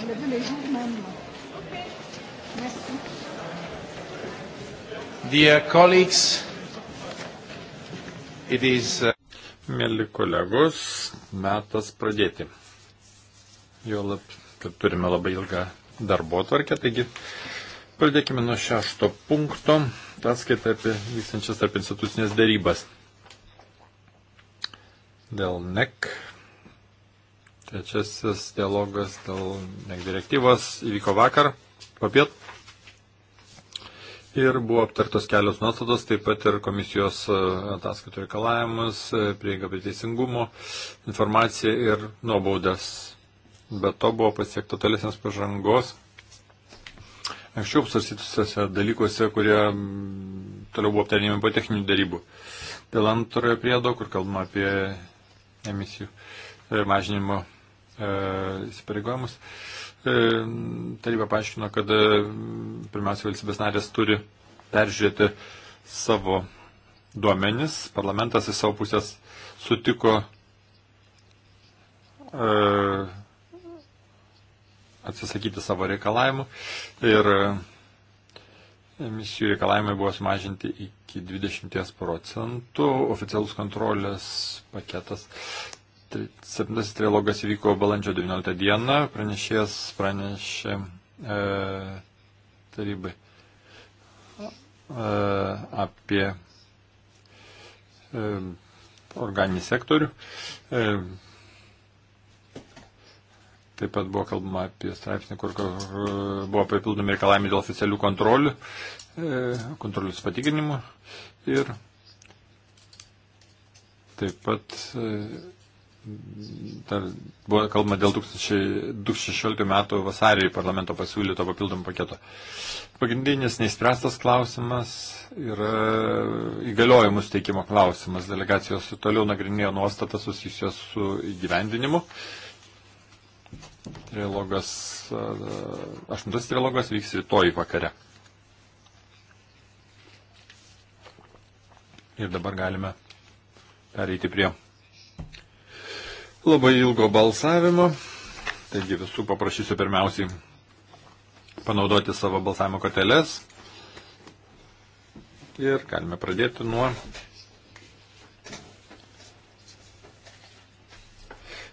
je l'ai vu le jour même. Merci. Dear colleagues, it is. Uh, Mėly kolegos, metas pradėti. Jo lab, kad turime labai ilgą darbo tvarkę, taigi pradėkime nuo šešto punkto, ataskaita apie vykstančias tarp institucinės dėrybas. Dėl NEC Trečiasis dialogas dėl NEC direktyvos įvyko vakar, papiet. Ir buvo aptartos kelios nuostatos, taip pat ir komisijos e, ataskaitų reikalavimus, e, prieiga prie teisingumo, informacija ir nuobaudas. Be to buvo pasiekta tolesnės pažangos. Anksčiau apsarstytusiuose dalykuose, kurie toliau buvo aptarinėjami po techninių darybų. Dėl antrojo priedo, kur kalbama apie emisijų e, mažinimo E, įsipareigojimus. E, taryba paaiškino, kad e, pirmiausia valstybės narės turi peržiūrėti savo duomenis. Parlamentas iš savo pusės sutiko atsisakyti savo reikalavimų ir emisijų reikalavimai buvo sumažinti iki 20 procentų, oficialus kontrolės paketas Septintasis trilogas įvyko balandžio 19 dieną, pranešėjas pranešė e, tarybai e, apie e, organinį sektorių. E, taip pat buvo kalbama apie straipsnį, kur, kur buvo papildomi reikalavimai dėl oficialių kontrolių, e, kontrolius patikinimų ir taip pat e, Dar buvo kalbama dėl 2016 metų vasarį parlamento pasiūlyto papildomų paketo. Pagrindinis neįspręstas klausimas yra įgaliojimų steikimo klausimas. Delegacijos toliau nagrinėjo nuostatas susijusios su įgyvendinimu. Trilogas, aštuntas trilogas vyks rytoj vakare. Ir dabar galime pereiti prie labai ilgo balsavimo, taigi visų paprašysiu pirmiausiai panaudoti savo balsavimo korteles. Ir galime pradėti nuo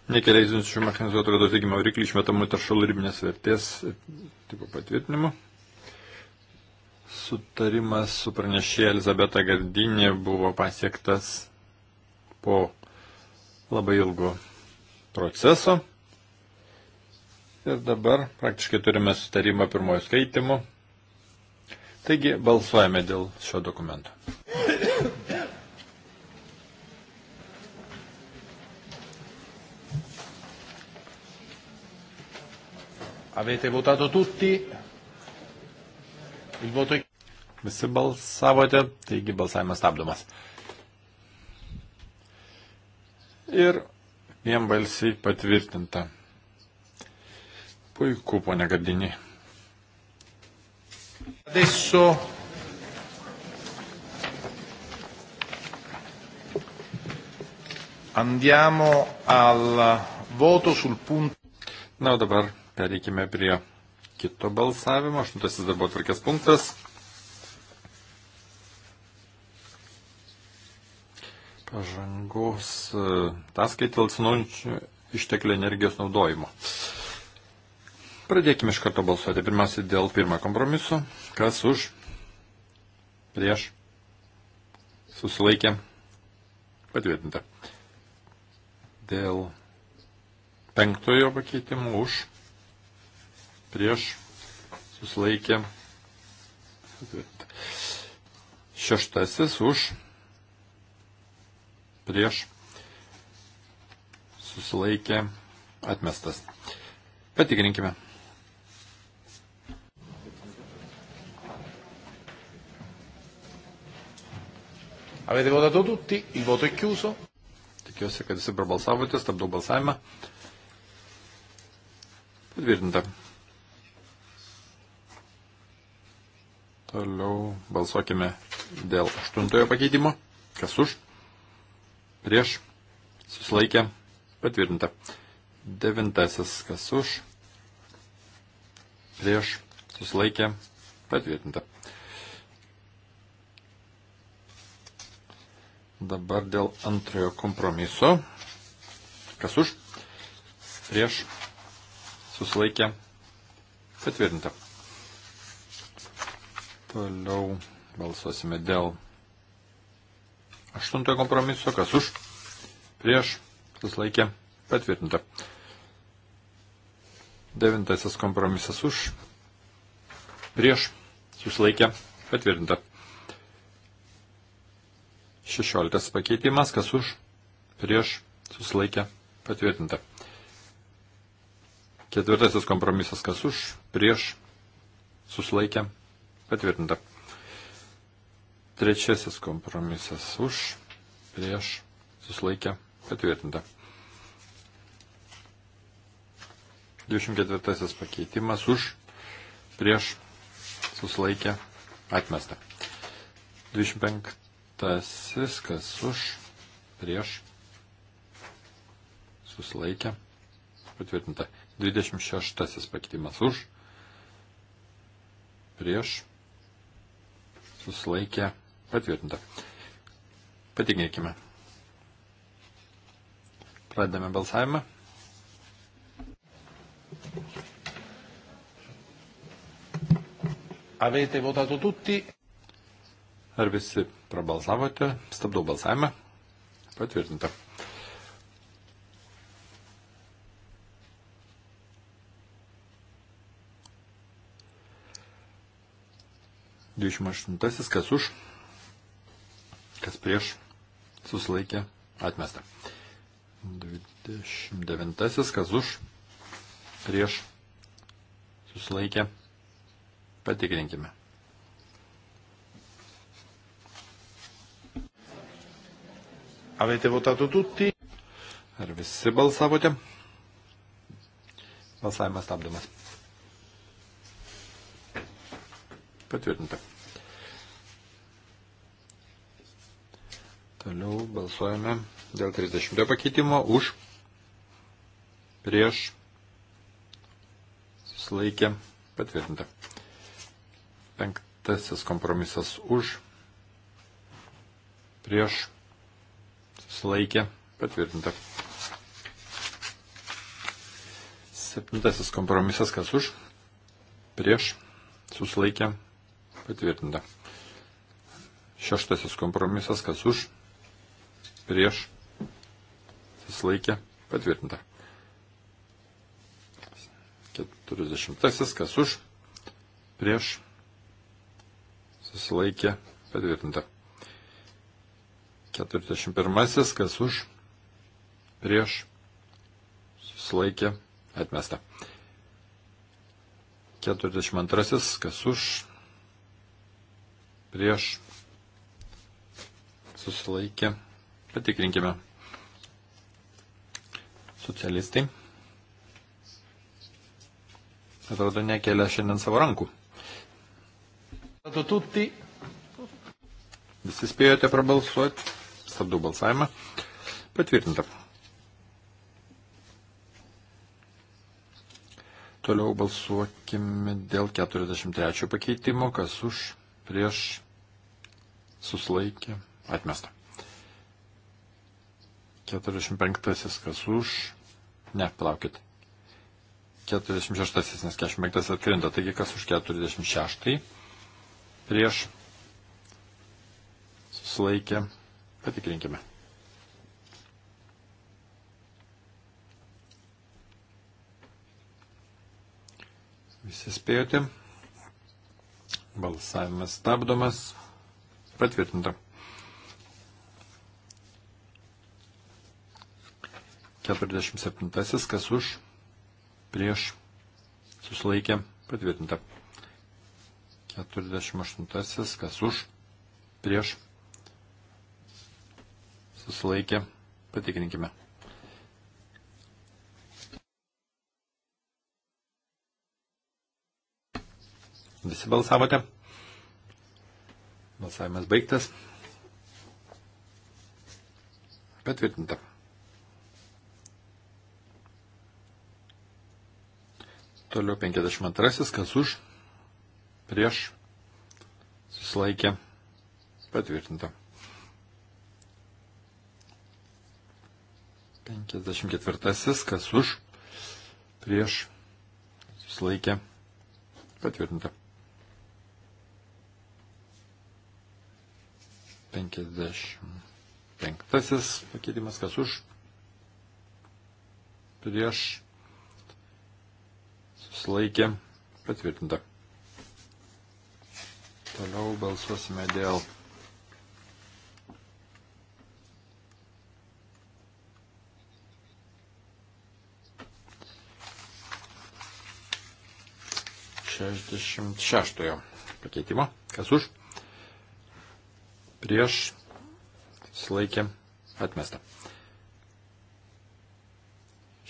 nekeliais žinučių mechanizuotų vidaus degimo variklių išmetamų taršalų ribinės vertės tipo patvirtinimu. Sutarimas su pranešėja Elizabeta Gardinė buvo pasiektas po labai ilgo proceso. Ir dabar praktiškai turime sutarimą pirmojo skaitimo. Taigi balsuojame dėl šio dokumento. Avete votato tutti? Il voto... Visi balsavote, taigi balsavimas stabdomas. Ir vienbalsiai patvirtinta. Puiku, ponia Gardinį. Adesso andiamo al voto sul punto. Na, o dabar pereikime prie kito balsavimo. Aštuntasis darbo tvarkės punktas. pažangos e, ataskaitą atsinaujančių išteklių energijos naudojimo. Pradėkime iš karto balsuoti. Pirmiausia, dėl pirmo kompromiso. Kas už? Prieš? Susilaikė? Patvirtinta. Dėl penktojo pakeitimo už? Prieš? Susilaikė? Patvirtinta. Šeštasis už? prieš, susilaikė, atmestas. Patikrinkime. Avete votato tutti, il voto è chiuso. Tikiuosi, kad visi prabalsavote, stabdau balsavimą. Patvirtinta. Toliau balsuokime dėl aštuntojo pakeitimo. Kas už? prieš, susilaikė, patvirtinta. Devintasis, kas už, prieš, susilaikė, patvirtinta. Dabar dėl antrojo kompromiso. Kas už, prieš, susilaikė, patvirtinta. Toliau balsuosime dėl Aštuntojo kompromiso, kas už, prieš, susilaikė, patvirtinta. Devintasis kompromisas už, prieš, susilaikė, patvirtinta. Šešioliktas pakeitimas, kas už, prieš, susilaikė, patvirtinta. Ketvirtasis kompromisas, kas už, prieš, susilaikė, patvirtinta. Trečiasis kompromisas už, prieš, susilaikę, patvirtinta. 24 pakeitimas už, prieš, susilaikę, atmesta. 25 kas už, prieš, susilaikę, patvirtinta. 26 pakeitimas už, prieš, susilaikę, Patvirtinta. Patikėkime. Pradedame balsavimą. Avete votato tutti? Ar visi prabalsavote? Stabdau balsavimą. Patvirtinta. Dvidešimt aštuntasis, kas už? kas prieš, susilaikė, atmesta. 29, kas už, prieš, susilaikė, patikrinkime. Avete votato tutti? Ar visi balsavote? Balsavimas stabdomas. Patvirtinta. Toliau balsuojame dėl 30 pakeitimo už prieš susilaikė patvirtinta. Penktasis kompromisas už prieš susilaikė patvirtinta. Septintasis kompromisas kas už prieš susilaikė patvirtinta. Šeštasis kompromisas kas už prieš prieš, susilaikė, patvirtinta. 40. Kas už, prieš, susilaikė, patvirtinta. 41. Kas už, prieš, susilaikė, atmesta. 42. Kas už, prieš, susilaikė, atmesta Patikrinkime. Socialistai. Atrodo, nekelia šiandien savo rankų. Visi spėjote prabalsuoti. Stabdau balsavimą. Patvirtinta. Toliau balsuokime dėl 43 pakeitimo, kas už, prieš, susilaikė, atmesta. 45 kas už. Ne, palaukit. 46, nes 45 atkrinta. Taigi kas už 46 prieš susilaikė. Patikrinkime. Visi spėjote. Balsavimas stabdomas. Patvirtinta. 47. Kas už? Prieš. Susilaikė. Patvirtinta. 48. Kas už? Prieš. Susilaikė. Patikrinkime. Visi balsavote. Balsavimas baigtas. Patvirtinta. Toliau 52. Kas už? Prieš. Susilaikė. Patvirtinta. 54. Kas už? Prieš. Susilaikė. Patvirtinta. 55 pakeitimas, kas už, prieš, susilaikė, patvirtinta. Toliau balsuosime dėl šešdešimt šeštojo pakeitimo. Kas už? Prieš sulaikė atmestą.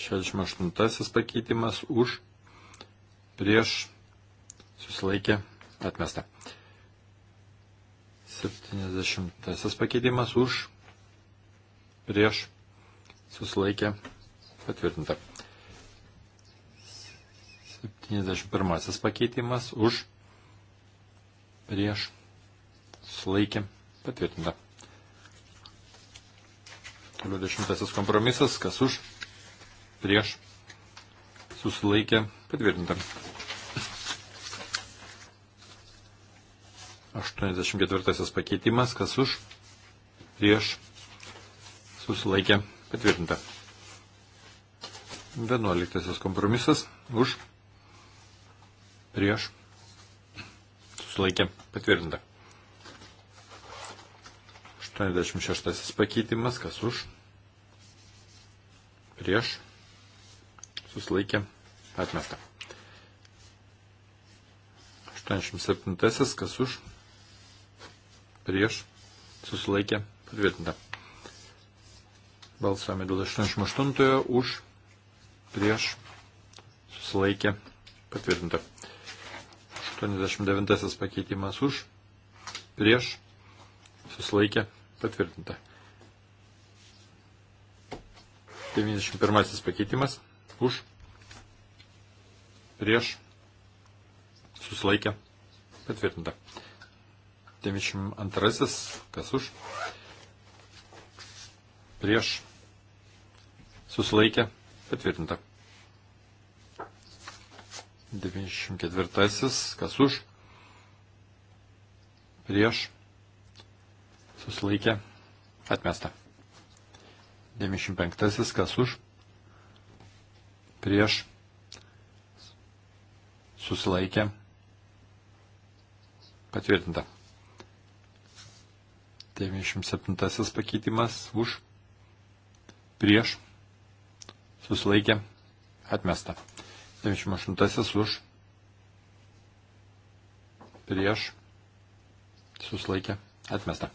68 pakeitimas už prieš, susilaikė, atmesta. 70 pakeitimas už, prieš, susilaikė, patvirtinta. 71 pakeitimas už, prieš, susilaikė, patvirtinta. 20 kompromisas, kas už, prieš, susilaikė, patvirtinta. 84 pakeitimas, kas už, prieš, susilaikė, patvirtinta. 11 kompromisas, už, prieš, susilaikė, patvirtinta. 86 pakeitimas, kas už, prieš, susilaikė, atmesta. 87 kas už, prieš, susilaikė, patvirtinta. Balsavome dėl 88 už, prieš, susilaikė, patvirtinta. 89 pakeitimas už, prieš, susilaikė, patvirtinta. 91 pakeitimas už, prieš, susilaikė, patvirtinta. 92. Kas už? Prieš. Susilaikė. Patvirtinta. 94. Kas už? Prieš. Susilaikė. Atmesta. 95. Kas už? Prieš. Susilaikė. Patvirtinta. 97 pakeitimas už, prieš, susilaikė, atmesta. 98 už, prieš, susilaikė, atmesta.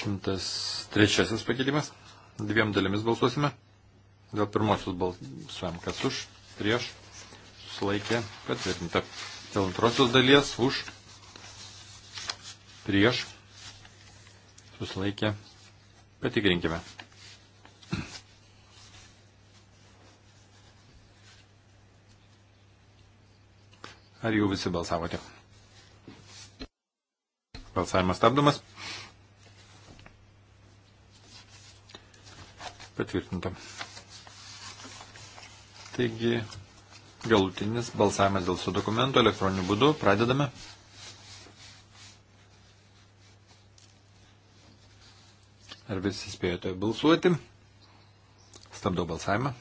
Šimtas trečiasis pakėlimas. Dviem dalimis balsuosime. Dėl pirmosios balsuojam, kas už, prieš, susilaikė, patvirtinta. Dėl antrosios dalies už, prieš, susilaikė, patikrinkime. Ar jau visi balsavote? Balsavimas stabdomas. Patvirtinta. Taigi, galutinis balsavimas dėl su dokumento elektroniniu būdu. Pradedame. Ar visi spėjote balsuoti? Stabdau balsavimą.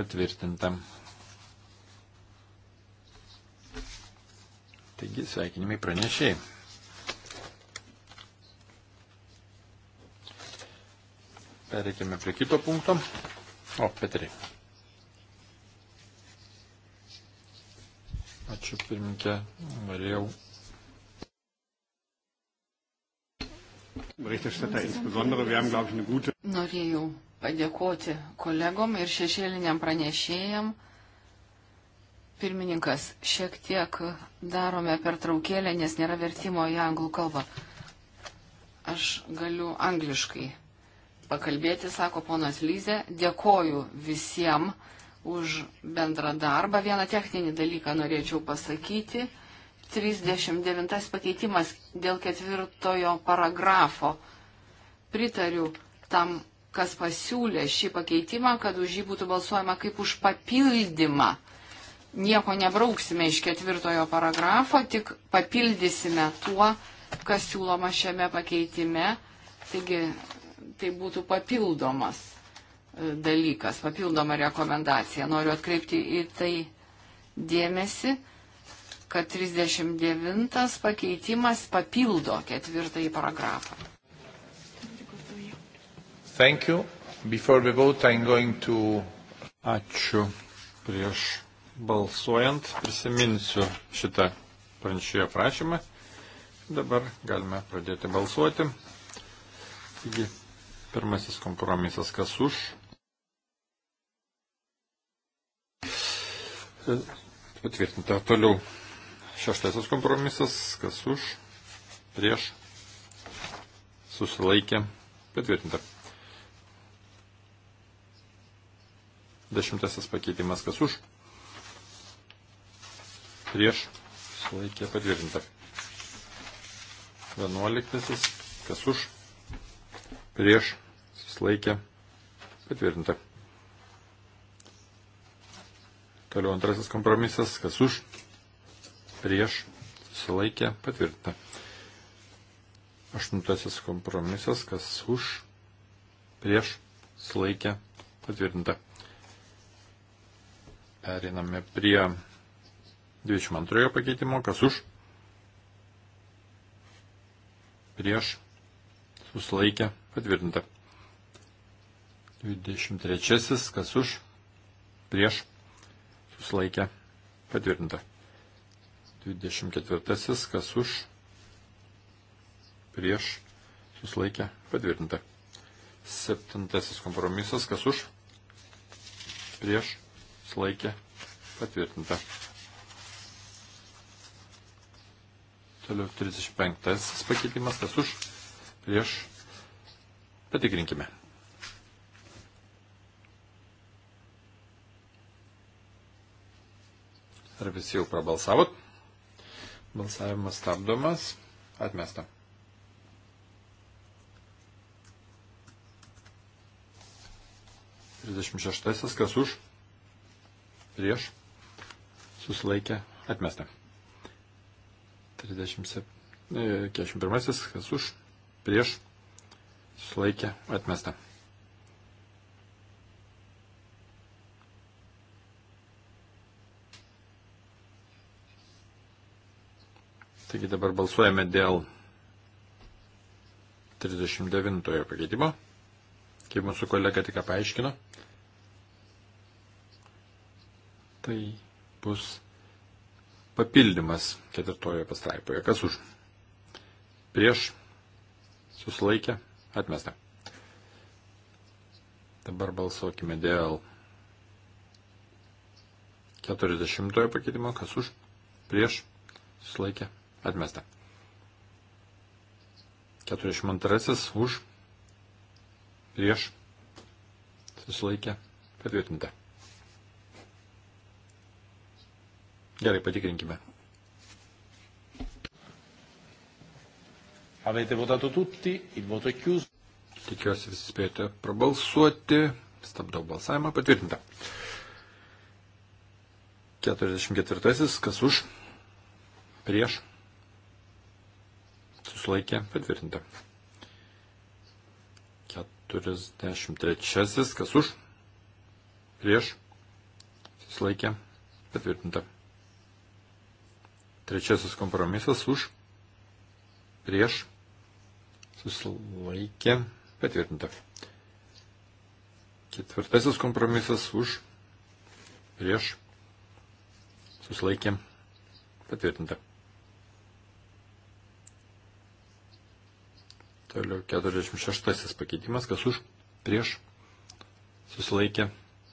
Patvirtinta. Taigi, sveikinimai pranešėjai. Pereikime prie kito punkto. O, Petri. Ačiū pirminkė, norėjau. Norėjau padėkoti kolegom ir šešėliniam pranešėjam. Pirmininkas, šiek tiek darome per traukėlę, nes nėra vertimo į anglų kalbą. Aš galiu angliškai pakalbėti, sako ponas Lyze. Dėkoju visiems už bendrą darbą. Vieną techninį dalyką norėčiau pasakyti. 39 pakeitimas dėl ketvirtojo paragrafo. Pritariu tam, kas pasiūlė šį pakeitimą, kad už jį būtų balsuojama kaip už papildymą. Nieko nebrauksime iš ketvirtojo paragrafo, tik papildysime tuo, kas siūloma šiame pakeitime. Taigi tai būtų papildomas e, dalykas, papildoma rekomendacija. Noriu atkreipti į tai dėmesį, kad 39 pakeitimas papildo ketvirtąjį paragrafą. Thank you. Before the vote, I'm going to... Ačiū. Prieš balsuojant prisiminsiu šitą pranešėjo prašymą. Dabar galime pradėti balsuoti. Taigi, Pirmasis kompromisas, kas už. Patvirtinta. Toliau. Šeštasis kompromisas, kas už. Prieš. Susilaikė. Patvirtinta. Dešimtasis pakeitimas, kas už. Prieš. Susilaikė. Patvirtinta. Vienuoliktasis, kas už. Prieš slaikė, patvirtinta. Toliau antrasis kompromisas, kas už, prieš, susilaikė, patvirtinta. Aštuntasis kompromisas, kas už, prieš, susilaikė, patvirtinta. Periname prie 22 pakeitimo, kas už, prieš, susilaikė, patvirtinta. 23. Kas už? Prieš. Susilaikė. Patvirtinta. 24. Kas už? Prieš. Susilaikė. Patvirtinta. 7. Kompromisas. Kas už? Prieš. Susilaikė. Patvirtinta. Toliau 35. Pakeitimas. Kas už? Prieš. Patikrinkime. Ar visi jau prabalsavot? Balsavimas stabdomas. Atmesta. Trisdešimt šeštasis, kas už? Prieš. Susilaikė. Atmesta. Trisdešimt septynis, e, kas už? Prieš. Susilaikė. Atmesta. Taigi dabar balsuojame dėl 39 pakeitimo, kaip mūsų kolega tik paaiškino. Tai bus papildymas ketvirtojo pastraipoje. Kas už? Prieš susilaikė, atmesta. Dabar balsuokime dėl 40 pakeitimo. Kas už? Prieš susilaikė, Atmesta. 42 už. Prieš. Susilaikė. Patvirtinta. Gerai, patikrinkime. Avete votato tutti, il voto è chiuso. Tikiuosi visi spėjote prabalsuoti. Stabdau balsavimą, patvirtinta. 44. Kas už? Prieš susilaikė patvirtinta. 43. Kas už? Prieš. Susilaikė patvirtinta. Trečiasis kompromisas už. Prieš. Susilaikė patvirtinta. Ketvirtasis kompromisas už. Prieš. Susilaikė patvirtinta. Toliau 46 pakeitimas, kas už, prieš, susilaikė,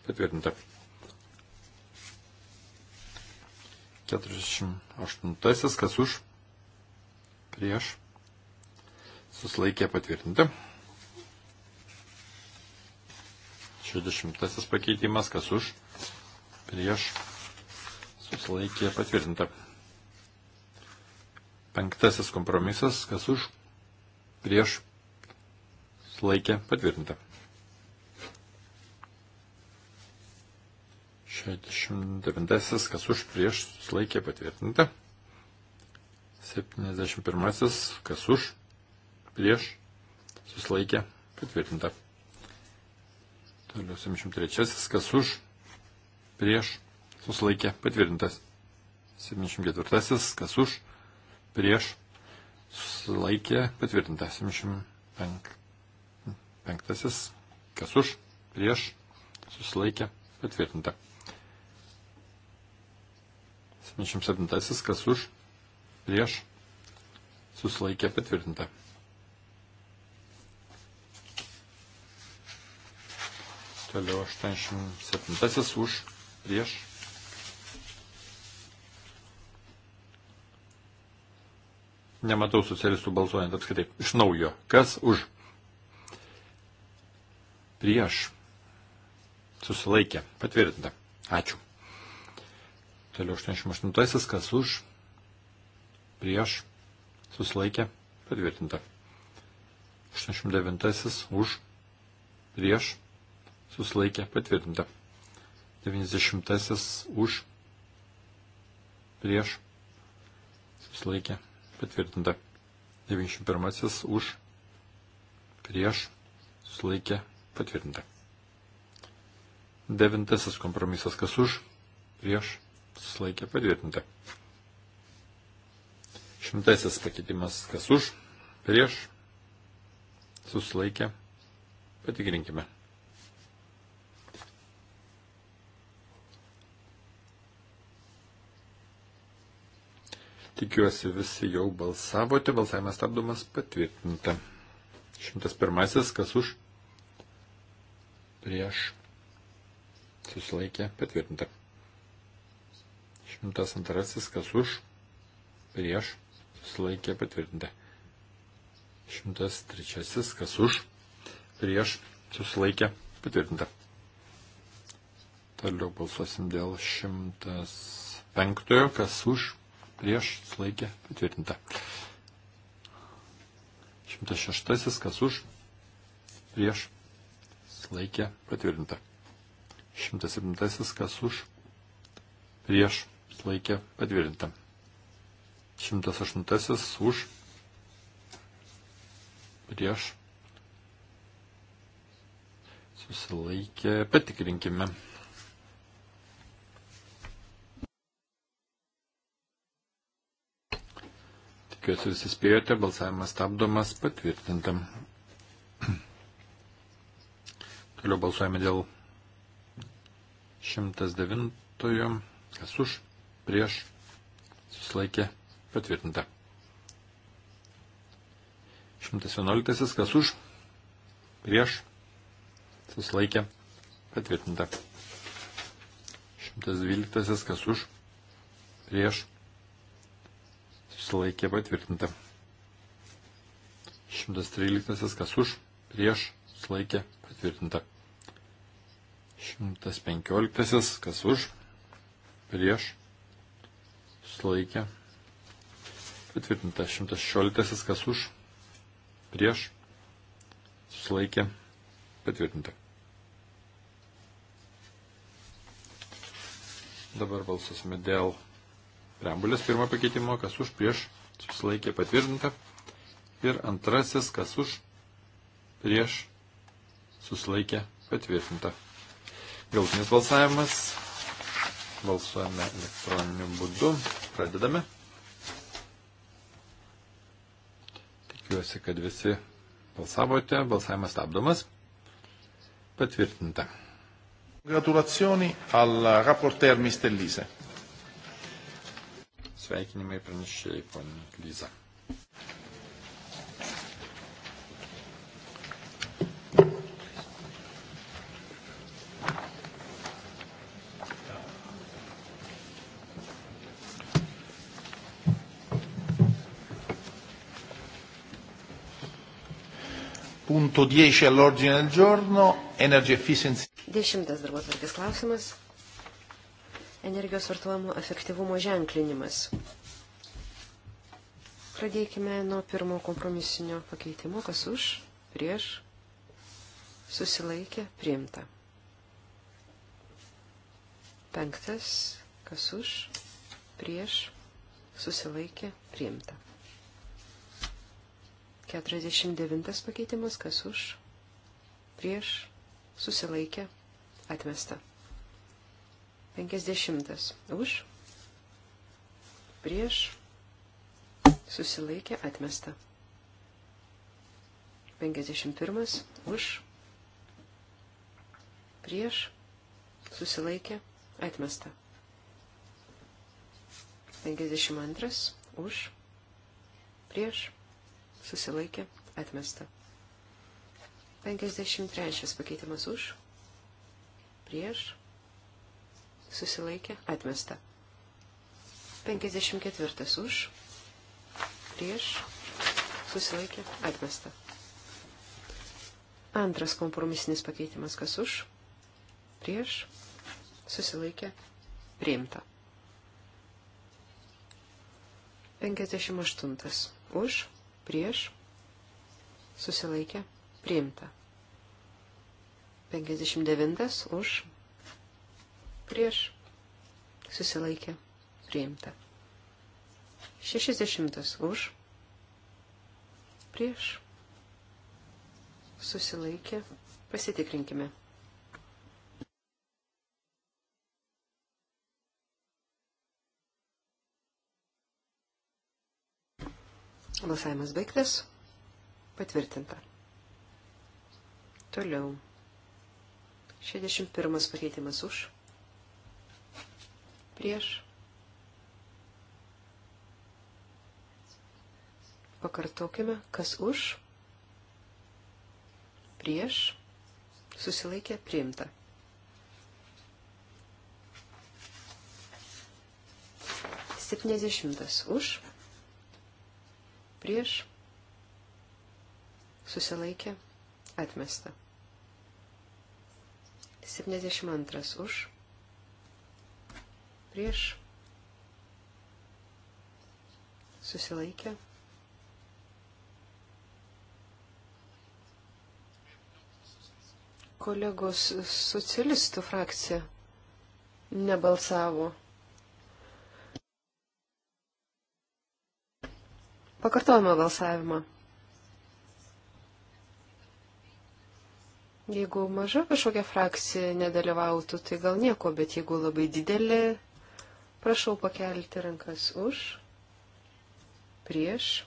patvirtinta. 48, kas už, prieš, susilaikė, patvirtinta. 60 pakeitimas, kas už, prieš, susilaikė, patvirtinta. Penktasis kompromisas, kas už, prieš laikė patvirtinta. 69. Kas už prieš laikė patvirtinta. 71. Kas už prieš susilaikė patvirtinta. Toliau 73. Kas už prieš susilaikė patvirtintas. 74. Kas už prieš sulaikė patvirtinta 75. Kas už, prieš, susilaikė patvirtinta. 77. Kas už, prieš, susilaikė patvirtinta. Toliau 87. Už, prieš, Nematau socialistų balsuojant apskritai. Iš naujo. Kas už? Prieš. Susilaikė. Patvirtinta. Ačiū. Toliau 88. Kas už? Prieš. Susilaikė. Patvirtinta. 89. Už. Prieš. Susilaikė. Patvirtinta. 90. Už. Prieš. Susilaikė Patvirtinta. 91 už. Prieš. Sulaikė. Patvirtinta. Devintasis kompromisas kas už. Prieš. Sulaikė. Patvirtinta. Šimtasis pakeitimas kas už. Prieš. Susilaikė. Patikrinkime. Tikiuosi visi jau balsavote, balsavimas stabdomas patvirtinta. 101. Kas už? Prieš. Susilaikė patvirtinta. 102. Kas už? Prieš. Susilaikė patvirtinta. 103. Kas už? Prieš. Susilaikė patvirtinta. Toliau balsuosim dėl 105. Kas už? prieš, sulaikė, patvirtinta. 106, kas už, prieš, sulaikė, patvirtinta. 107, kas už, prieš, sulaikė, patvirtinta. 108, už, prieš, susilaikė, patikrinkime. Tikiuosi visi spėjote, balsavimas stabdomas, patvirtintam. Toliau balsuojame dėl 109. Kas už, prieš, susilaikė, patvirtinta. 111. Kas už, prieš, susilaikė, patvirtinta. 112. Kas už, prieš, susilaikė susilaikė patvirtinta. 113 kas už, prieš, susilaikė patvirtinta. 115 kas už, prieš, susilaikė patvirtinta. 116 kas už, prieš, susilaikė patvirtinta. Dabar balsosime dėl Preambulės pirmo pakeitimo, kas už prieš susilaikė patvirtinta. Ir antrasis, kas už prieš susilaikė patvirtinta. Galtinis balsavimas. Balsuojame elektroniniu būdu. Pradedame. Tikiuosi, kad visi balsavote. Balsavimas stabdomas. Patvirtinta. Gratulazioni al rapporteur Mr. Lise sveikinimai pranešėjai poniai Lyza. Punto 10 all'ordine del giorno, energy efficiency. Dešimtas darbo tvarkės klausimas energijos vartojimo efektyvumo ženklinimas. Pradėkime nuo pirmo kompromisinio pakeitimo, kas už, prieš, susilaikė, priimta. Penktas, kas už, prieš, susilaikė, priimta. 49 pakeitimas, kas už, prieš, susilaikė, atmesta. 50 už, prieš, susilaikė atmesta. 51 už, prieš, susilaikė atmesta. 52 už, prieš, susilaikė atmesta. 53 pakeitimas už, prieš, susilaikė, atmesta. 54 už, prieš, susilaikė, atmesta. Antras kompromisinis pakeitimas, kas už, prieš, susilaikė, priimta. 58 už, prieš, susilaikė, priimta. 59 už, prieš susilaikė priimta. 60 už prieš susilaikė pasitikrinkime. Balsavimas baigtas. Patvirtinta. Toliau. 61 pakeitimas už prieš. Pakartokime, kas už, prieš, susilaikė priimta. Septyniasdešimtas už, prieš, susilaikė atmesta. Septyniasdešimt antras už, prieš prieš susilaikė. Kolegos socialistų frakcija nebalsavo. Pakartojame balsavimą. Jeigu maža kažkokia frakcija nedalyvautų, tai gal nieko, bet jeigu labai didelė, Prašau pakelti rankas už, prieš,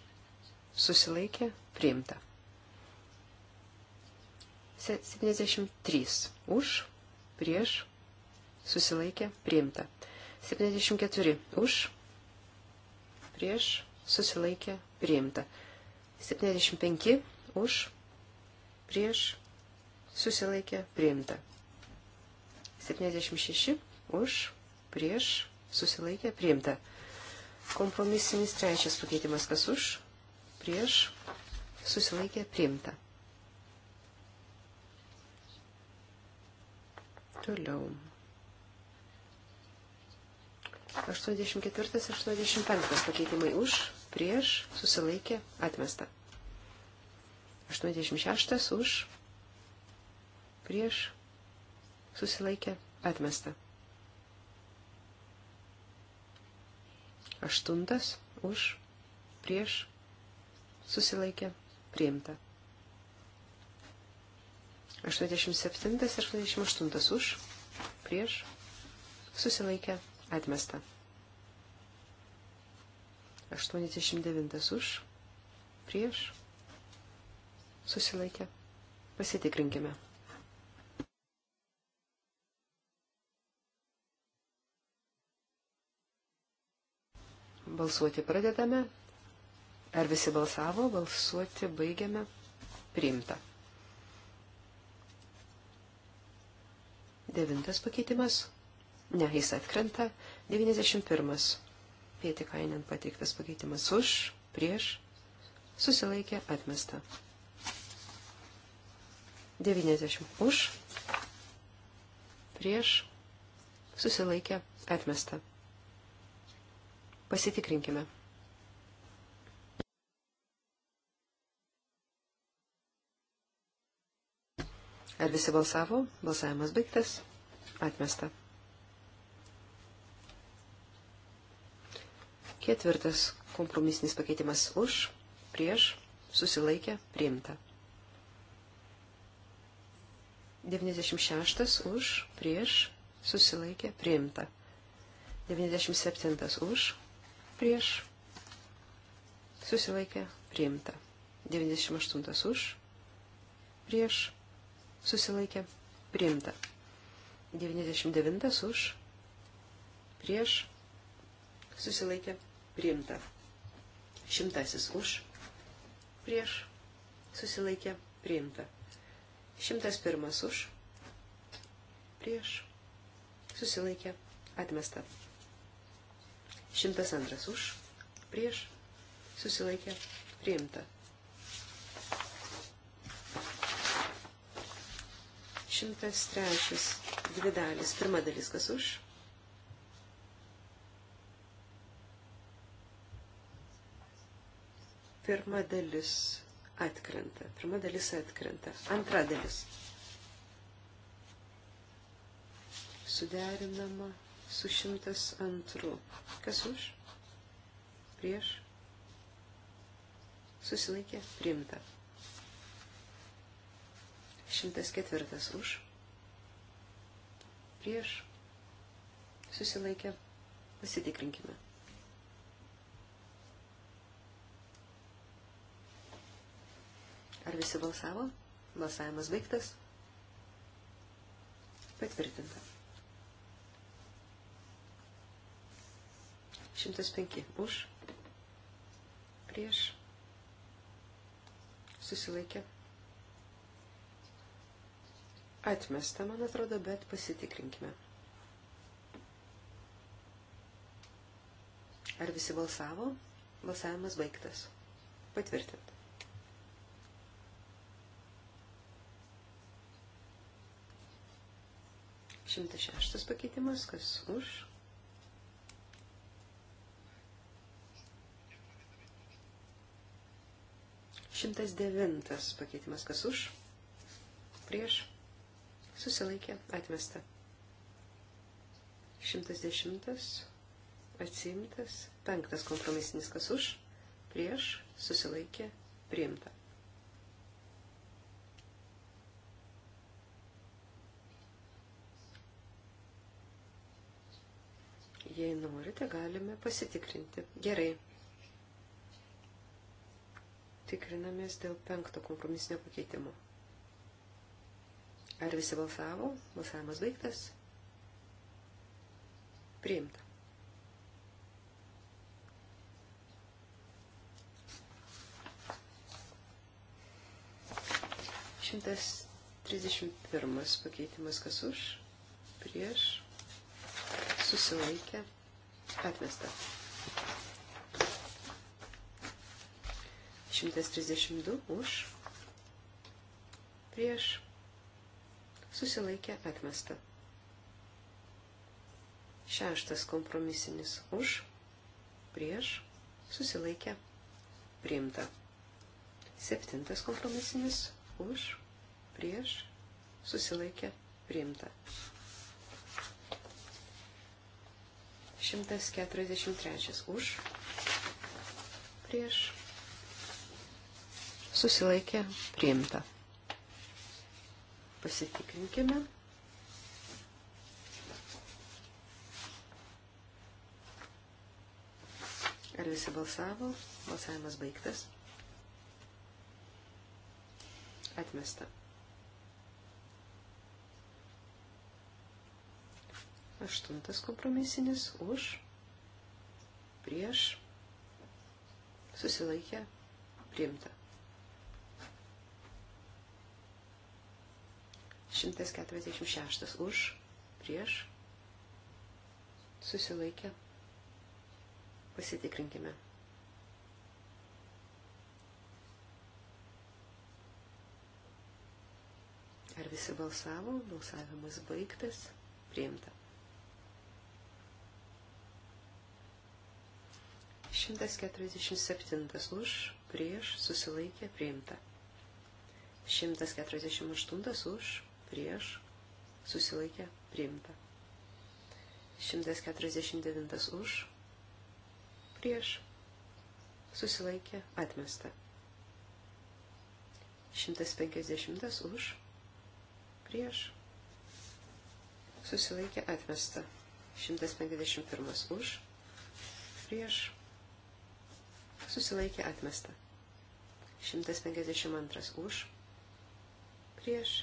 susilaikė, priimta. 73 už, prieš, susilaikė, priimta. 74 už, prieš, susilaikė, priimta. 75 už, prieš, susilaikė, priimta. 76 už, prieš, susilaikė, priimta. Kompromisinis trečias pakeitimas, kas už, prieš, susilaikė, priimta. Toliau. 84-85 pakeitimai už, prieš, susilaikė, atmesta. 86 už, prieš, susilaikė, atmesta. Aštuntas už, prieš, susilaikė, priimta. 87 ir 88 už, prieš, susilaikė, atmesta. 89 už, prieš, susilaikė. Pasitikrinkime. Balsuoti pradedame. Ar visi balsavo? Balsuoti baigiame. Priimta. Devintas pakeitimas. Ne, jis atkrenta. 91. Pieti kainin pateiktas pakeitimas už, prieš, susilaikė, atmesta. 90 už, prieš, susilaikė, atmesta. Pasitikrinkime. Ar visi balsavo? Balsavimas baigtas. Atmesta. Ketvirtas kompromisinis pakeitimas už, prieš, susilaikė, priimta. 96 už, prieš, susilaikė, priimta. 97 už, prieš susilaikė priimta. 98 už prieš susilaikė priimta. 99 už prieš susilaikė priimta. Šimtasis už prieš susilaikė priimta. Šimtas pirmas už prieš susilaikė atmesta. 102 už, prieš, susilaikė, priimta. 103, dvi dalis, pirma dalis kas už. Pirma dalis atkrenta, pirma dalis atkrenta, antra dalis. Suderinama su 102. Kas už? Prieš? Susilaikė? Priimta. 104. Už? Prieš? Susilaikė? Pasitikrinkime. Ar visi balsavo? Balsavimas baigtas. Patvirtinta. 105 už, prieš, susilaikė. Atmesta, man atrodo, bet pasitikrinkime. Ar visi balsavo? Balsavimas baigtas. Patvirtinta. Šimtas šeštas pakeitimas, kas už, 109 pakeitimas kas už, prieš, susilaikė, atmesta. 110 atsimtas, 5 kompromisinis kas už, prieš, susilaikė, priimta. Jei norite, galime pasitikrinti. Gerai, Tikrinamės dėl penkto kompromisinio pakeitimo. Ar visi balsavo? Balsavimas baigtas. Priimta. Šimtas trisdešimt pirmas pakeitimas kas už, prieš, susilaikė, atmesta. 132 už, prieš, susilaikė atmesta. Šeštas kompromisinis už, prieš, susilaikė priimta. Septintas kompromisinis už, prieš, susilaikė priimta. 143 už, prieš, susilaikė priimta. Pasitikrinkime. Ar visi balsavo? Balsavimas baigtas. Atmesta. Aštuntas kompromisinis už, prieš, susilaikę, priimta. 146 už, prieš, susilaikė. Pasitikrinkime. Ar visi balsavo? Balsavimas baigtas. Priimta. 147 už, prieš, susilaikė, priimta. 148 už, prieš, susilaikė, priimta. 149 už, prieš, susilaikė, atmesta. 150 už, prieš, susilaikė, atmesta. 151 už, prieš, susilaikė, atmesta. 152 už, prieš,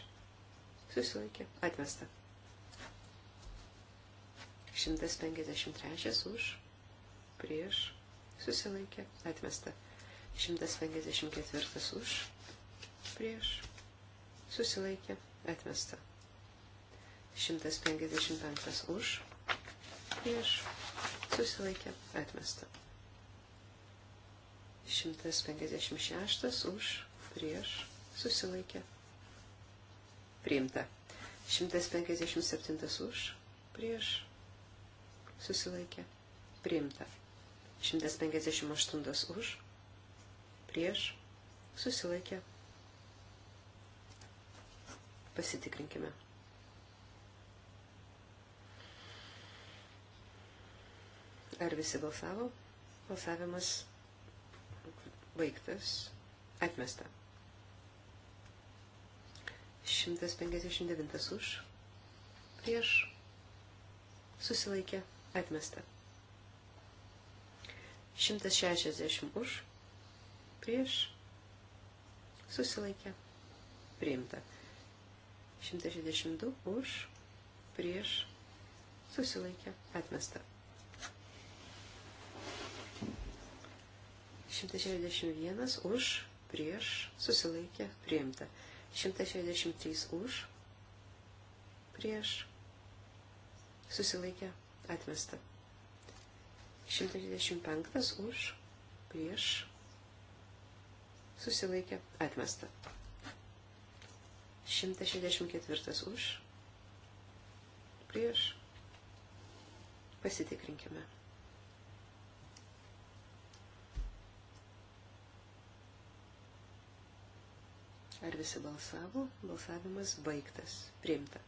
Susilaikė. Atmesta. 153 už. Prieš. Susilaikė. Atmesta. 154 už. Prieš. Susilaikė. Atmesta. 155 už. Prieš. Susilaikė. Atmesta. 156 už. Prieš. Susilaikė priimta. 157 už, prieš, susilaikė, priimta. 158 už, prieš, susilaikė. Pasitikrinkime. Ar visi balsavo? Balsavimas baigtas, atmesta. 159 už, prieš, susilaikė, atmesta. 160 už, prieš, susilaikė, priimta. 162 už, prieš, susilaikė, atmesta. 161 už, prieš, susilaikė, priimta. 163 už, prieš, susilaikė, atmesta. 125 už, prieš, susilaikė, atmesta. 164 už, prieš, pasitikrinkime. Ar visi balsavo? Balsavimas baigtas. Priimta.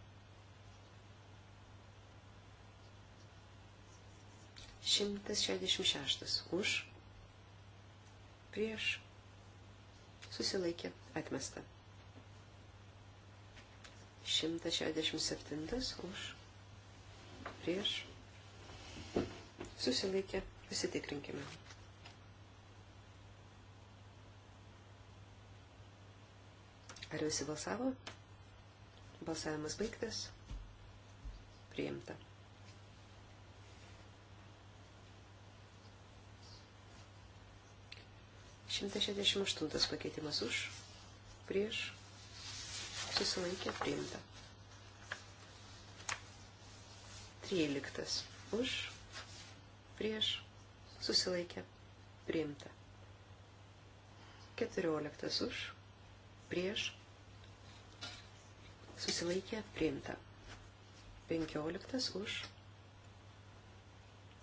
Šimtas šešdešimt šeštas. Už. Prieš. Susilaikė. Atmesta. Šimtas šešdešimt septintas. Už. Prieš. Susilaikė. Pasitikrinkime. Ar visi balsavo? Balsavimas baigtas. Priimta. Šimtas šešiasdešimt aštuntas pakeitimas už, prieš, susilaikė, priimta. Tryliktas už, prieš, susilaikė, priimta. Keturioliktas už, prieš, susilaikė priimta. 15 už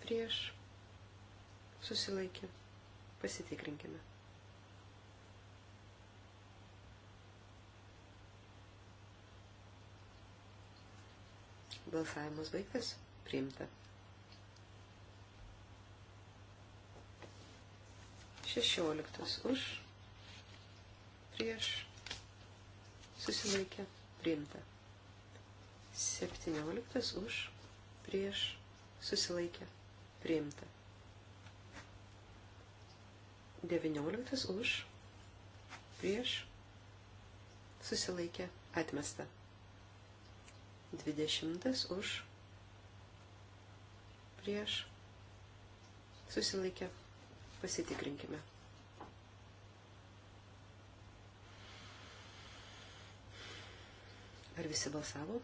prieš susilaikė. Pasitikrinkime. Balsavimas baigtas. Priimta. 16 už prieš susilaikė priimta. 17 už, prieš, susilaikė, priimta. 19 už, prieš, susilaikė, atmesta. 20 už, prieš, susilaikė, pasitikrinkime. Ar visi balsavo?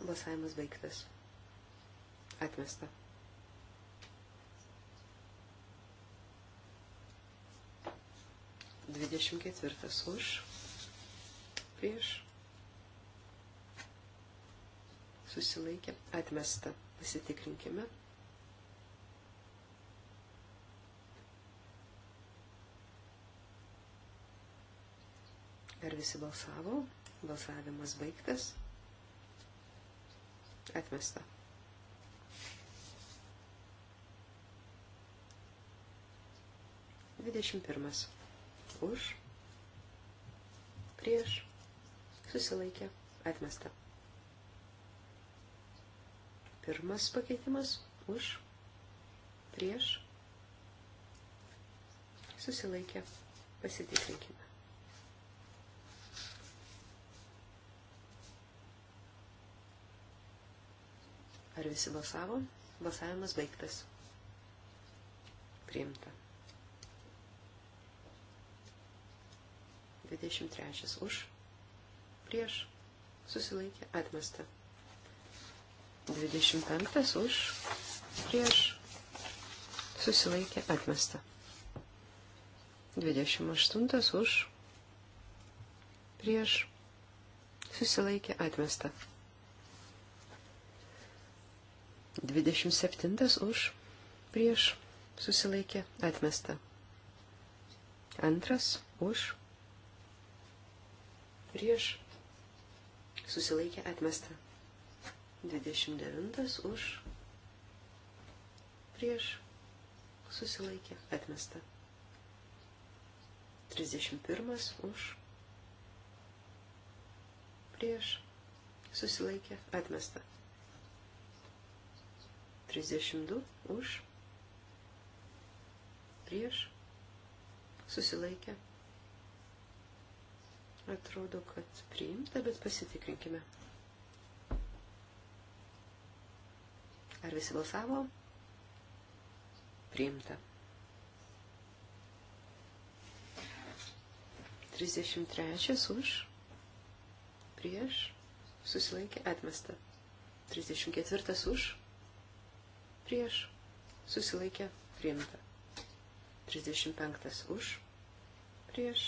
Balsavimas baigtas. Atmesta. Dvidešimt ketvirtas už. Prieš. Susilaikė. Atmesta. Pasitikrinkime. Ar visi balsavo? Balsavimas baigtas. Atmesta. Dvidešimt pirmas. Už. Prieš. Susilaikė. Atmesta. Pirmas pakeitimas. Už. Prieš. Susilaikė. Pasitikrinkime. Ar visi balsavo? Balsavimas baigtas. Priimta. 23 už, prieš, susilaikė, atmesta. 25 už, prieš, susilaikė, atmesta. 28 už, prieš, susilaikė, atmesta. 27 už prieš susilaikė atmesta. Antras už prieš susilaikė atmesta. 29 už prieš susilaikė atmesta. 31 už prieš susilaikė atmesta. 32 už, prieš, susilaikę. Atrodo, kad priimta, bet pasitikrinkime. Ar visi balsavo? Priimta. 33 už, prieš, susilaikė, atmesta. 34 už, prieš, susilaikė, priimta. 35 už, prieš,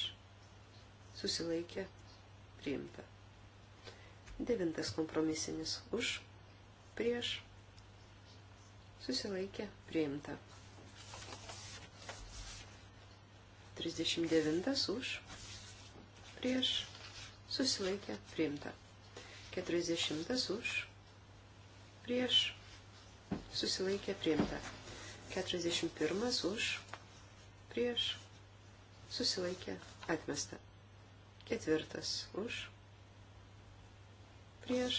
susilaikė, priimta. 9 kompromisinis už, prieš, susilaikė, priimta. 39 už, prieš, susilaikė, priimta. 40 už, prieš, susilaikė priimta. 41 už, prieš, susilaikė atmesta. Ketvirtas už, prieš,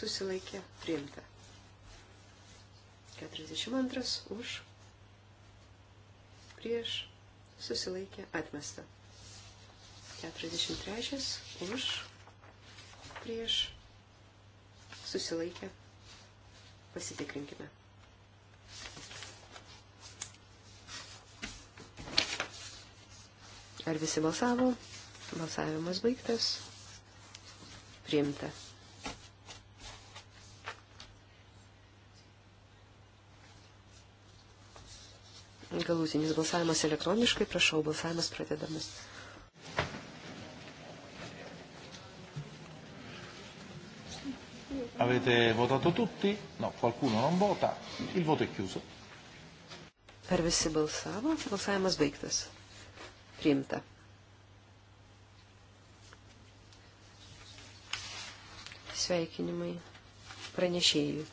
susilaikė priimta. 42 už, prieš, susilaikė atmesta. 43 už, prieš, susilaikė Pasitikrinkime. Ar visi balsavo? Balsavimas baigtas. Priimta. Galutinis balsavimas elektroniškai, prašau, balsavimas pradedamas. Avete votato tutti? No, qualcuno non vota. Il voto è chiuso. Ar visi balsavo? Balsavimas baigtas. Priimta. Sveikinimai pranešėjui.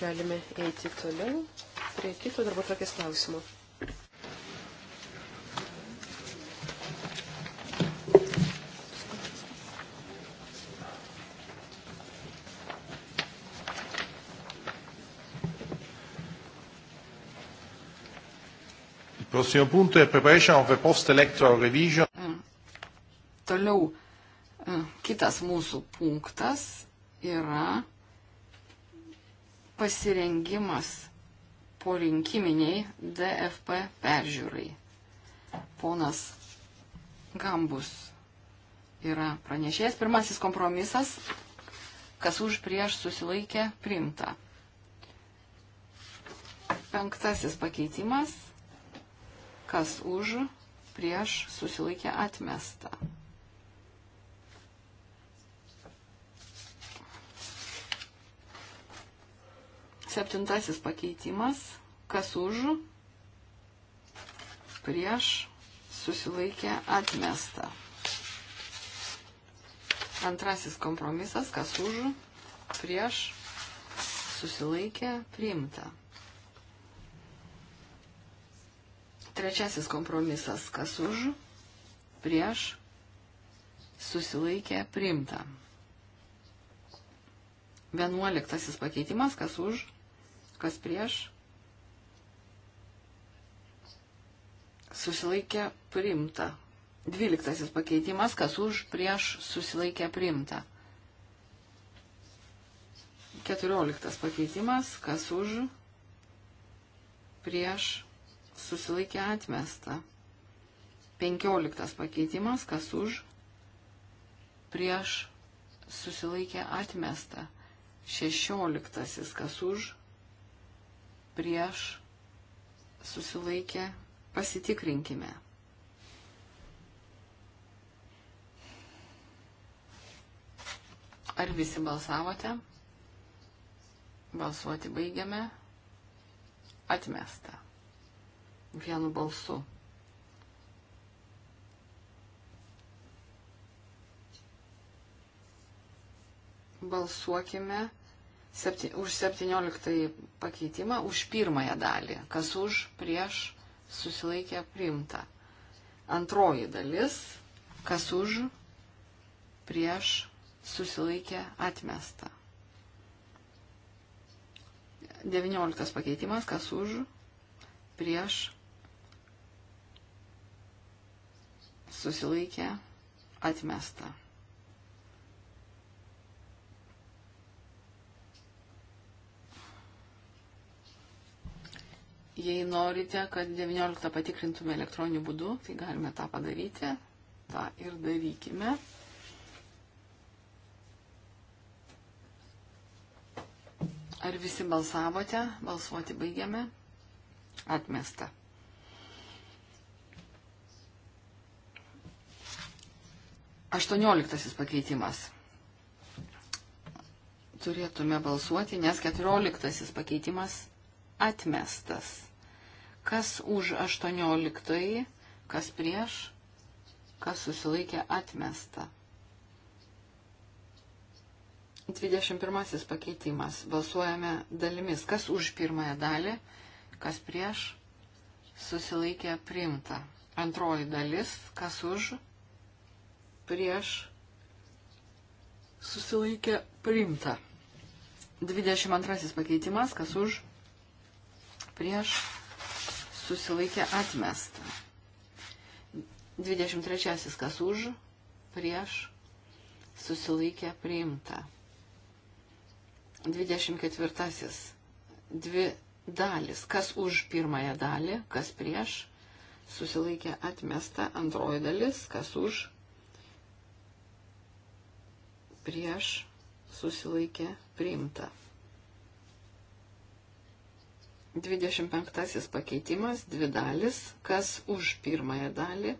Galime eiti toliau prie kito darbo trakės klausimo. prossimo punto è preparation of a post-electoral revision. Mm. Toliau mm, kitas mūsų punktas yra pasirengimas po rinkiminiai DFP peržiūrai. Ponas Gambus yra pranešėjas. Pirmasis kompromisas, kas už prieš susilaikė, primta. Penktasis pakeitimas, kas už, prieš, susilaikė atmesta. Septintasis pakeitimas, kas už, prieš, susilaikė atmesta. Antrasis kompromisas, kas už, prieš, susilaikė priimta. Trečiasis kompromisas, kas už, prieš, susilaikė, priimta. Vienuoliktasis pakeitimas, kas už, kas prieš, susilaikė, priimta. Dvyliktasis pakeitimas, kas už, prieš, susilaikė, priimta. Keturioliktas pakeitimas, kas už, prieš, susilaikė atmesta. Penkioliktas pakeitimas, kas už, prieš, susilaikė atmesta. Šešioliktasis, kas už, prieš, susilaikė, pasitikrinkime. Ar visi balsavote? Balsuoti baigiame. Atmesta vienu balsu. Balsuokime septy, už 17 pakeitimą, už pirmąją dalį, kas už, prieš, susilaikė priimta. Antroji dalis, kas už, prieš, susilaikė atmesta. 19 pakeitimas, kas už, prieš, susilaikė, atmesta. Jei norite, kad 19 patikrintume elektroniniu būdu, tai galime tą padaryti. Ta ir darykime. Ar visi balsavote? Balsuoti baigiame. Atmesta. 18 pakeitimas. Turėtume balsuoti, nes 14 pakeitimas atmestas. Kas už 18, kas prieš, kas susilaikė atmesta. 21 pakeitimas. Balsuojame dalimis. Kas už pirmąją dalį, kas prieš, susilaikė primta. Antroji dalis, kas už, prieš susilaikė priimta. 22 pakeitimas, kas už prieš susilaikė atmesta. 23 kas už prieš susilaikė priimta. 24 dvi dalis, kas už pirmąją dalį, kas prieš susilaikė atmesta antroji dalis, kas už prieš susilaikė priimta. 25 pakeitimas, dvi dalis, kas už pirmąją dalį,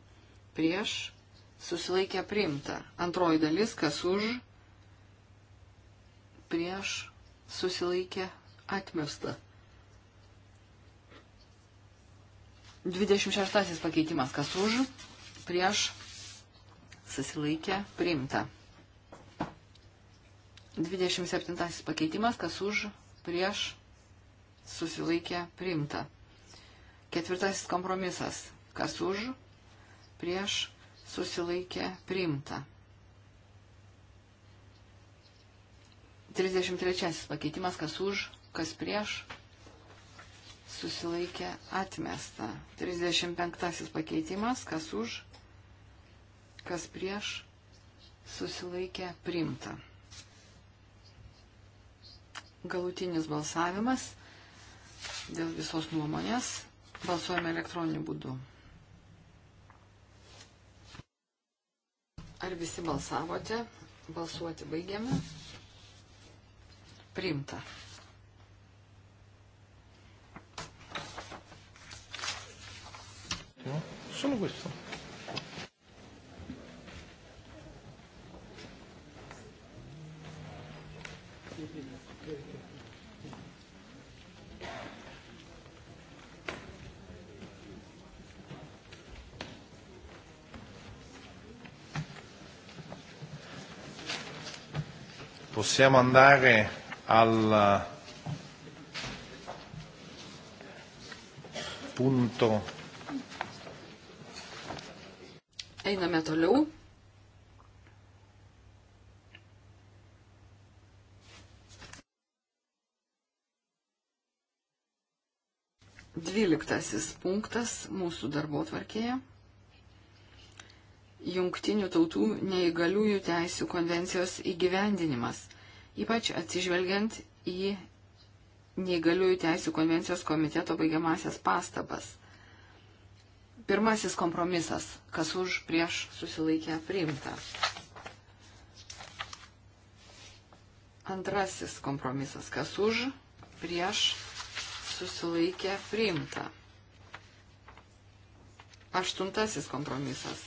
prieš susilaikė priimta. Antroji dalis, kas už, prieš susilaikė atmesta. 26 pakeitimas, kas už, prieš susilaikė priimta. 27 pakeitimas, kas už, prieš, susilaikė, priimta. Ketvirtasis kompromisas, kas už, prieš, susilaikė, priimta. 33 pakeitimas, kas už, kas prieš, susilaikė atmesta. 35 pakeitimas, kas už, kas prieš, susilaikė primta galutinis balsavimas dėl visos nuomonės. Balsuojame elektroniniu būdu. Ar visi balsavote? Balsuoti baigiame. Priimta. No, solo questo. Thank you. possiamo andare al eh, punto. Einame toliau. Dvyliktasis punktas mūsų darbo tvarkėje jungtinių tautų neįgaliųjų teisų konvencijos įgyvendinimas, ypač atsižvelgiant į neįgaliųjų teisų konvencijos komiteto baigiamasias pastabas. Pirmasis kompromisas, kas už prieš susilaikę priimta. Antrasis kompromisas, kas už prieš susilaikę priimta. Aštuntasis kompromisas,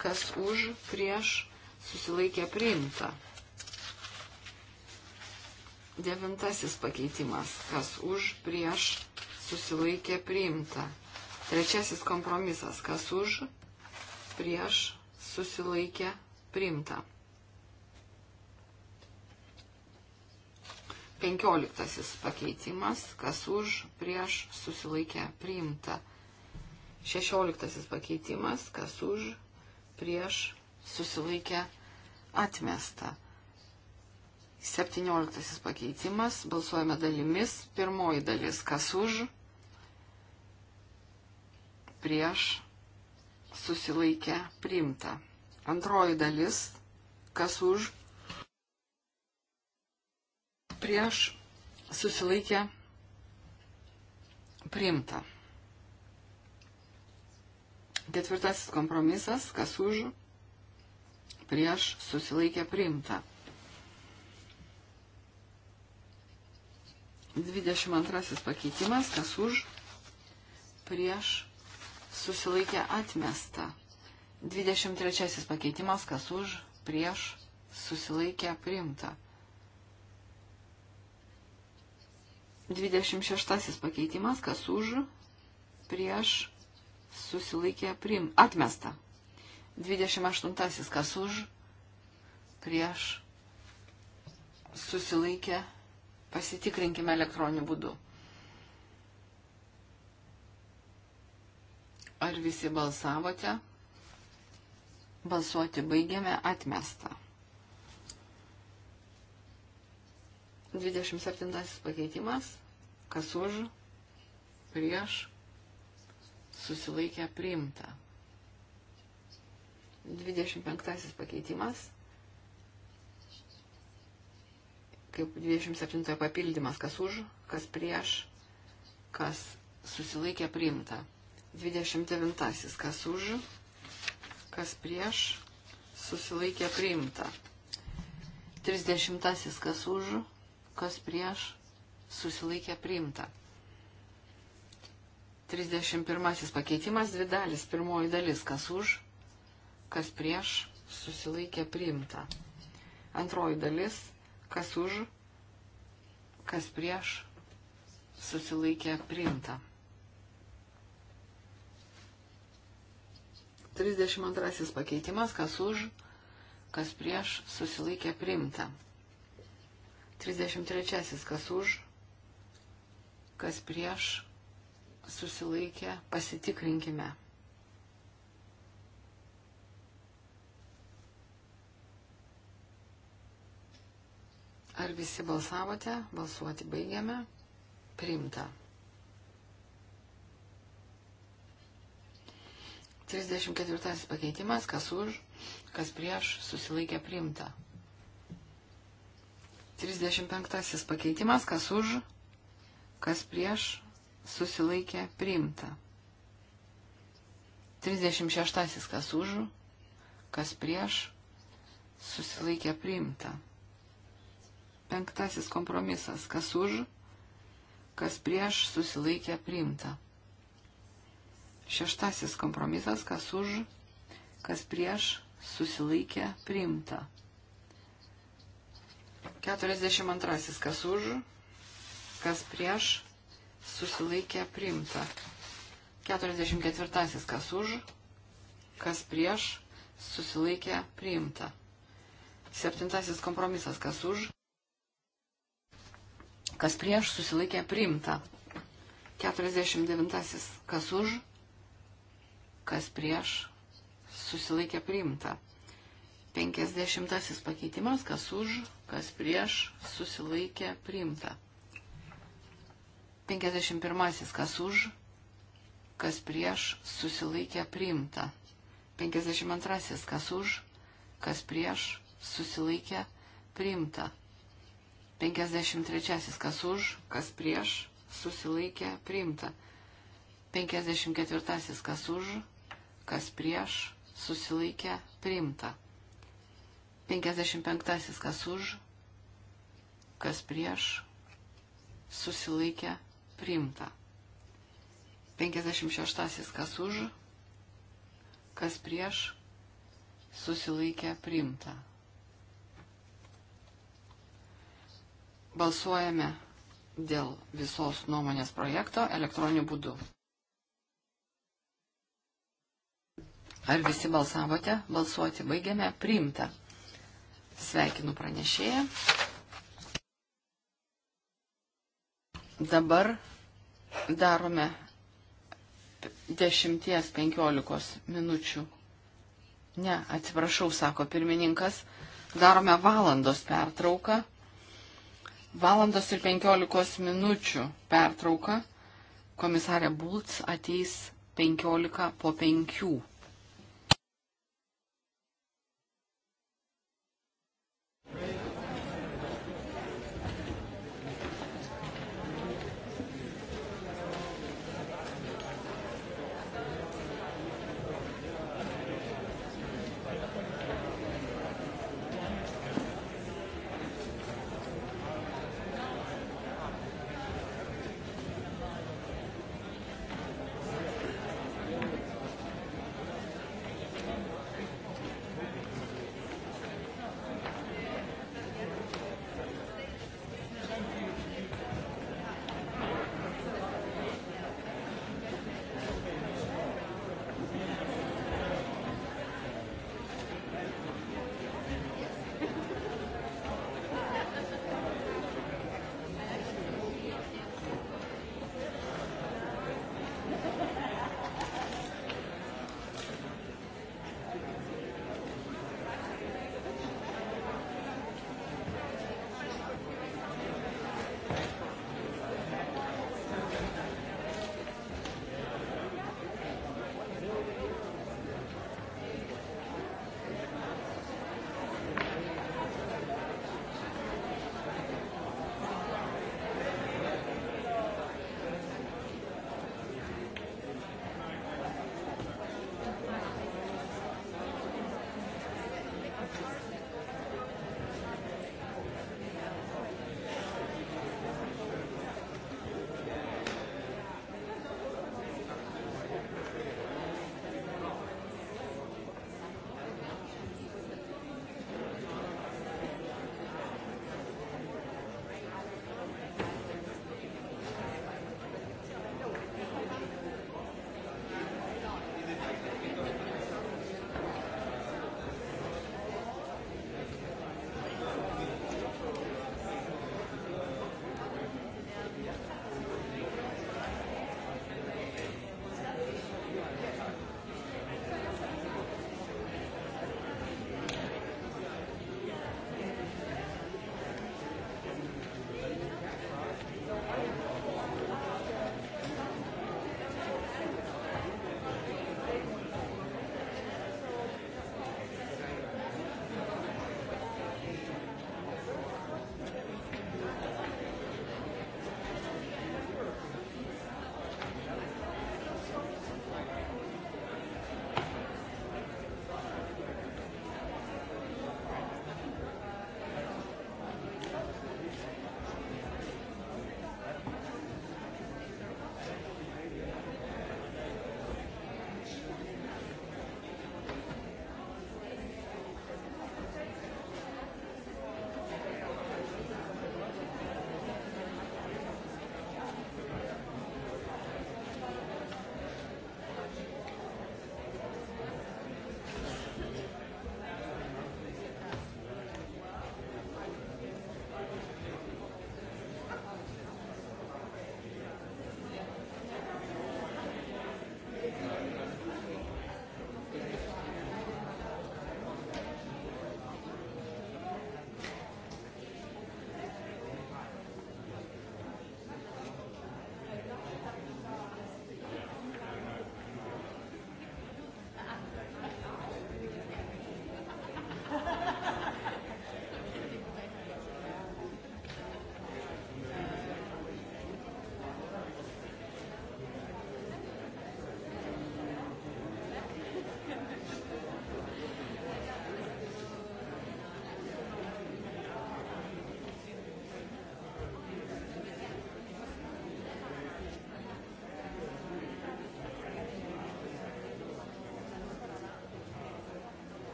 kas už, prieš, susilaikė priimta. Devintasis pakeitimas, kas už, prieš, susilaikė priimta. Trečiasis kompromisas, kas už, prieš, susilaikė priimta. Penkioliktasis pakeitimas, kas už, prieš, susilaikė priimta. Šešioliktasis pakeitimas, kas už, prieš susilaikę atmestą. 17 pakeitimas, balsuojame dalimis, pirmoji dalis, kas už, prieš susilaikę priimta. Antroji dalis, kas už, prieš susilaikę priimta. Ketvirtasis kompromisas, kas už, prieš susilaikė priimta. 22 pakeitimas, kas už, prieš susilaikė atmesta. 23 pakeitimas, kas už, prieš susilaikė priimta. 26 pakeitimas, kas už, prieš susilaikė priim. Atmesta. 28. Kas už, prieš, susilaikė, pasitikrinkime elektroniniu būdu. Ar visi balsavote? Balsuoti baigėme atmestą. 27 pakeitimas. Kas už, prieš, susilaikę priimta. 25 pakeitimas, kaip 27 papildymas, kas už, kas prieš, kas susilaikė priimta. 29 kas už, kas prieš, susilaikė priimta. 30 kas už, kas prieš, susilaikė priimta. 31 pakeitimas, dvi dalis, pirmoji dalis, kas už, kas prieš, susilaikė priimta. Antroji dalis, kas už, kas prieš, susilaikė priimta. 32 pakeitimas, kas už, kas prieš, susilaikė priimta. 33 kas už, kas prieš, susilaikė, pasitikrinkime. Ar visi balsavote? Balsuoti baigiame. Primta. 34 pakeitimas, kas už, kas prieš, susilaikė primta. 35 pakeitimas, kas už, kas prieš, susilaikė priimta. 36. Kas už, kas prieš, susilaikė priimta. Penktasis kompromisas. Kas už, kas prieš, susilaikė priimta. Šeštasis kompromisas. Kas už, kas prieš, susilaikė priimta. 42. Kas už, kas prieš, susilaikė priimta. 44. Kas už, kas prieš, susilaikė priimta. 7. Kompromisas. Kas už, kas prieš, susilaikė priimta. 49. Kas už, kas prieš, susilaikė priimta. 50 pakeitimas, kas už, kas prieš, susilaikė priimta. 51. Kas už, kas prieš, susilaikė priimta. 52. Kas už, kas prieš, susilaikė priimta. 53. Kas už, kas prieš, susilaikė priimta. 54. Kas už, kas prieš, susilaikė priimta. 55. Kas už, kas prieš, susilaikė priimta priimta. 56. Kas už, kas prieš, susilaikė priimta. Balsuojame dėl visos nuomonės projekto elektroniniu būdu. Ar visi balsavote? Balsuoti baigiame. Priimta. Sveikinu pranešėją. Dabar darome 10-15 minučių. Ne, atsiprašau, sako pirmininkas, darome valandos pertrauką. Valandos ir 15 minučių pertrauką. Komisarė Bulc ateis 15 po 5.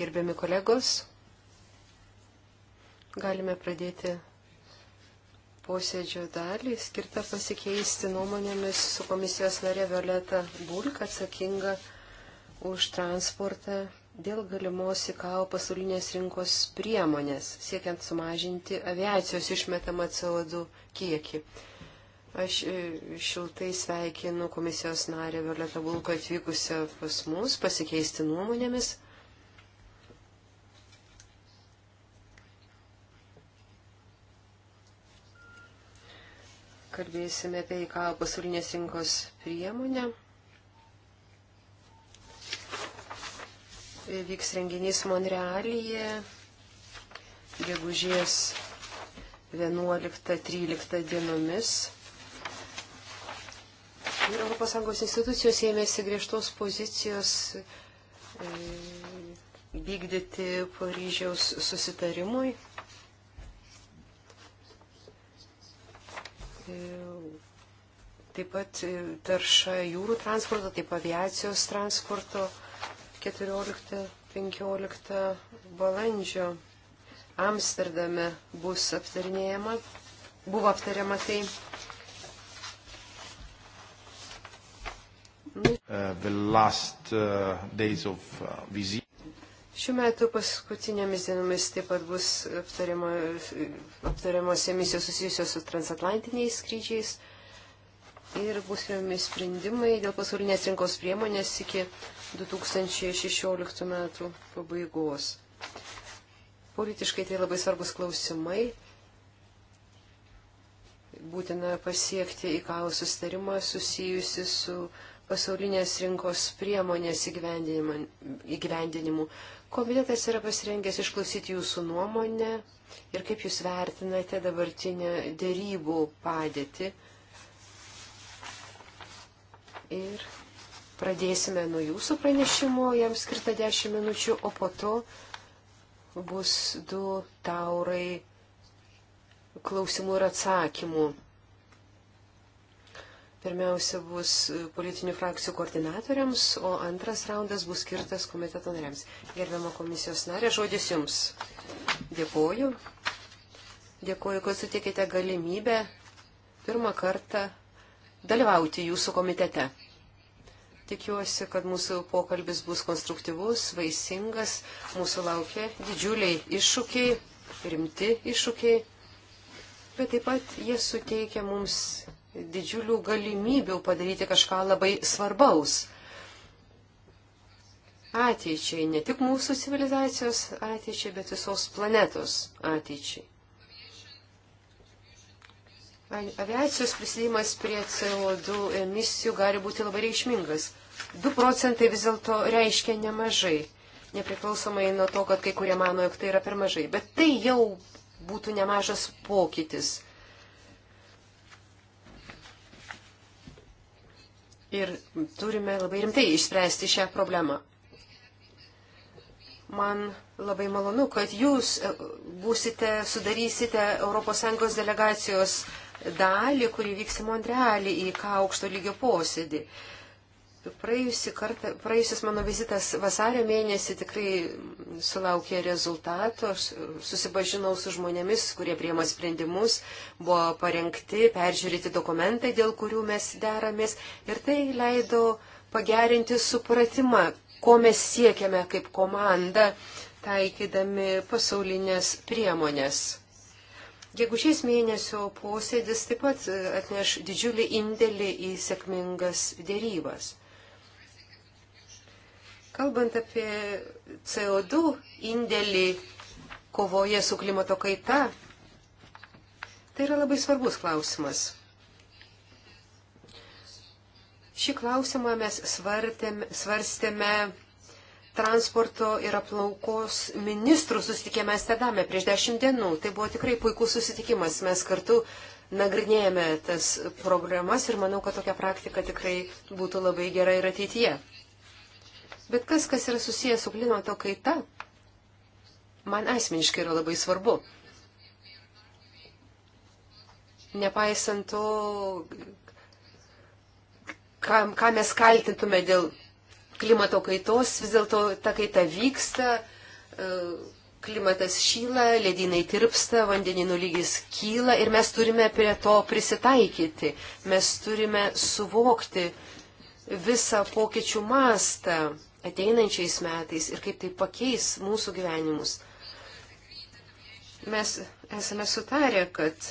Gerbiami kolegos, galime pradėti posėdžio dalį, skirtą pasikeisti nuomonėmis su komisijos narė Violeta Bulk, atsakinga už transportą dėl galimos IKAO pasaulinės rinkos priemonės, siekiant sumažinti aviacijos išmetamą CO2 kiekį. Aš e, šiltai sveikinu komisijos narę Violetą Vulko atvykusią pas mus pasikeisti nuomonėmis. Kalbėsime apie ką pasaulinės rinkos priemonę. E, vyks renginys Monrealyje, gegužės 11-13 dienomis. ES institucijos ėmėsi griežtos pozicijos e, vykdyti Paryžiaus susitarimui. E, taip pat e, tarša jūrų transporto, taip aviacijos transporto 14-15 balandžio Amsterdame bus aptarinėjama, buvo aptariama tai. Uh, the last uh, days of uh, visit. Šiuo metu paskutinėmis dienomis taip pat bus aptariamo, aptariamos emisijos susijusios su transatlantiniais skrydžiais ir būsimi sprendimai dėl pasaulinės rinkos priemonės iki 2016 metų pabaigos. Politiškai tai labai svarbus klausimai. Būtina pasiekti įkalų sustarimą susijusi su uh, pasaulinės rinkos priemonės įgyvendinimu. Komitetas yra pasirengęs išklausyti jūsų nuomonę ir kaip jūs vertinate dabartinę dėrybų padėtį. Ir pradėsime nuo jūsų pranešimo, jam skirta 10 minučių, o po to bus du taurai klausimų ir atsakymų Pirmiausia bus politinių frakcijų koordinatoriams, o antras raundas bus skirtas komiteto nariams. Gerbiamo komisijos narė, žodis jums. Dėkoju. Dėkoju, kad sutikite galimybę pirmą kartą dalyvauti jūsų komitete. Tikiuosi, kad mūsų pokalbis bus konstruktyvus, vaisingas. Mūsų laukia didžiuliai iššūkiai, rimti iššūkiai, bet taip pat jie suteikia mums didžiulių galimybių padaryti kažką labai svarbaus ateičiai, ne tik mūsų civilizacijos ateičiai, bet visos planetos ateičiai. Aviacijos prisidėjimas prie CO2 emisijų gali būti labai reikšmingas. 2 procentai vis dėlto reiškia nemažai, nepriklausomai nuo to, kad kai kurie mano, jog tai yra per mažai. Bet tai jau būtų nemažas pokytis Ir turime labai rimtai išspręsti šią problemą. Man labai malonu, kad jūs e, būsite, sudarysite ES delegacijos dalį, kuri vyks į Montrealį į ką aukšto lygio posėdį. Praėjusi kartą, praėjusis mano vizitas vasario mėnesį tikrai sulaukė rezultatų. Aš susipažinau su žmonėmis, kurie priema sprendimus, buvo parengti, peržiūrėti dokumentai, dėl kurių mes deramės. Ir tai leido pagerinti supratimą, ko mes siekiame kaip komanda, taikydami pasaulinės priemonės. Gegužės mėnesio posėdis taip pat atneš didžiulį indėlį į sėkmingas dėrybas. Kalbant apie CO2 indėlį kovoje su klimato kaita, tai yra labai svarbus klausimas. Šį klausimą mes svartėm, svarstėme transporto ir aplaukos ministrų susitikėme Amsterdame prieš dešimt dienų. Tai buvo tikrai puikus susitikimas. Mes kartu nagrinėjame tas problemas ir manau, kad tokia praktika tikrai būtų labai gera ir ateityje. Bet kas, kas yra susijęs su klimato kaita, man asmeniškai yra labai svarbu. Nepaisant to, ką, ką mes kaltintume dėl klimato kaitos, vis dėlto ta kaita vyksta, e, klimatas šyla, ledynai tirpsta, vandeninų lygis kyla ir mes turime prie to prisitaikyti. Mes turime suvokti visą pokyčių mastą ateinančiais metais ir kaip tai pakeis mūsų gyvenimus. Mes esame sutarę, kad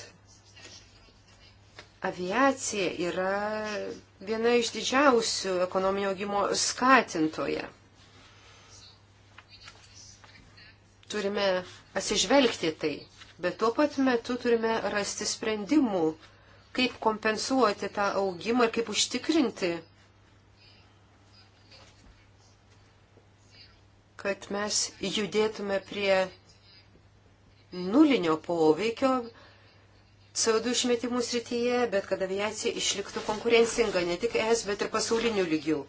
aviacija yra viena iš didžiausių ekonominio augimo skatintoje. Turime atsižvelgti tai, bet tuo pat metu turime rasti sprendimų, kaip kompensuoti tą augimą ir kaip užtikrinti kad mes judėtume prie nulinio poveikio CO2 išmetimų srityje, bet kad aviacija išliktų konkurencinga ne tik ES, bet ir pasaulinių lygių.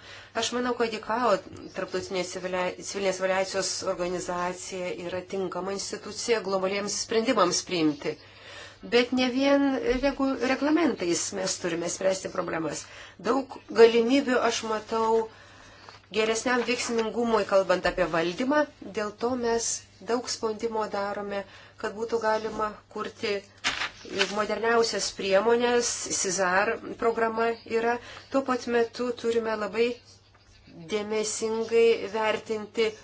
Aš manau, kad ICAO, Tarptautinė civilinės aviacijos organizacija, yra tinkama institucija globaliems sprendimams priimti. Bet ne vien regu, reglamentais mes turime spręsti problemas. Daug galimybių aš matau geresniam veiksmingumui, kalbant apie valdymą. Dėl to mes daug spaudimo darome, kad būtų galima kurti moderniausias priemonės, CISAR programa yra. Tuo pat metu turime labai dėmesingai vertinti e,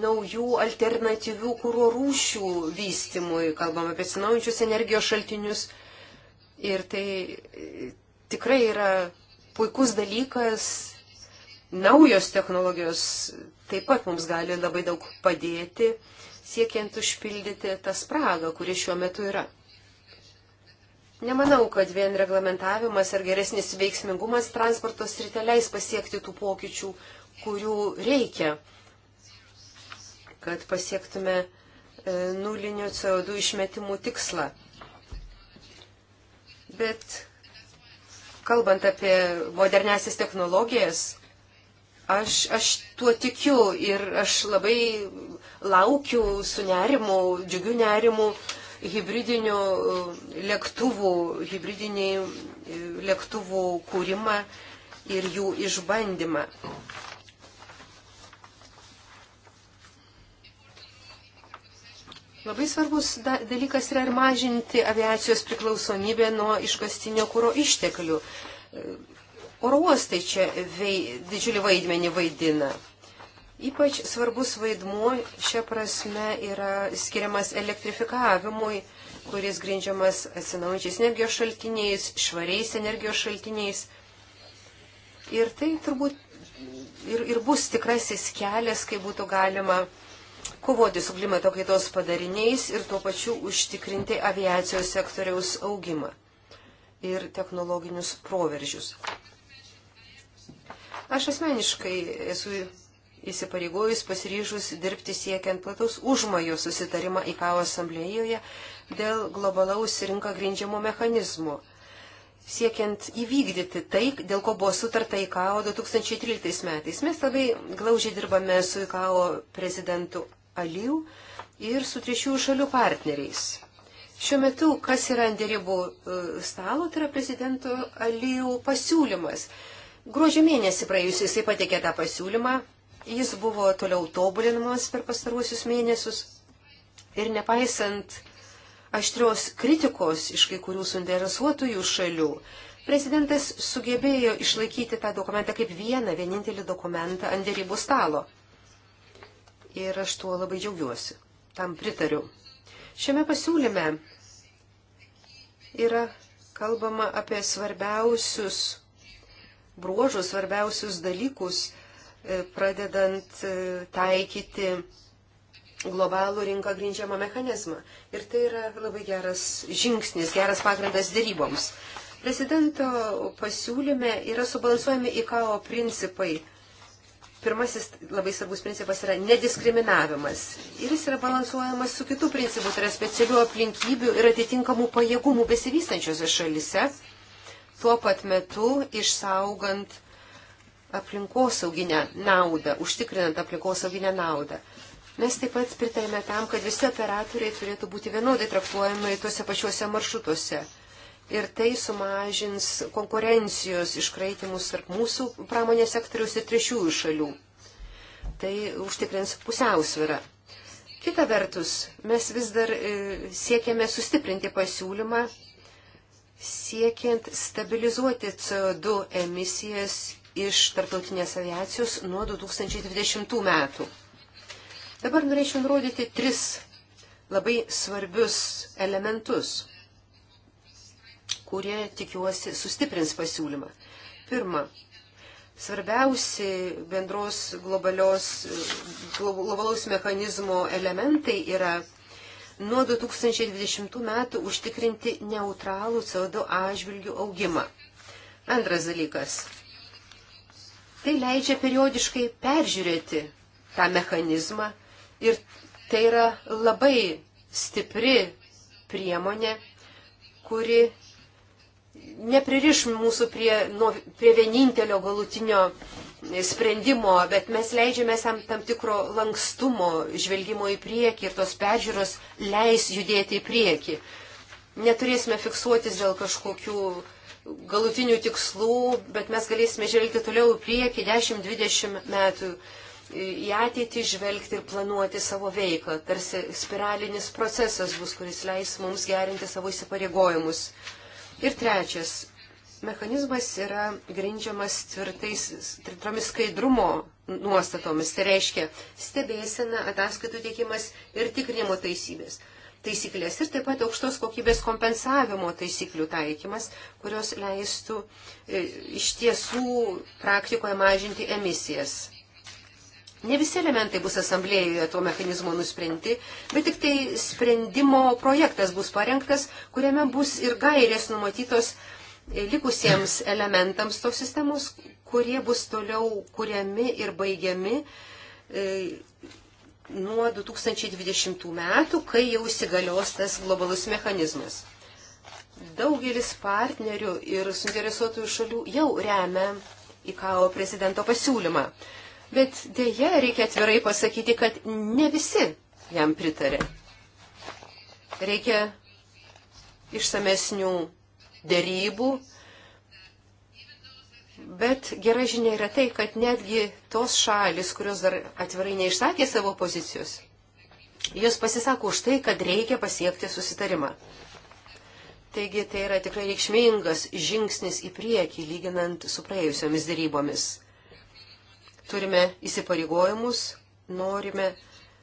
naujų alternatyvių kūro rūšių vystimui, kalbam apie atsinaujančius energijos šaltinius. Ir tai e, tikrai yra puikus dalykas naujos technologijos taip pat mums gali labai daug padėti, siekiant užpildyti tą spragą, kuri šiuo metu yra. Nemanau, kad vien reglamentavimas ar geresnis veiksmingumas transporto srite leis pasiekti tų pokyčių, kurių reikia, kad pasiektume e, nulinių CO2 išmetimų tikslą. Bet kalbant apie modernesias technologijas, Aš, aš tuo tikiu ir aš labai laukiu su nerimu, džiugiu nerimu hybridinių e, lėktuvų, hybridiniai e, lėktuvų kūrimą ir jų išbandymą. Labai svarbus dalykas yra ir mažinti aviacijos priklausomybę nuo iškastinio kūro išteklių. E, Oro uostai čia vei, didžiulį vaidmenį vaidina. Ypač svarbus vaidmuo šia prasme yra skiriamas elektrifikavimui, kuris grindžiamas atsinaujančiais energijos šaltiniais, švariais energijos šaltiniais. Ir tai turbūt ir, ir bus tikrasis kelias, kaip būtų galima kovoti su klimato kaitos padariniais ir tuo pačiu užtikrinti aviacijos sektoriaus augimą ir technologinius proveržius. Aš asmeniškai esu įsipareigojus pasiryžus dirbti siekiant plataus užmojo susitarimą IKAO asamblėjoje dėl globalaus rinką grindžiamo mechanizmo. Siekiant įvykdyti tai, dėl ko buvo sutarta IKAO 2013 metais. Mes labai glaužiai dirbame su IKAO prezidentu Aliu ir su trečiųjų šalių partneriais. Šiuo metu, kas yra ant dėrybų e, stalo, tai yra prezidento Aliu pasiūlymas Gruodžio mėnesį praėjusį jisai patikė tą pasiūlymą, jis buvo toliau tobulinamas per pastaruosius mėnesius ir nepaisant aštrios kritikos iš kai kurių suinteresuotųjų šalių, prezidentas sugebėjo išlaikyti tą dokumentą kaip vieną vienintelį dokumentą ant dėrybų stalo. Ir aš tuo labai džiaugiuosi. Tam pritariu. Šiame pasiūlyme yra kalbama apie svarbiausius bruožus, svarbiausius dalykus, e, pradedant e, taikyti globalų rinką grindžiamą mechanizmą. Ir tai yra labai geras žingsnis, geras pagrindas dėryboms. Prezidento pasiūlyme yra subalansuojami IKO principai. Pirmasis labai svarbus principas yra nediskriminavimas. Ir jis yra balansuojamas su kitų principų, tai yra specialių aplinkybių ir atitinkamų pajėgumų besivystančiose šalise tuo pat metu išsaugant aplinkosauginę naudą, užtikrinant aplinkosauginę naudą. Mes taip pat pritarėme tam, kad visi operatoriai turėtų būti vienodai traktuojami tuose pačiuose maršrutuose. Ir tai sumažins konkurencijos iškraitimus tarp mūsų pramonės sektoriaus ir trečiųjų šalių. Tai užtikrins pusiausvirą. Kita vertus, mes vis dar e, siekiame sustiprinti pasiūlymą siekiant stabilizuoti CO2 emisijas iš tarptautinės aviacijos nuo 2020 metų. Dabar norėčiau nurodyti tris labai svarbius elementus, kurie tikiuosi sustiprins pasiūlymą. Pirma, svarbiausi bendros globalios, globalaus mechanizmo elementai yra nuo 2020 metų užtikrinti neutralų CO2 atžvilgių augimą. Antras dalykas. Tai leidžia periodiškai peržiūrėti tą mechanizmą ir tai yra labai stipri priemonė, kuri nepririš mūsų prie, nuo, prie vienintelio galutinio uh, sprendimo, bet mes leidžiame tam, tam tikro lankstumo, žvelgimo į priekį ir tos peržiūros leis judėti į priekį. Neturėsime fiksuotis dėl kažkokių galutinių tikslų, bet mes galėsime žvelgti toliau į priekį 10-20 metų į ateitį žvelgti ir planuoti savo veiklą. Tarsi spiralinis procesas bus, kuris leis mums gerinti savo įsipareigojimus. Ir trečias Mechanizmas yra grindžiamas tvirtomis skaidrumo nuostatomis, tai reiškia stebėsena, ataskaitų teikimas ir tikrinimo taisybės. Taisyklės ir taip pat aukštos kokybės kompensavimo taisyklių taikymas, kurios leistų e, iš tiesų praktikoje mažinti emisijas. Ne visi elementai bus asamblėjoje to mechanizmo nusprendti, bet tik tai sprendimo projektas bus parengtas, kuriame bus ir gairės numatytos likusiems elementams tos sistemos, kurie bus toliau kuriami ir baigiami e, nuo 2020 metų, kai jau įsigalios tas globalus mechanizmas. Daugelis partnerių ir suinteresuotųjų šalių jau remia IKAO prezidento pasiūlymą. Bet dėja reikia atvirai pasakyti, kad ne visi jam pritarė. Reikia išsamesnių dėrybų. Bet gera žinia yra tai, kad netgi tos šalis, kurios dar atvirai neišsakė savo pozicijos, jos pasisako už tai, kad reikia pasiekti susitarimą. Taigi tai yra tikrai reikšmingas žingsnis į priekį, lyginant su praėjusiomis dėrybomis. Turime įsipareigojimus, norime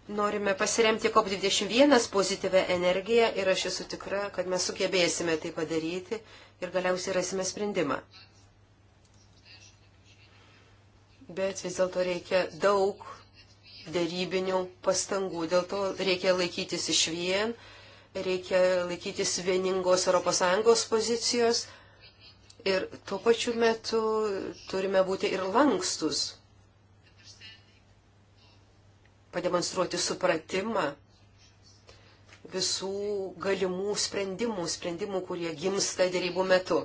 Norime pasiremti COP21 pozityvę energiją ir aš esu tikra, kad mes sugebėsime tai padaryti ir galiausiai rasime sprendimą. Bet vis dėlto reikia daug dėrybinių pastangų, dėl to reikia laikytis iš vien, reikia laikytis vieningos ES pozicijos ir tuo pačiu metu turime būti ir lankstus pademonstruoti supratimą visų galimų sprendimų, sprendimų, kurie gimsta dėrybų metu.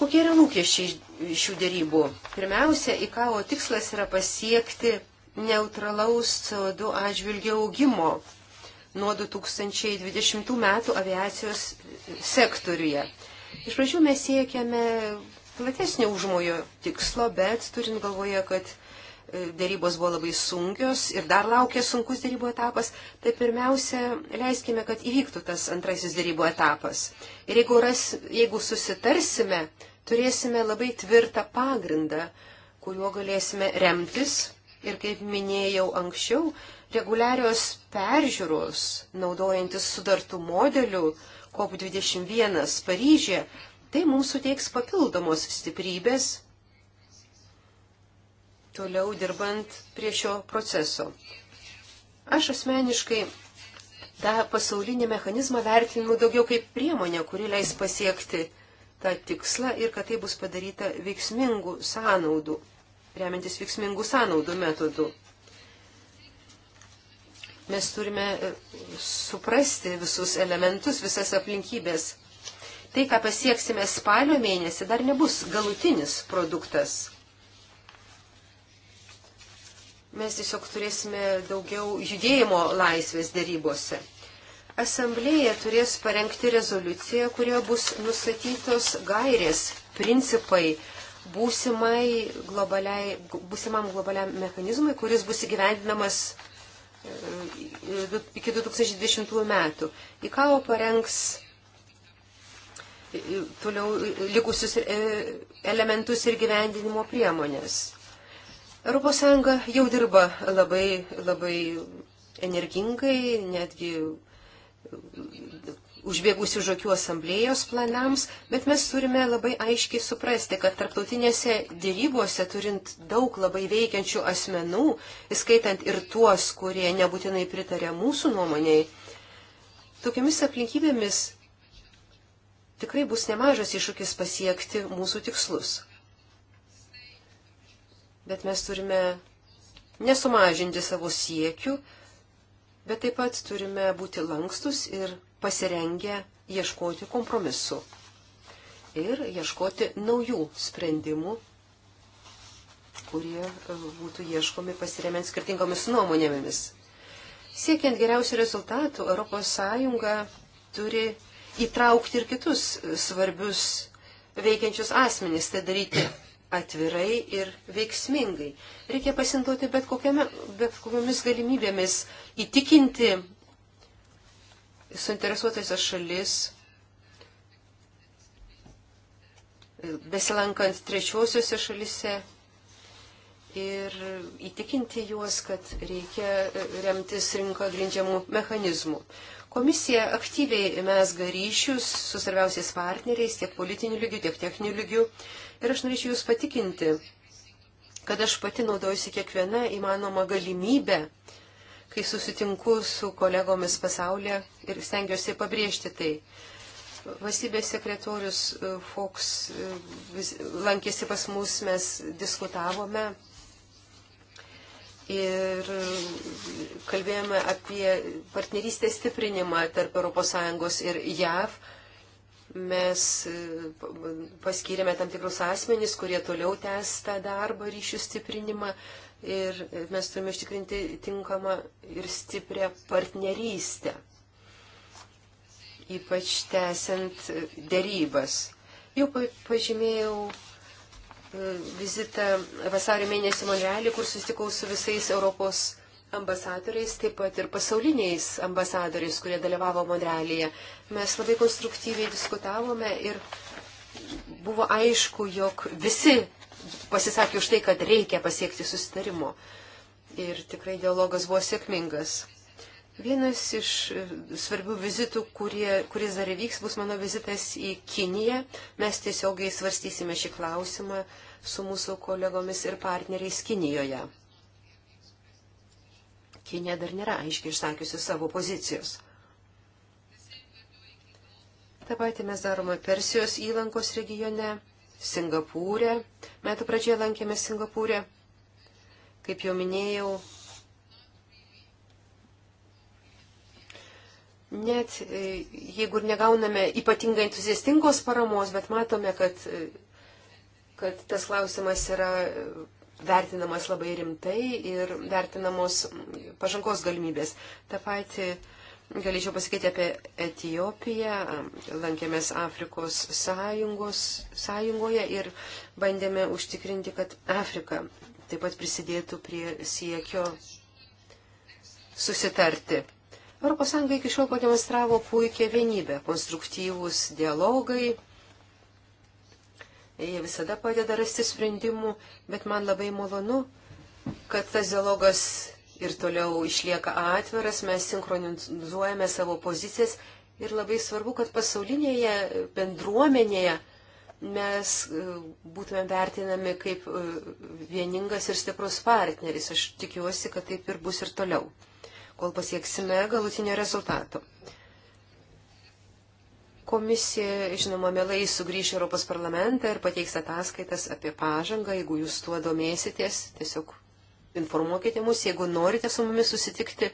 Kokie yra lūkesčiai šių dėrybų? Pirmiausia, IKAO tikslas yra pasiekti neutralaus CO2 atžvilgio augimo nuo 2020 metų aviacijos sektoriuje. Iš pradžių mes siekiame platesnio užmojo tikslo, bet turint galvoje, kad dėrybos buvo labai sunkios ir dar laukia sunkus dėrybų etapas, tai pirmiausia, leiskime, kad įvyktų tas antrasis dėrybų etapas. Ir jeigu, ras, jeigu susitarsime, turėsime labai tvirtą pagrindą, kuriuo galėsime remtis. Ir kaip minėjau anksčiau, reguliarios peržiūros, naudojantis sudartų modelių, COP21 Paryžė, tai mums suteiks papildomos stiprybės toliau dirbant prie šio proceso. Aš asmeniškai tą pasaulinį mechanizmą vertinu daugiau kaip priemonę, kuri leis pasiekti tą tikslą ir kad tai bus padaryta veiksmingų sąnaudų, remiantis veiksmingų sąnaudų metodų. Mes turime e, suprasti visus elementus, visas aplinkybės. Tai, ką pasieksime spalio mėnesį, dar nebus galutinis produktas mes tiesiog turėsime daugiau judėjimo laisvės darybose. Asamblėje turės parengti rezoliuciją, kurioje bus nustatytos gairės, principai globaliai, būsimam globaliam mechanizmui, kuris bus įgyvendinamas e, iki 2020 metų. IKAO parengs e, toliau likusius e, elementus ir gyvendinimo priemonės. ES jau dirba labai, labai energingai, netgi e, užbėgusi už akių asamblėjos planams, bet mes turime labai aiškiai suprasti, kad tarptautinėse dėrybose turint daug labai veikiančių asmenų, įskaitant ir tuos, kurie nebūtinai pritarė mūsų nuomoniai, tokiamis aplinkybėmis tikrai bus nemažas iššūkis pasiekti mūsų tikslus bet mes turime nesumažinti savo siekių, bet taip pat turime būti lankstus ir pasirengę ieškoti kompromisu ir ieškoti naujų sprendimų, kurie e, būtų ieškomi pasiremiant skirtingomis nuomonėmis. Siekiant geriausių rezultatų, ES turi įtraukti ir kitus e, svarbius veikiančius asmenys tai daryti atvirai ir veiksmingai. Reikia pasinaudoti bet, kokiame, bet kokiomis galimybėmis įtikinti suinteresuotasias šalis, besilankant trečiosiuose šalise ir įtikinti juos, kad reikia remtis rinko grindžiamų mechanizmų. Komisija aktyviai mesga ryšius su svarbiausiais partneriais tiek politiniu lygiu, tiek techniniu lygiu. Ir aš norėčiau Jūs patikinti, kad aš pati naudojusi kiekvieną įmanomą galimybę, kai susitinku su kolegomis pasaulyje ir stengiuosi pabrėžti tai. Vasybės sekretorius e, Fox e, lankėsi pas mus, mes diskutavome ir kalbėjome apie partnerystės stiprinimą tarp ES ir JAV mes e, paskyrėme tam tikrus asmenys, kurie toliau tęs tą darbą ryšių stiprinimą ir e, mes turime ištikrinti tinkamą ir stiprią partnerystę, ypač tęsiant e, dėrybas. Jau pažymėjau vizitą vasario mėnesį Monrealį, kur susitikau su visais Europos ambasadoriais, taip pat ir pasauliniais ambasadoriais, kurie dalyvavo Monrealyje. Mes labai konstruktyviai diskutavome ir buvo aišku, jog visi pasisakė už tai, kad reikia pasiekti susitarimo. Ir tikrai dialogas buvo sėkmingas. Vienas iš svarbių vizitų, kurie, kuris dar įvyks, bus mano vizitas į Kiniją. Mes tiesiogiai svarstysime šį klausimą su mūsų kolegomis ir partneriais Kinijoje. Kinė dar nėra aiškiai išsakiusi savo pozicijos. Ta pati mes darome Persijos įlankos regione, Singapūrė. Metų pradžioje lankėme Singapūrė. Kaip jau minėjau, net e, jeigu ir negauname ypatingai entuziastingos paramos, bet matome, kad, e, kad tas klausimas yra vertinamas labai rimtai ir vertinamos pažangos galimybės. Ta pati galėčiau pasakyti apie Etijopiją. Lankėmės Afrikos sąjungos, sąjungoje ir bandėme užtikrinti, kad Afrika taip pat prisidėtų prie siekio susitarti. ES iki šiol pademonstravo puikia vienybė, konstruktyvūs dialogai jie visada padeda rasti sprendimų, bet man labai malonu, kad tas dialogas ir toliau išlieka atviras, mes sinchronizuojame savo pozicijas ir labai svarbu, kad pasaulinėje bendruomenėje mes e, būtume vertinami kaip e, vieningas ir stiprus partneris. Aš tikiuosi, kad taip ir bus ir toliau, kol pasieksime galutinio rezultato. Komisija, žinoma, mielai sugrįš Europos parlamentą ir pateiks ataskaitas apie pažangą, jeigu jūs tuo domėsitės, tiesiog informuokite mus, jeigu norite su mumis susitikti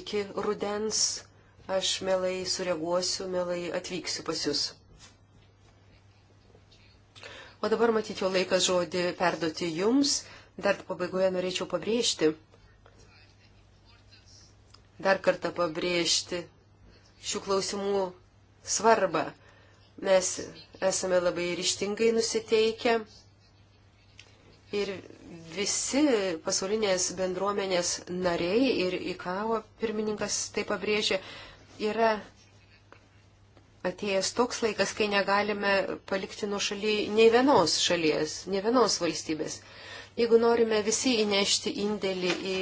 iki rudens, aš mielai sureaguosiu, mielai atvyksiu pas jūs. O dabar matyti jo laikas žodį perduoti jums. Dar pabaigoje norėčiau pabrėžti, dar kartą pabrėžti šių klausimų svarbą. Mes esame labai ryštingai nusiteikę ir visi pasaulinės bendruomenės nariai ir IKAO pirmininkas tai pabrėžė, yra atėjęs toks laikas, kai negalime palikti nuo šaly nei vienos šalies, nei vienos valstybės. Jeigu norime visi įnešti indėlį į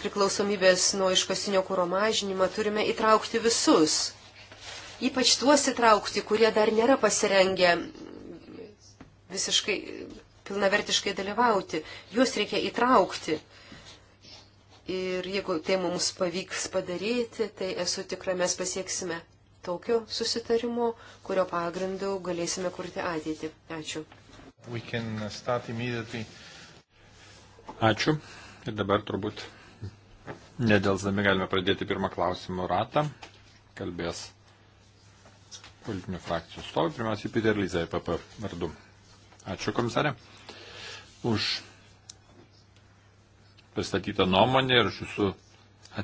priklausomybės nuo iškasinio kūro mažinimą, turime įtraukti visus. Ypač tuos įtraukti, kurie dar nėra pasirengę visiškai pilnavertiškai dalyvauti. Juos reikia įtraukti. Ir jeigu tai mums pavyks padaryti, tai esu tikra, mes pasieksime tokio susitarimo, kurio pagrindu galėsime kurti ateitį. Ačiū. Ačiū. Ir dabar turbūt nedelsdami galime pradėti pirmą klausimų ratą. Kalbės politinių frakcijų stovai. Pirmiausiai Peter Lyza, IPP e vardu. Ačiū komisarė už pristatytą nuomonę ir už jūsų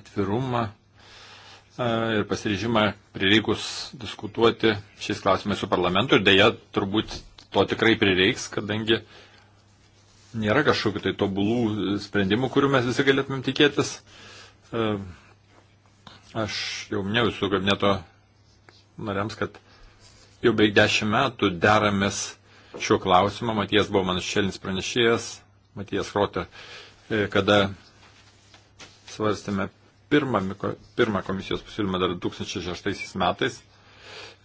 atvirumą e, ir pasiryžimą prireikus diskutuoti šiais klausimais su parlamentu. Ir dėja, turbūt to tikrai prireiks, kadangi uh, nėra kažkokiu tai tobulų sprendimų, kurių mes visi galėtumėm tikėtis. E, aš jau minėjau su kabineto nariams, kad jau beveik dešimt metų deramės šiuo klausimu. Matijas buvo mano šešėlinis pranešėjas, Matijas Krotė, e, kada svarstėme pirmą, pirmą komisijos pasiūlymą dar 2006 metais.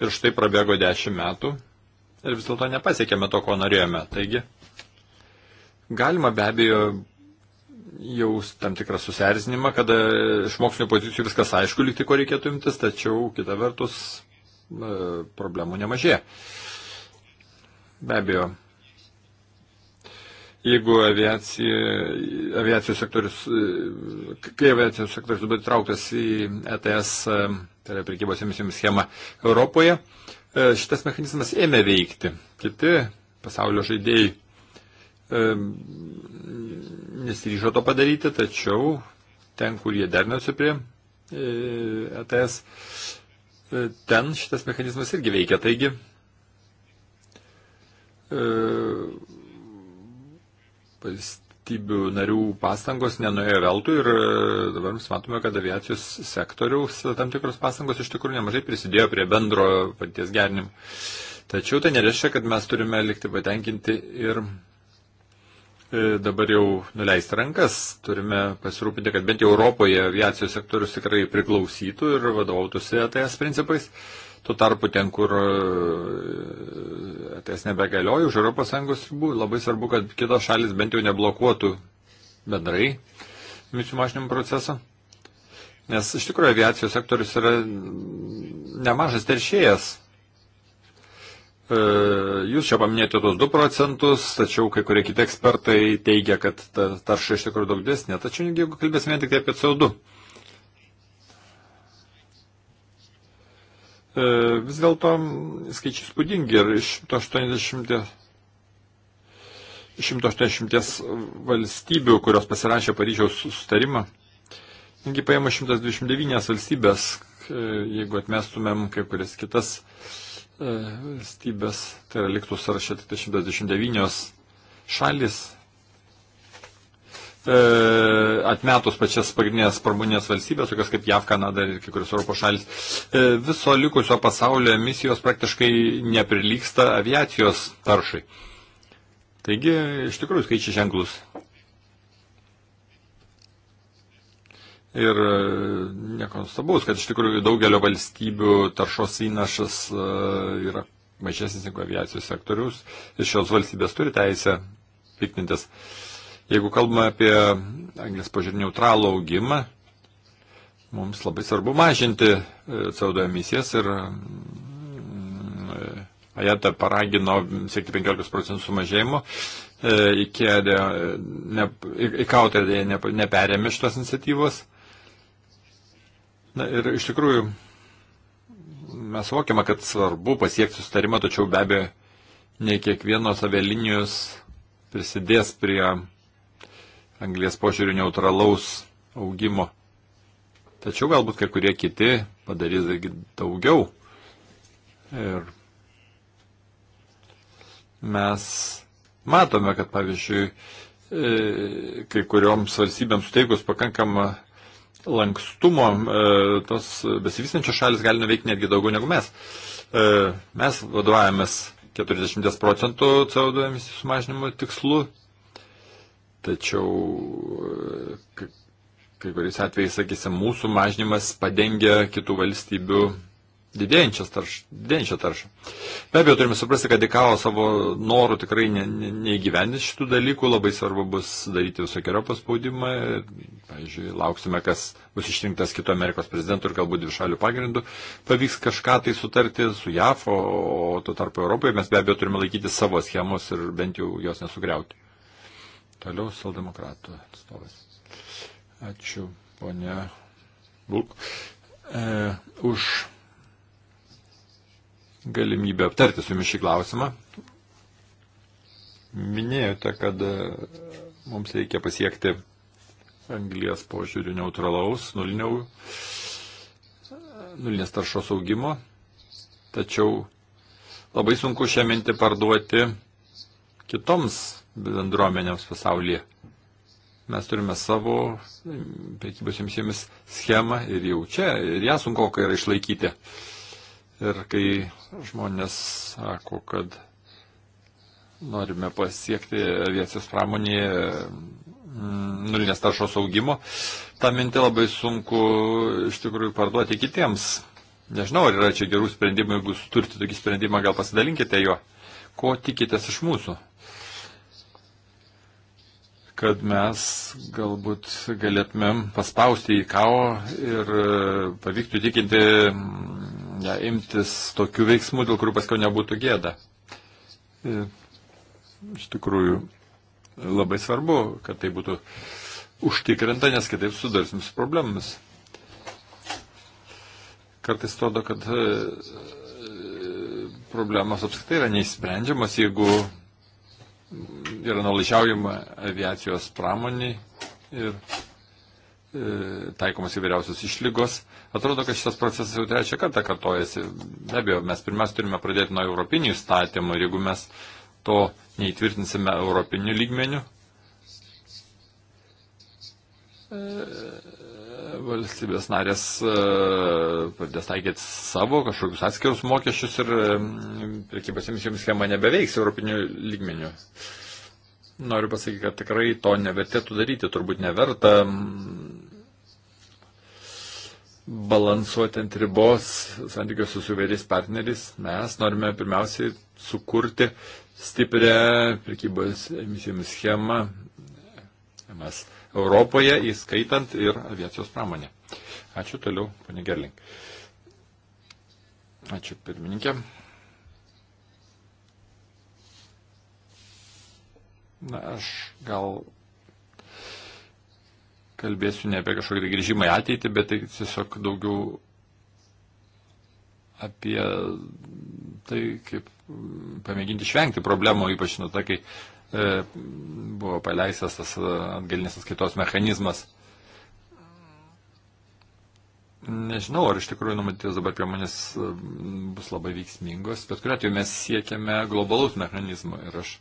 Ir štai prabėgo dešimt metų ir vis dėlto nepasiekėme to, ko norėjome. Taigi, Galima be abejo jaus tam tikrą susierzinimą, kada iš mokslinio pozicijų viskas aišku, likti ko reikėtų imtis, tačiau kita vertus problemų nemažėja. Be abejo, jeigu aviacija, aviacijos sektorius, kai aviacijos sektorius dabar įtrauktas į ETS, e, tai yra prekybos emisijomis schemą Europoje, e, šitas mechanizmas ėmė veikti. Kiti pasaulio žaidėjai nesiryžo to padaryti, tačiau ten, kur jie derinosi prie ETS, e, ten šitas mechanizmas irgi veikia. Taigi, e, valstybių narių pastangos nenuėjo veltui ir e, dabar mes matome, kad aviacijos sektoriaus tam tikros pastangos iš tikrųjų nemažai prisidėjo prie bendro paties gerinimo. Tačiau tai nereiškia, kad mes turime likti patenkinti ir E, dabar jau nuleisti rankas. Turime pasirūpinti, kad bent jau Europoje aviacijos sektorius tikrai priklausytų ir vadovautųsi ETS principais. Tuo tarpu ten, kur ETS e nebegalioja už ES ribų, labai svarbu, kad kitos šalis bent jau neblokuotų bendrai emisijų mažinimo procesą. Nes iš tikrųjų aviacijos sektorius yra nemažas teršėjas E, jūs čia paminėjote tos 2 procentus, tačiau kai kurie kiti ekspertai teigia, kad ta tarša iš tikrųjų daug desnė. Tačiau jeigu kalbėsime tik tai apie CO2, e, vis dėlto skaičiai spūdingi ir 180, 180 valstybių, kurios pasirašė Paryžiaus sustarimą, netgi paėmė 129 valstybės, e, jeigu atmestumėm kai kurias kitas E, valstybės, tai yra liktų sąraše 129 tai šalis, e, atmetus pačias pagrindinės pramonės valstybės, tokias kaip JAV, Kanada ir kai kurios Europos šalis, e, viso likusio pasaulio emisijos praktiškai neprilyksta aviacijos taršai. Taigi, iš tikrųjų, skaičiai ženklus. Ir e, nekonstabaus, kad iš tikrųjų daugelio valstybių taršos įnašas e, yra mažesnis negu aviacijos sektorius ir šios valstybės turi teisę piktintis. Jeigu kalbame apie anglės požiūrį neutralų augimą, mums labai svarbu mažinti e, CO2 emisijas ir mm, Ajata paragino siekti 15 procentų sumažėjimo, iki IKAO tai neperėmė šitos iniciatyvos. Na ir iš tikrųjų, mes suvokiame, kad svarbu pasiekti sustarimą, tačiau be abejo, ne kiekvienos avialinijos prisidės prie anglės požiūrių neutralaus augimo. Tačiau galbūt kai kurie kiti padarys daugiau. Ir mes matome, kad pavyzdžiui, e, kai kurioms valstybėms suteikus pakankamą lankstumo e, tos besivystančios šalis gali nuveikti netgi daugiau negu mes. E, mes vadovavomės 40 procentų CO2 emisijų sumažinimo tikslu, tačiau e, kai kuriais atvejais, sakysim, mūsų mažinimas padengia kitų valstybių didėjančią taršą. Tarš. Be abejo, turime suprasti, kad Dikao savo norų tikrai ne, ne, neįgyvendins šitų dalykų, labai svarbu bus daryti visokiojo paspaudimą. Pavyzdžiui, lauksime, kas bus išrinktas kito Amerikos prezidentų ir galbūt dvišalių pagrindų. Pavyks kažką tai sutarti su JAF, o, o tuo tarpu Europoje mes be abejo turime laikyti savo schemos ir bent jau jos nesugriauti. Toliau saldemokratų atstovas. Ačiū, ponia Bulk. E, už galimybę aptarti su jumis šį klausimą. Minėjote, kad e, mums reikia pasiekti anglijas požiūrių neutralaus, nulinio, nulinės taršos augimo, tačiau labai sunku šią mintį parduoti kitoms bendruomenėms pasaulyje. Mes turime savo prekybos jums schemą ir jau čia, ir ją sunku yra išlaikyti. Uh, Ir kai žmonės sako, kad norime pasiekti aviacijos pramonėje mm, nulinės taršos augimo, tą mintį labai sunku iš tikrųjų parduoti kitiems. Nežinau, ar yra čia gerų sprendimų, jeigu turite tokį sprendimą, gal pasidalinkite juo. Ko tikitės iš mūsų? Kad mes galbūt galėtumėm paspausti į kao ir e, pavyktų tikinti ja, imtis tokių veiksmų, dėl kurių paskui nebūtų gėda. Ir e, iš tikrųjų labai svarbu, kad tai būtų užtikrinta, nes kitaip sudarsim su problemomis. Kartais atrodo, kad e, problemos apskritai yra neįsprendžiamas, jeigu yra nulaižiaujama aviacijos pramoniai ir E, taikomas įvairiausios išlygos. Atrodo, kad šitas procesas jau trečią kartą kartojasi. Be abejo, mes pirmiausia turime pradėti nuo europinių įstatymų ir jeigu mes to neįtvirtinsime europinių lygmenių, e, valstybės narės e, pradės taikyti savo kažkokius atskirus mokesčius ir prekybos emisijoms schema nebeveiks europinių lygmenių. Noriu pasakyti, kad tikrai to nevertėtų daryti, turbūt neverta balansuoti ant ribos santykiuose su vėriais partneriais, mes norime pirmiausiai sukurti stiprią prekybos emisijomis schemą mes Europoje, įskaitant ir aviacijos pramonę. Ačiū toliau, ponė Gerling. Ačiū pirmininkė. Na, aš gal kalbėsiu ne apie kažkokį tai grįžimą į ateitį, bet tai tiesiog daugiau apie tai, kaip pamėginti išvengti problemų, ypač nuo to, kai e, buvo paleistas tas atgalinės atskaitos mechanizmas. Nežinau, ar iš tikrųjų numatytas dabar priemonės e, bus labai veiksmingos, bet kuriuo atveju mes siekiame globalaus mechanizmo ir aš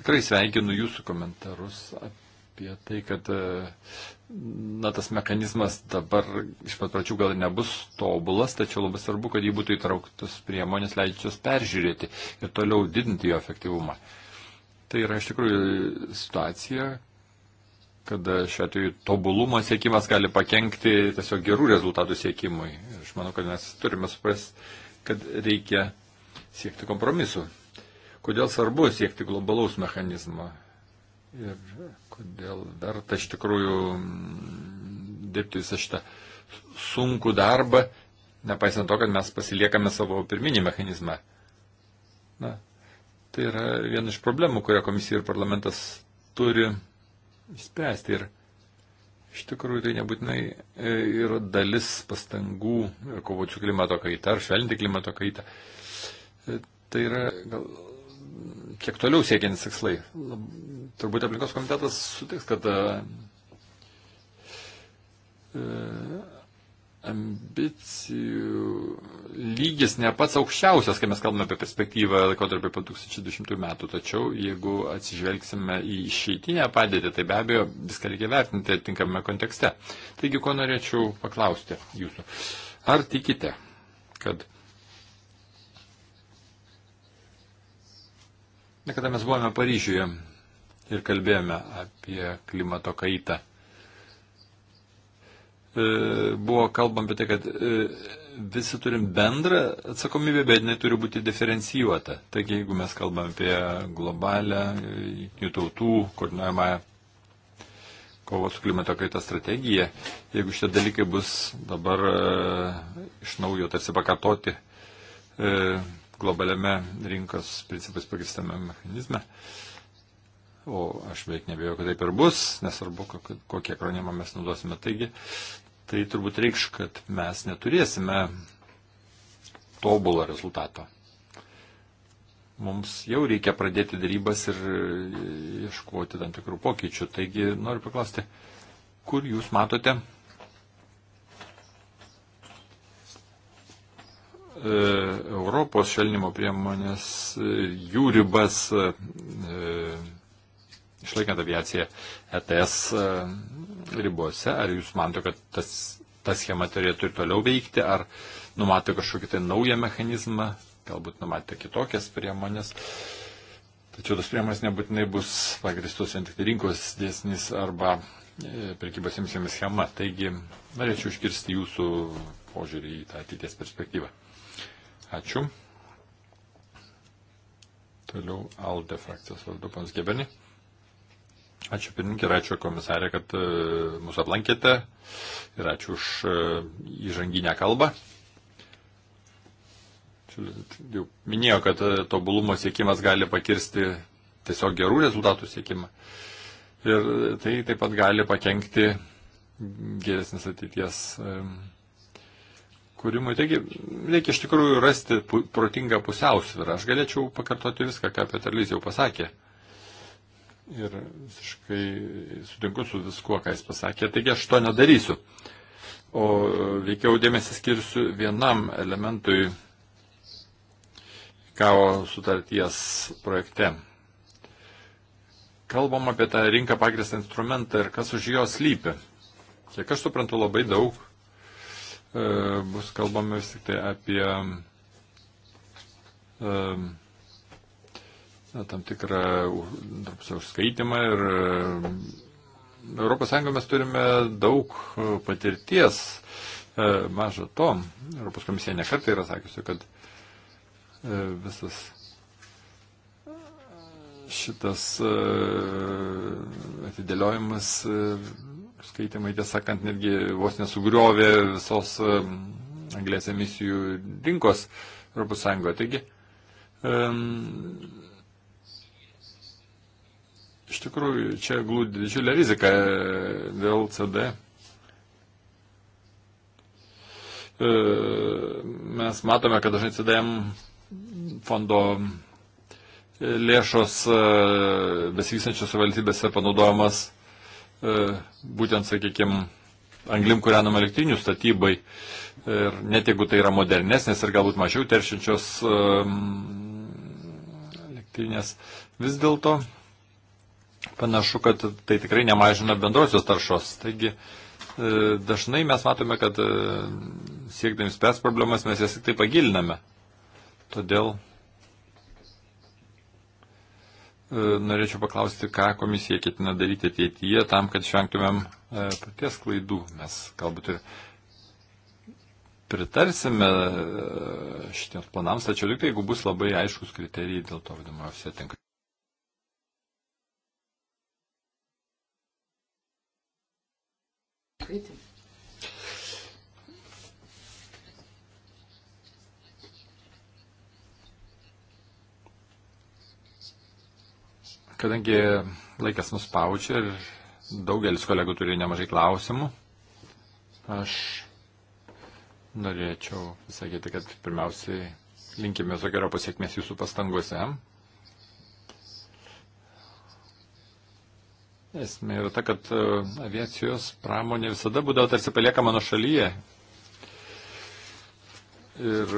tikrai sveikinu jūsų komentarus apie apie tai, kad e, na, tas mechanizmas dabar iš pat pradžių gal nebus tobulas, tačiau labai svarbu, kad jį būtų įtrauktas priemonės leidžiančios peržiūrėti ir toliau didinti jo efektyvumą. Tai yra iš tikrųjų situacija, kada šiuo atveju tobulumo siekimas gali pakengti tiesiog gerų rezultatų siekimui. Aš manau, kad mes turime suprasti, kad reikia siekti kompromisų. Kodėl svarbu siekti globalaus mechanizmo? ir kodėl verta iš tikrųjų mm, dirbti visą šitą sunkų darbą, nepaisant to, kad mes pasiliekame savo pirminį mechanizmą. Na, tai yra viena iš problemų, kurią komisija ir parlamentas turi spręsti. Ir iš tikrųjų tai nebūtinai e, yra dalis pastangų kovoti su klimato kaita ar švelninti klimato kaitą. E, tai yra gal kiek toliau siekiantis tikslai. Turbūt aplinkos komitetas sutiks, kad e, e, ambicijų lygis ne pats aukščiausias, kai mes kalbame apie perspektyvą laikotarpį po 2020 metų, tačiau jeigu atsižvelgsime į išeitinę padėtį, tai be abejo viską reikia vertinti tinkamame kontekste. Taigi, ko norėčiau paklausti jūsų. Ar tikite, kad Na, kada mes buvome Paryžiuje ir kalbėjome apie klimato kaitą, e, buvo kalbam apie tai, kad e, visi turim bendrą atsakomybę, bet jinai turi būti diferencijuota. Taigi, jeigu mes kalbam apie globalę jų tautų koordinuojamą kovos su klimato kaita strategiją, jeigu šitie dalykai bus dabar e, iš naujo tarsi pakartoti globaliame rinkos principais pagristame mechanizme. O aš beveik nebėjau, kad taip ir bus, nesvarbu, kokį akronimą mes naudosime. Taigi, tai turbūt reikš, kad mes neturėsime tobulo rezultato. Mums jau reikia pradėti darybas ir e, ieškoti tam tikrų pokyčių. Taigi, noriu paklausti, kur jūs matote E, Europos šelnimo priemonės, e, jų ribas, e, išlaikant aviaciją ETS ribose, ar jūs manote, kad tas, ta schema turėtų ir toliau veikti, ar numato kažkokį tai naują mechanizmą, galbūt numatė kitokias priemonės. Tačiau tos priemonės nebūtinai bus pagristos vien tik tai rinkos dėsnis arba prekybos imsiamis schema. Taigi norėčiau iškirsti jūsų požiūrį į tą ateities perspektyvą. Ačiū. Toliau Alde frakcijos vardu pas Gebeni. Ačiū pirmininkė ir ačiū komisarė, kad e, mūsų aplankėte ir ačiū už e, įžanginę kalbą. Jau minėjau, kad e, tobulumo siekimas gali pakirsti tiesiog gerų rezultatų siekimą. Ir tai taip pat gali pakengti geresnis ateities kūrimui. Taigi reikia iš tikrųjų rasti pu protingą pusiausvyrą. Aš galėčiau pakartoti viską, ką Peterlys jau pasakė. Ir visiškai sutinku su viskuo, ką jis pasakė. Taigi aš to nedarysiu. O veikiau dėmesį skirsiu vienam elementui kavo sutarties projekte. Kalbam apie tą rinką pagristą instrumentą ir kas už jo slypi. Kiek aš suprantu, labai daug E, bus kalbama vis tik tai apie e, na, tam tikrą užskaitimą ir e, Europos Sąjungoje mes turime daug patirties. Maža to, Europos komisija nekartai yra sakiusi, kad visas šitas atidėliojimas skaitimai, tiesąkant, netgi vos nesugriovė visos anglės emisijų rinkos Europos Sąjungoje. Taigi, um, iš tikrųjų, čia glūdi didžiulė rizika e, dėl CD. E, mes matome, kad dažnai CDM fondo e, lėšos besivysančios valstybėse panaudojamas būtent, sakykime, anglim kūrenamų elektrinių statybai. Ir net jeigu tai yra modernesnės ir galbūt mažiau teršinčios ehm, elektrinės, vis dėlto panašu, kad tai tikrai nemažina bendrosios taršos. Taigi e, dažnai mes matome, kad e, siekdami spręs problemas mes jas tik tai pagiliname. Todėl E, norėčiau paklausti, ką komisija ketina daryti ateityje tam, kad išvengtumėm e, paties klaidų. Mes galbūt ir pritarsime e, šitiems planams, tačiau tik tai, jeigu bus labai aiškus kriterijai dėl to vadinamojo offsetting. Kritim. Kadangi laikas nuspaudžia ir daugelis kolegų turi nemažai klausimų, aš norėčiau sakyti, kad pirmiausiai linkime visokio pasiekmės jūsų pastanguose. Esmė yra ta, kad e, aviacijos pramonė visada būdavo tarsi paliekama nuo šalyje. Ir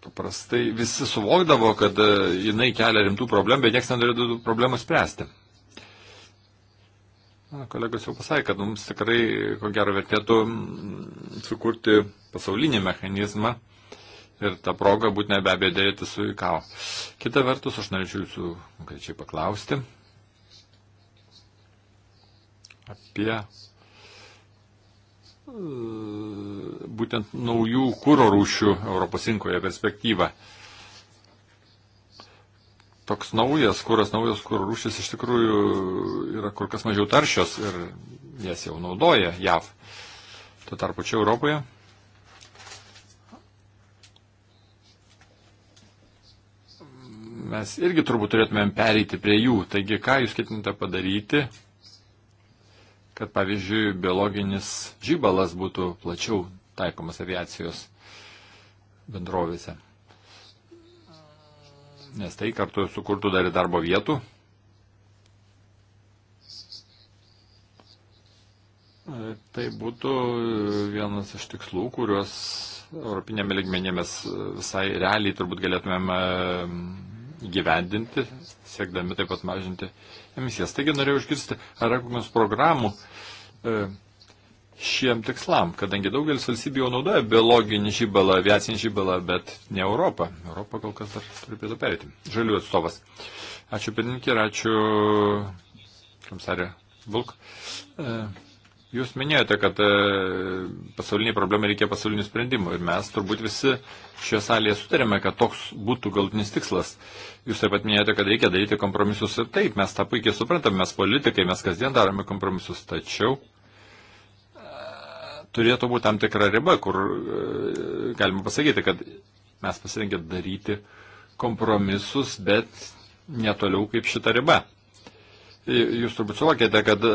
paprastai visi suvokdavo, kad e, jinai kelia rimtų problemų, bet niekas nenorėjo tų problemų spręsti. Na, kolegos jau pasakė, kad mums tikrai, ko gero, vertėtų sukurti pasaulinį mechanizmą ir tą progą būtinai be abejo dėrėti su IKAO. Kita vertus, aš norėčiau jūsų konkrečiai paklausti apie būtent naujų kūro rūšių Europos rinkoje perspektyvą. Toks naujas kūras, naujos kūro rūšis iš tikrųjų yra kur kas mažiau taršios ir jas jau naudoja JAV. Tuo tarpu čia Europoje mes irgi turbūt turėtumėm pereiti prie jų. Taigi, ką jūs ketinate padaryti, kad pavyzdžiui biologinis žybalas būtų plačiau taikomas aviacijos bendrovėse. Nes tai kartu sukurtų dar ir darbo vietų. Tai būtų vienas iš tikslų, kuriuos Europinėme ligmenė mes visai realiai turbūt galėtumėm įgyvendinti, siekdami taip pat mažinti uh, emisijas. Taigi norėjau išgirsti, ar yra kokios programų e, šiem tikslam, kadangi daugelis valstybių jau naudoja biologinį žybalą, aviacinį žybalą, bet ne Europą. Europą kol kas dar turi pėdų perėti. Žalių atstovas. Ačiū pirmininkė ir ačiū komisarė Bulk. E, Jūs minėjote, kad e, pasauliniai problemai reikia pasaulinių sprendimų ir mes turbūt visi šioje salėje sutarėme, kad toks būtų galtinis tikslas. Jūs taip pat minėjote, kad reikia daryti kompromisus ir taip, mes tą puikiai suprantame, mes politikai, mes kasdien darome kompromisus, tačiau e, turėtų būti tam tikra riba, kur e, galima pasakyti, kad mes pasirengę daryti kompromisus, bet netoliau kaip šita riba. Jūs turbūt suvokėte, kad e,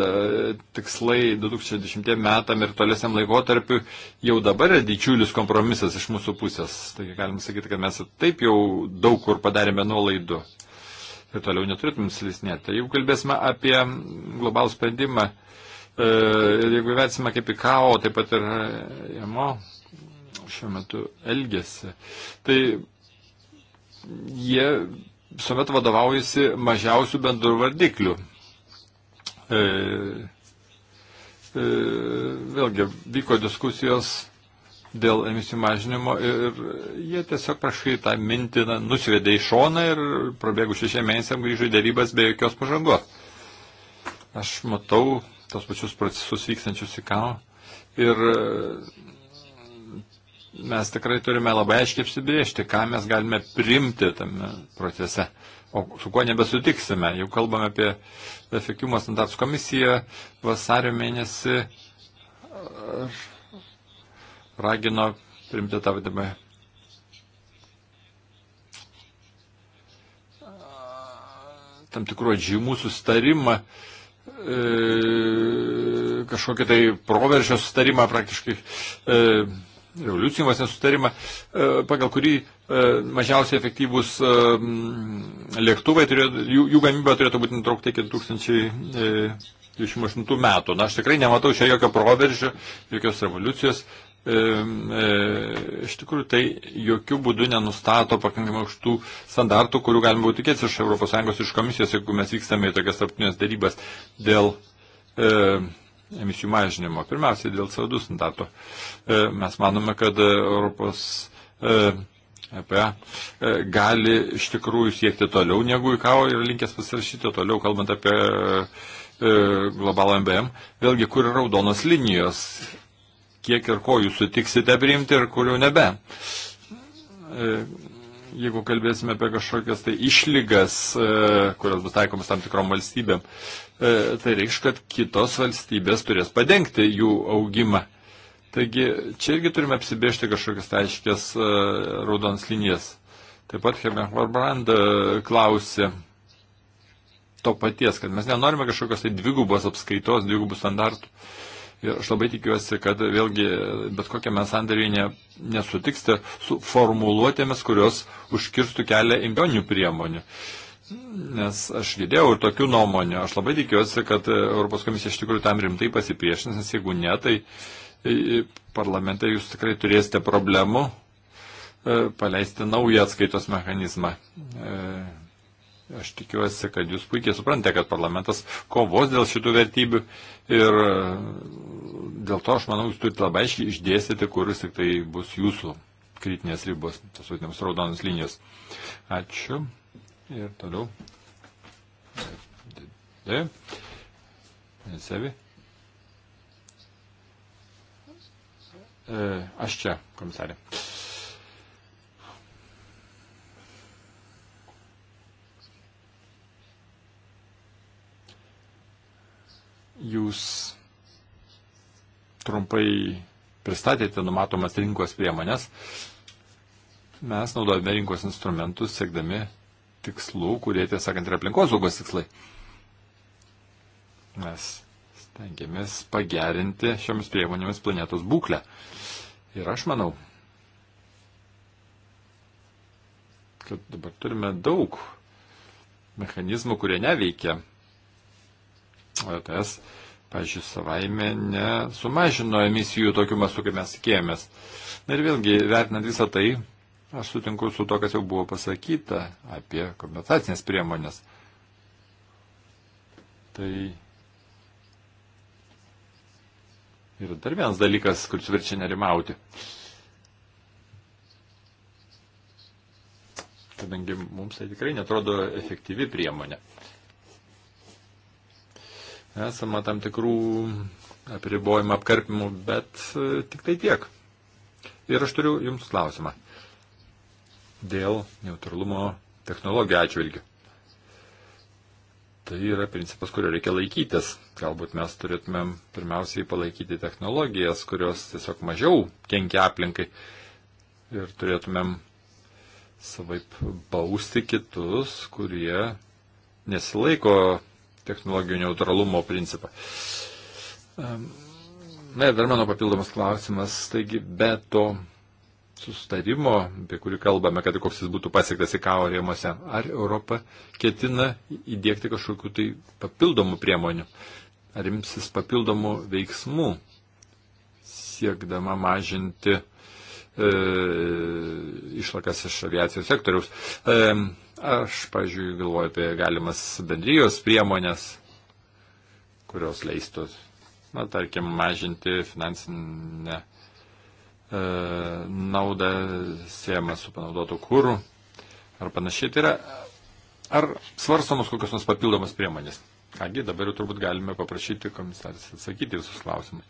tikslai 2010 metam ir tolesniam laikotarpiu jau dabar yra didžiulis kompromisas iš mūsų pusės. Taigi galim sakyti, kad mes taip jau daug kur padarėme nuolaidų. Ir toliau neturėtum slisnėti. Jeigu kalbėsime apie globalų sprendimą e, ir jeigu įvertsime kaip į KO, taip pat ir JMO e, šiuo metu elgesi, tai jie visuomet vadovaujasi mažiausių bendrų vardiklių. E, e, vėlgi vyko diskusijos dėl emisijų mažinimo ir jie tiesiog prašai tą mintį na, nusivedė į šoną ir prabėgus šešiem mėnesiam grįžo į dėrybas be jokios pažangos. Aš matau tos pačius procesus vykstančius į ką ir e, mes tikrai turime labai aiškiai apsibriežti, ką mes galime primti tame procese o su kuo nebesutiksime. Jau kalbame apie efektyvumo standartus komisiją vasario mėnesį uh, ragino priimti tą vadimą uh, tam tikrų atžymų sustarimą, e, kažkokį tai proveržio sustarimą praktiškai. E, revoliucijų vos nesutarimą, e, pagal kurį e, mažiausiai efektyvūs e, lėktuvai, turėtų, jų, jų gamyba turėtų būti nutraukta iki 2028 metų. Na, aš tikrai nematau čia jokio proveržio, jokios revoliucijos. Iš tikrųjų, tai jokių būdų nenustato pakankamai aukštų standartų, kurių galima būtų tikėtis iš ES, iš komisijos, jeigu mes vykstame į tokias tarptautinės darybas dėl e, emisijų mažinimo. Pirmiausia, dėl CO2 standarto. E, mes manome, kad e, Europos e, EPA gali iš tikrųjų siekti toliau negu į kavo ir linkęs pasirašyti toliau, kalbant apie globalą MBM. Vėlgi, kur yra raudonos linijos, kiek ir ko jūs sutiksite priimti ir kur jau nebe. Jeigu kalbėsime apie kažkokias tai išlygas, kurios bus taikomas tam tikrom valstybėm, E, tai reikš, kad kitos valstybės turės padengti jų augimą. Taigi čia irgi turime apsibėžti kažkokias aiškės e, raudonas linijas. Taip pat Hermann Warbrand e, klausė to paties, kad mes nenorime kažkokios tai dvigubos apskaitos, dvigubų standartų. Ir aš labai tikiuosi, kad vėlgi bet kokiame sandariai ne, nesutiksite su formuluotėmis, kurios užkirstų kelią imbionių priemonių. Uh, Nes aš girdėjau ir tokių nuomonių. Aš labai tikiuosi, kad Europos komisija iš tikrųjų tam rimtai pasipriešins, nes jeigu ne, tai parlamente jūs tikrai turėsite problemų e, paleisti naują atskaitos mechanizmą. E, aš tikiuosi, kad jūs puikiai suprantate, kad parlamentas kovos dėl šitų vertybių ir e, dėl to aš manau, jūs turite labai aiškiai išdėstyti, kuris tik tai bus jūsų kritinės ribos, tas vadinamas raudonas linijos. Ačiū. Ir toliau. D. Sevi. E, aš čia, komisarė. Jūs trumpai pristatėte numatomas rinkos priemonės. Mes naudojame rinkos instrumentus, siekdami tikslų, kurie, tiesą sakant, yra aplinkos saugos tikslai. Mes stengiamės pagerinti šiomis priemonėmis planetos būklę. Ir aš manau, kad dabar turime daug mechanizmų, kurie neveikia. OTS, e pažiūrėjau, savaime nesumažino emisijų tokiu mastu, kaip mes tikėjomės. Na ir vėlgi, vertinant visą tai, Aš sutinku su to, kas jau buvo pasakyta apie kompensacinės priemonės. Tai yra dar vienas dalykas, kuris verčia nerimauti. Kadangi mums tai tikrai netrodo efektyvi priemonė. Esama tam tikrų apribojimų, apkarpimų, bet e, tik tai tiek. Ir aš turiu Jums klausimą dėl neutralumo technologijų atžvilgių. Tai yra principas, kurio reikia laikytis. Galbūt mes turėtumėm pirmiausiai palaikyti technologijas, kurios tiesiog mažiau kenkia aplinkai ir turėtumėm savaip bausti kitus, kurie nesilaiko technologijų neutralumo principą. Ehm, na ir dar mano papildomas klausimas, taigi be to sustarimo, apie kurį kalbame, kad koks jis būtų pasiektas į kavo rėmose, ar Europa ketina įdėkti kažkokiu tai papildomų priemonių, ar imsis papildomų veiksmų, siekdama mažinti e, išlakas iš aviacijos sektoriaus. E, aš, pažiūrėjau, galvoju apie galimas bendrijos priemonės, kurios leistų, na, tarkim, mažinti finansinę E, naudą siejama su panaudotu kūru ar panašiai. Tai yra, ar svarstamos kokios nors papildomos priemonės? Kągi, dabar jau turbūt galime paprašyti komisarės atsakyti visus klausimus.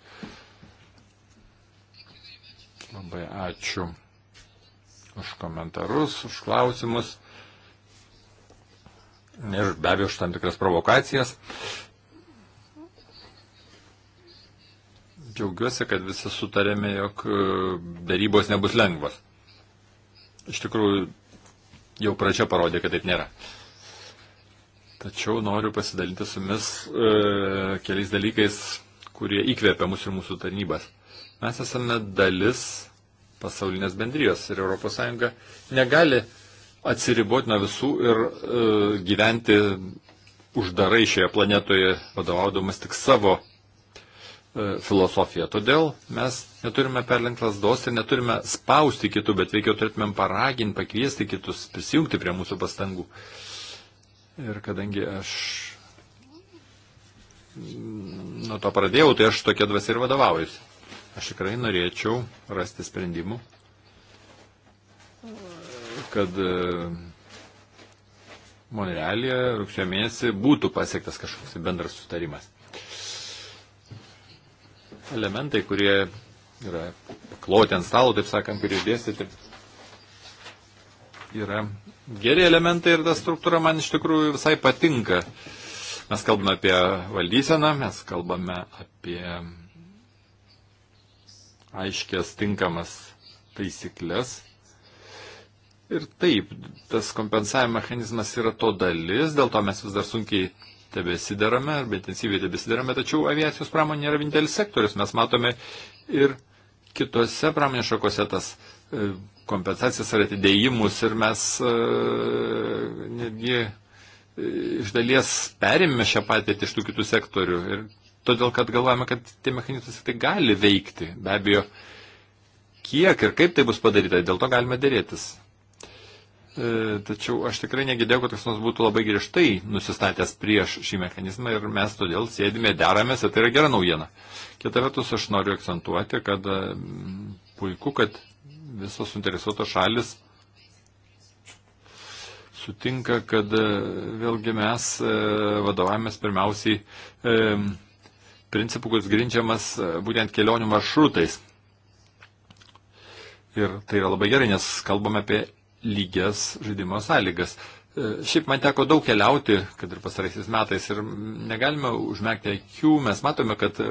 Labai ačiū už komentarus, už klausimus ir be abejo už tam tikras provokacijas. Uh, Džiaugiuosi, kad visi sutarėme, jog e, darybos nebus lengvos. Iš tikrųjų, jau pradžia parodė, kad taip nėra. Tačiau noriu pasidalinti su jumis e, keliais dalykais, kurie įkvėpia mus ir mūsų tarnybas. Mes esame dalis pasaulinės bendrijos ir ES negali atsiriboti nuo visų ir e, gyventi uždarai šioje planetoje, vadovaudamas tik savo E, filosofija. Todėl mes neturime perlenkti lasdos ir neturime spausti kitų, bet veikiau turėtumėm paraginti, pakviesti kitus, prisijungti prie mūsų pastangų. Ir kadangi aš nuo to pradėjau, tai aš tokia dvasia ir vadovaujuosi. Aš tikrai norėčiau rasti sprendimų, kad e, Monrealėje rugsėjo mėnesį būtų pasiektas kažkoks bendras sutarimas elementai, kurie yra pakloti ant stalo, taip sakant, kurie išdėstyti, yra geri elementai ir ta struktūra man iš tikrųjų visai patinka. Mes kalbame apie valdyseną, mes kalbame apie aiškias tinkamas taisyklės. Ir taip, tas kompensavimo mechanizmas yra to dalis, dėl to mes vis dar sunkiai tebesidarame, arba intensyviai tebesidarame, tačiau aviacijos pramonė nėra vienintelis sektorius. Mes matome ir kitose pramonės šakose tas e, kompensacijas ar atidėjimus ir mes e, netgi e, iš dalies perėmėme šią patirtį iš tų kitų sektorių. Ir todėl, kad galvojame, kad tie mechanizmai tai gali veikti. Be abejo, kiek ir kaip tai bus padaryta, dėl to galime dėrėtis. E, tačiau aš tikrai negidėjau, kad kas nors būtų labai griežtai nusistatęs prieš šį mechanizmą ir mes todėl sėdime, deramės, tai yra gera naujiena. Kita vertus, aš noriu akcentuoti, kad e, puiku, kad visos suinteresuotos šalis sutinka, kad e, vėlgi mes vadovavomės pirmiausiai principų, kuris grindžiamas būtent kelionių maršrutais. Ir tai yra labai gerai, nes kalbame apie lygias žaidimo sąlygas. E, šiaip man teko daug keliauti, kad ir pastaraisiais metais, ir negalime užmėgti akių, mes matome, kad e,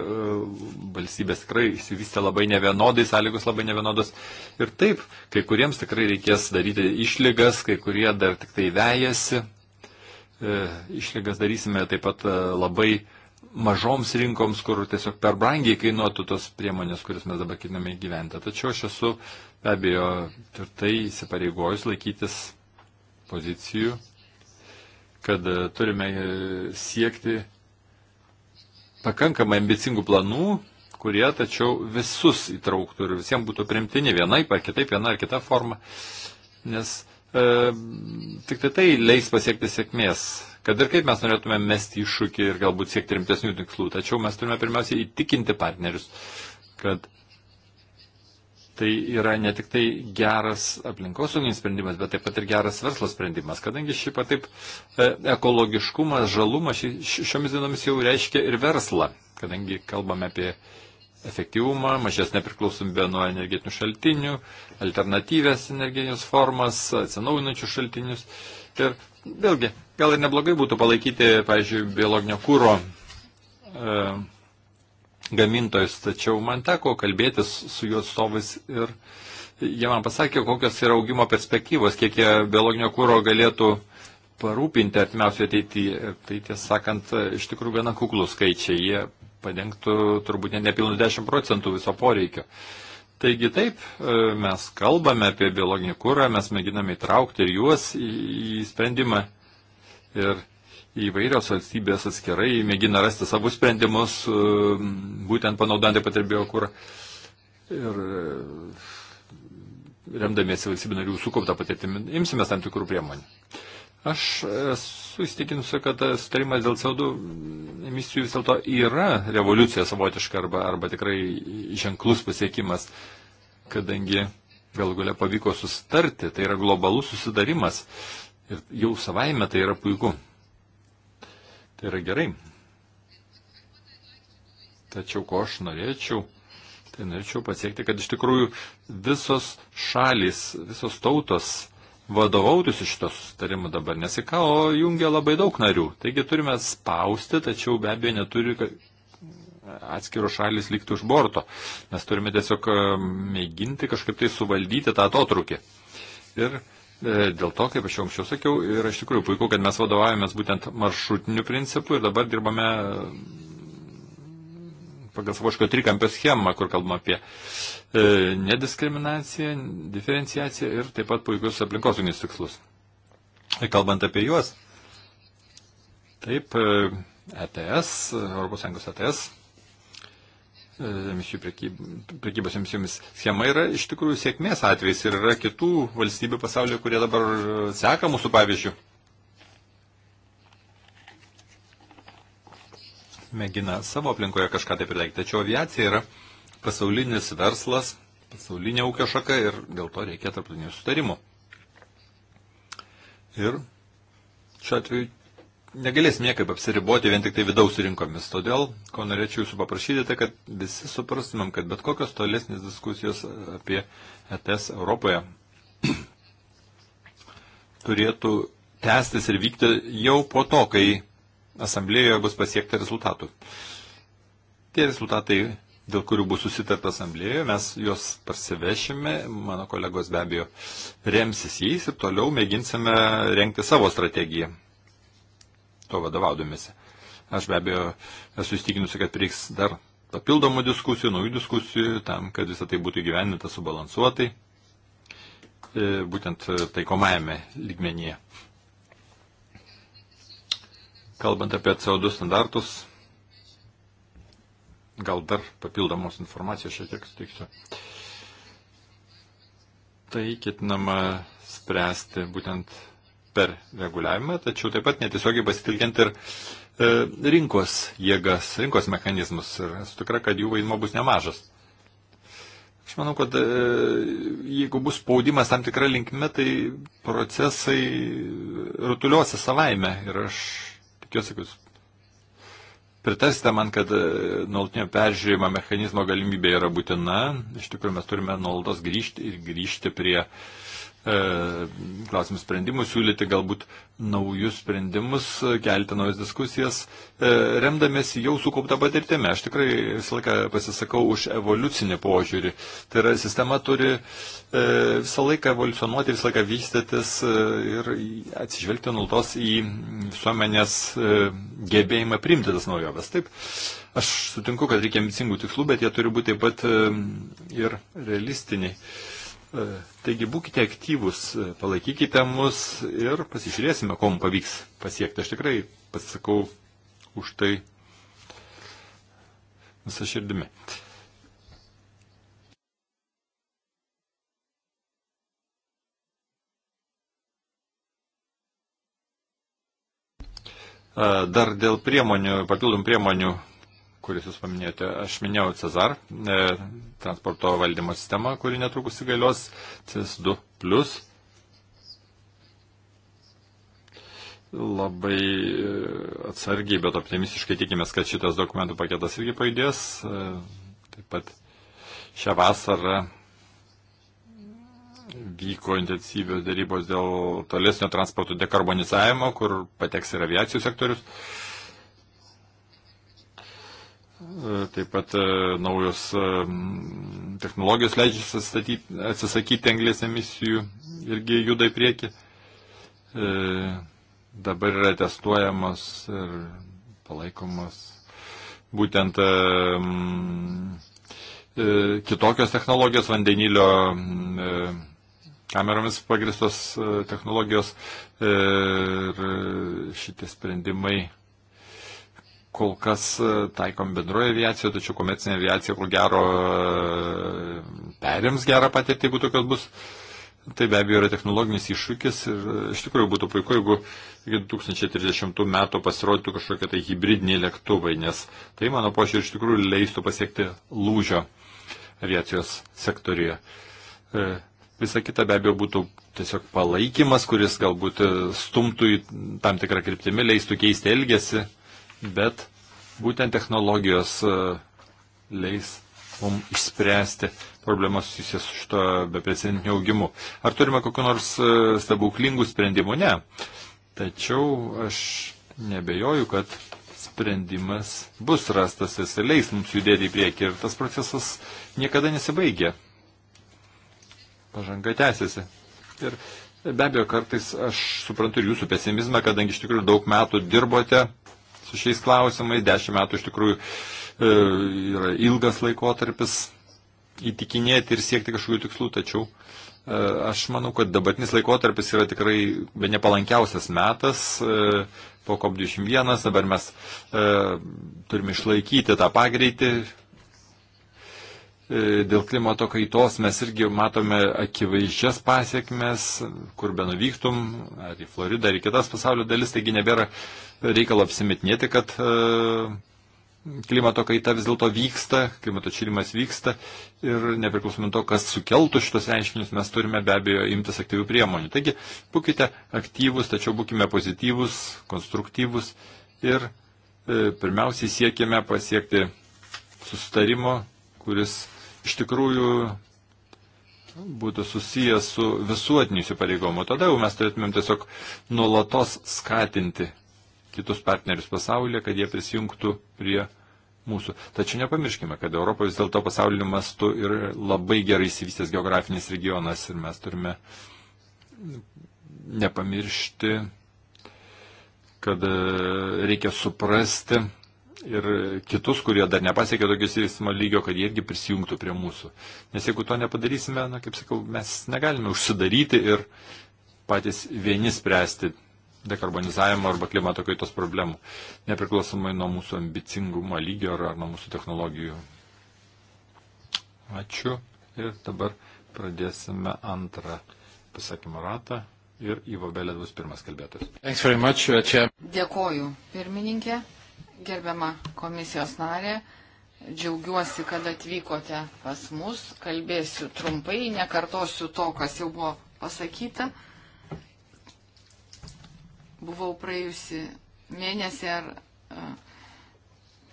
valstybės tikrai įsivystė labai nevienodai, sąlygos labai nevienodos. Ir taip, kai kuriems tikrai reikės daryti išlygas, kai kurie dar tik tai vejasi. E, išlygas darysime taip pat labai mažoms rinkoms, kur tiesiog per brangiai kainuotų tos priemonės, kuris mes dabar ketiname įgyventi. Tačiau aš esu be abejo tvirtai įsipareigojus laikytis pozicijų, kad e, turime e, siekti pakankamai ambicingų planų, kurie tačiau visus įtrauktų ir visiems būtų primtini vienaip ar kitaip, viena ar kita forma, nes e, tik tai tai leis pasiekti sėkmės. Kad ir kaip mes norėtume mesti iššūkį ir galbūt siekti rimtesnių tikslų, tačiau mes turime pirmiausia įtikinti partnerius, kad tai yra ne tik tai geras aplinkosauginis sprendimas, bet taip pat ir geras verslo sprendimas, kadangi šiaip ar taip e, ekologiškumas, žalumas šiomis dienomis jau reiškia ir verslą, kadangi kalbame apie efektyvumą, mažesnę priklausomybę nuo energetinių šaltinių, alternatyvės energetinės formas, atsinaujinančius šaltinius. Ir vėlgi, gal ir neblogai būtų palaikyti, pavyzdžiui, biologinio kūro e, gamintojus, tačiau man teko kalbėtis su jų atstovais ir jie man pasakė, kokios yra augimo perspektyvos, kiek jie biologinio kūro galėtų parūpinti artimiausioje ateityje. Tai tiesą sakant, iš tikrųjų gana kuklų skaičiai, jie padengtų turbūt net nepilnų 10 procentų viso poreikio. Taigi taip, e, mes kalbame apie biologinį kūrą, mes mėginame įtraukti ir juos į, į sprendimą. Ir įvairios valstybės atskirai mėgina rasti savo sprendimus, e, būtent panaudojant taip pat ir biokurą. Ir e, remdamiesi valstybių narių sukauptą patirtimį, imsimės tam tikrų priemonių. Aš esu įstikinusi, kad sutarimas dėl CO2 emisijų vis dėlto yra revoliucija savotiška arba, arba tikrai ženklus pasiekimas, kadangi galų galia pavyko sustarti, tai yra globalus susidarimas ir jau savaime tai yra puiku. Tai yra gerai. Tačiau ko aš norėčiau, tai norėčiau pasiekti, kad iš tikrųjų visos šalis, visos tautos vadovautųsi šito sustarimo dabar, nes į KO jungia labai daug narių. Taigi turime spausti, tačiau be abejo neturi atskiros šalis likti už borto. Mes turime tiesiog e, mėginti kažkaip tai suvaldyti tą atotrukį. Ir E, dėl to, kaip aš jau anksčiau sakiau, yra iš tikrųjų puiku, kad mes vadovavomės būtent maršrutiniu principu ir dabar dirbame e, pagal savoško trikampio schemą, kur kalbama apie e, nediskriminaciją, diferenciaciją ir taip pat puikius aplinkosinius tikslus. Kalbant apie juos, taip, ETS, ES ETS mišių prekybos emisijomis schema yra iš tikrųjų sėkmės atvejs ir yra kitų valstybių pasaulyje, kurie dabar e, seka mūsų pavyzdžių. Mėgina savo aplinkoje kažką tai pritaikyti. Tačiau aviacija yra pasaulinis verslas, pasaulinė ūkio šaka ir dėl to reikia tarptautinių sutarimų. Ir šiuo atveju negalėsim niekaip apsiriboti vien tik tai vidaus rinkomis. Todėl, ko norėčiau jūsų paprašyti, tai kad visi suprastumėm, kad bet kokios tolesnės diskusijos apie ETS Europoje turėtų tęstis ir vykti jau po to, kai asamblėjoje bus pasiekta rezultatų. Tie rezultatai, dėl kurių bus susitarta asamblėjoje, mes juos parsivešime, mano kolegos be abejo remsis jais ir toliau mėginsime renkti savo strategiją to vadovaudomėsi. Aš be abejo esu įstikinusi, kad reiks dar papildomų diskusijų, naujų diskusijų, tam, kad visą tai būtų gyveninta subalansuotai, e, būtent taikomajame lygmenyje. Kalbant apie CO2 standartus, gal dar papildomos informacijos šiek tiek suteiksiu. Tai ketinama spręsti būtent per reguliavimą, tačiau taip pat netiesiogiai pasitelkiant ir e, rinkos jėgas, rinkos mechanizmus. Ir esu tikra, kad jų vaidmo bus nemažas. Aš manau, kad e, jeigu bus spaudimas tam tikrą linkme, tai procesai rutuliuosi savaime. Ir aš tikiuosi, kad pritarsite man, kad e, nuolatinio peržiūrėjimo mechanizmo galimybė yra būtina. Iš tikrųjų, mes turime nuolatos grįžti ir grįžti prie uh, E, klausimų sprendimus, siūlyti galbūt naujus sprendimus, e, kelti naujas diskusijas, e, remdamėsi jau sukauptą patirtimį. Aš tikrai visą laiką pasisakau už evoliucinį požiūrį. Tai yra, sistema turi visą laiką evoliucionuoti, visą laiką vystytis ir atsižvelgti nultos į visuomenės gebėjimą priimti tas naujoves. Taip, aš sutinku, kad reikia ambicingų tikslų, bet jie turi būti taip pat ir realistiniai. E, taigi būkite aktyvus, e, palaikykite mus ir pasižiūrėsime, kom pavyks pasiekti. Aš tikrai pasisakau už tai visą širdimi. E, dar dėl priemonių, papildomų priemonių kuris jūs paminėjote. Aš minėjau Cezar, e, transporto valdymo sistemą, kuri netrukus įgalios CS2. Labai e, atsargiai, bet optimistiškai tikimės, kad šitas dokumentų paketas irgi pajudės. E, taip pat šią vasarą vyko intensyvios dėrybos dėl tolesnio transporto dekarbonizavimo, kur pateks ir aviacijų sektorius. E, E, taip pat e, naujos e, technologijos leidžia atsisakyti anglės emisijų irgi juda į priekį. Dabar yra testuojamos ir palaikomos būtent kitokios technologijos, vandenilio kameromis pagristos technologijos ir šitie sprendimai kol kas e, taikom bendroje aviacijoje, tačiau komercinė aviacija, kur gero, e, perims gerą patirtį, jeigu tokios bus. Tai be abejo yra technologinis iššūkis ir e, iš tikrųjų būtų puiku, jeigu iki 2030 metų pasirodytų kažkokie tai hybridiniai lėktuvai, nes tai, mano požiūrė, iš tikrųjų leistų pasiekti lūžio aviacijos sektorijoje. Visa kita be abejo būtų tiesiog palaikymas, kuris galbūt stumtų į tam tikrą kryptimį, leistų keisti elgesį bet būtent technologijos e, leis mums išspręsti problemas susijusias su šito beprecedentiniu augimu. Ar turime kokiu nors e, stebuklingų sprendimų? Ne. Tačiau aš nebejoju, kad sprendimas bus rastas, jis leis mums judėti į priekį ir tas procesas niekada nesibaigia. Pažanga tęsiasi. Ir be abejo, kartais aš suprantu ir jūsų pesimizmą, kadangi iš tikrųjų daug metų dirbote su šiais klausimais. Dešimt metų iš tikrųjų e, yra ilgas laikotarpis įtikinėti ir siekti kažkokių tikslų, tačiau e, aš manau, kad dabartinis laikotarpis yra tikrai be nepalankiausias metas e, po COP21, dabar mes turime išlaikyti tą pagreitį E, dėl klimato kaitos mes irgi matome akivaizdžias pasiekmes, kur be nuvyktum, ar į Floridą, ar į kitas pasaulio dalis, taigi nebėra reikalo apsimetinėti, kad e, klimato kaita vis dėlto vyksta, klimato šilimas vyksta ir nepriklausomai to, kas sukeltų šitos reiškinius, mes turime be abejo imtis aktyvių priemonių. Taigi, būkite aktyvus, tačiau būkime pozityvus, konstruktyvus ir e, pirmiausiai siekime pasiekti susitarimo, kuris iš tikrųjų būtų susijęs su visuotiniu įsipareigojimu. Tada jau mes turėtumėm tiesiog nuolatos skatinti kitus partnerius pasaulyje, kad jie prisijungtų prie mūsų. Tačiau nepamirškime, kad Europoje vis dėlto pasaulio mastu ir labai gerai įsivystęs geografinis regionas ir mes turime nepamiršti, kad e, reikia suprasti ir kitus, kurie dar nepasiekė tokius įsimo lygio, kad jie irgi prisijungtų prie mūsų. Nes jeigu to nepadarysime, na, kaip sakau, mes negalime užsidaryti ir patys vieni spręsti dekarbonizavimo arba klimato kaitos problemų, nepriklausomai nuo mūsų ambicingumo lygio ar, ar nuo mūsų technologijų. Ačiū. Ir dabar pradėsime antrą pasakymo ratą. Ir Ivo Belė bus pirmas kalbėtojas. Uh, Dėkoju, pirmininkė. Gerbiama komisijos narė, džiaugiuosi, kad atvykote pas mus. Kalbėsiu trumpai, nekartosiu to, kas jau buvo pasakyta. Buvau praėjusi mėnesį ar e,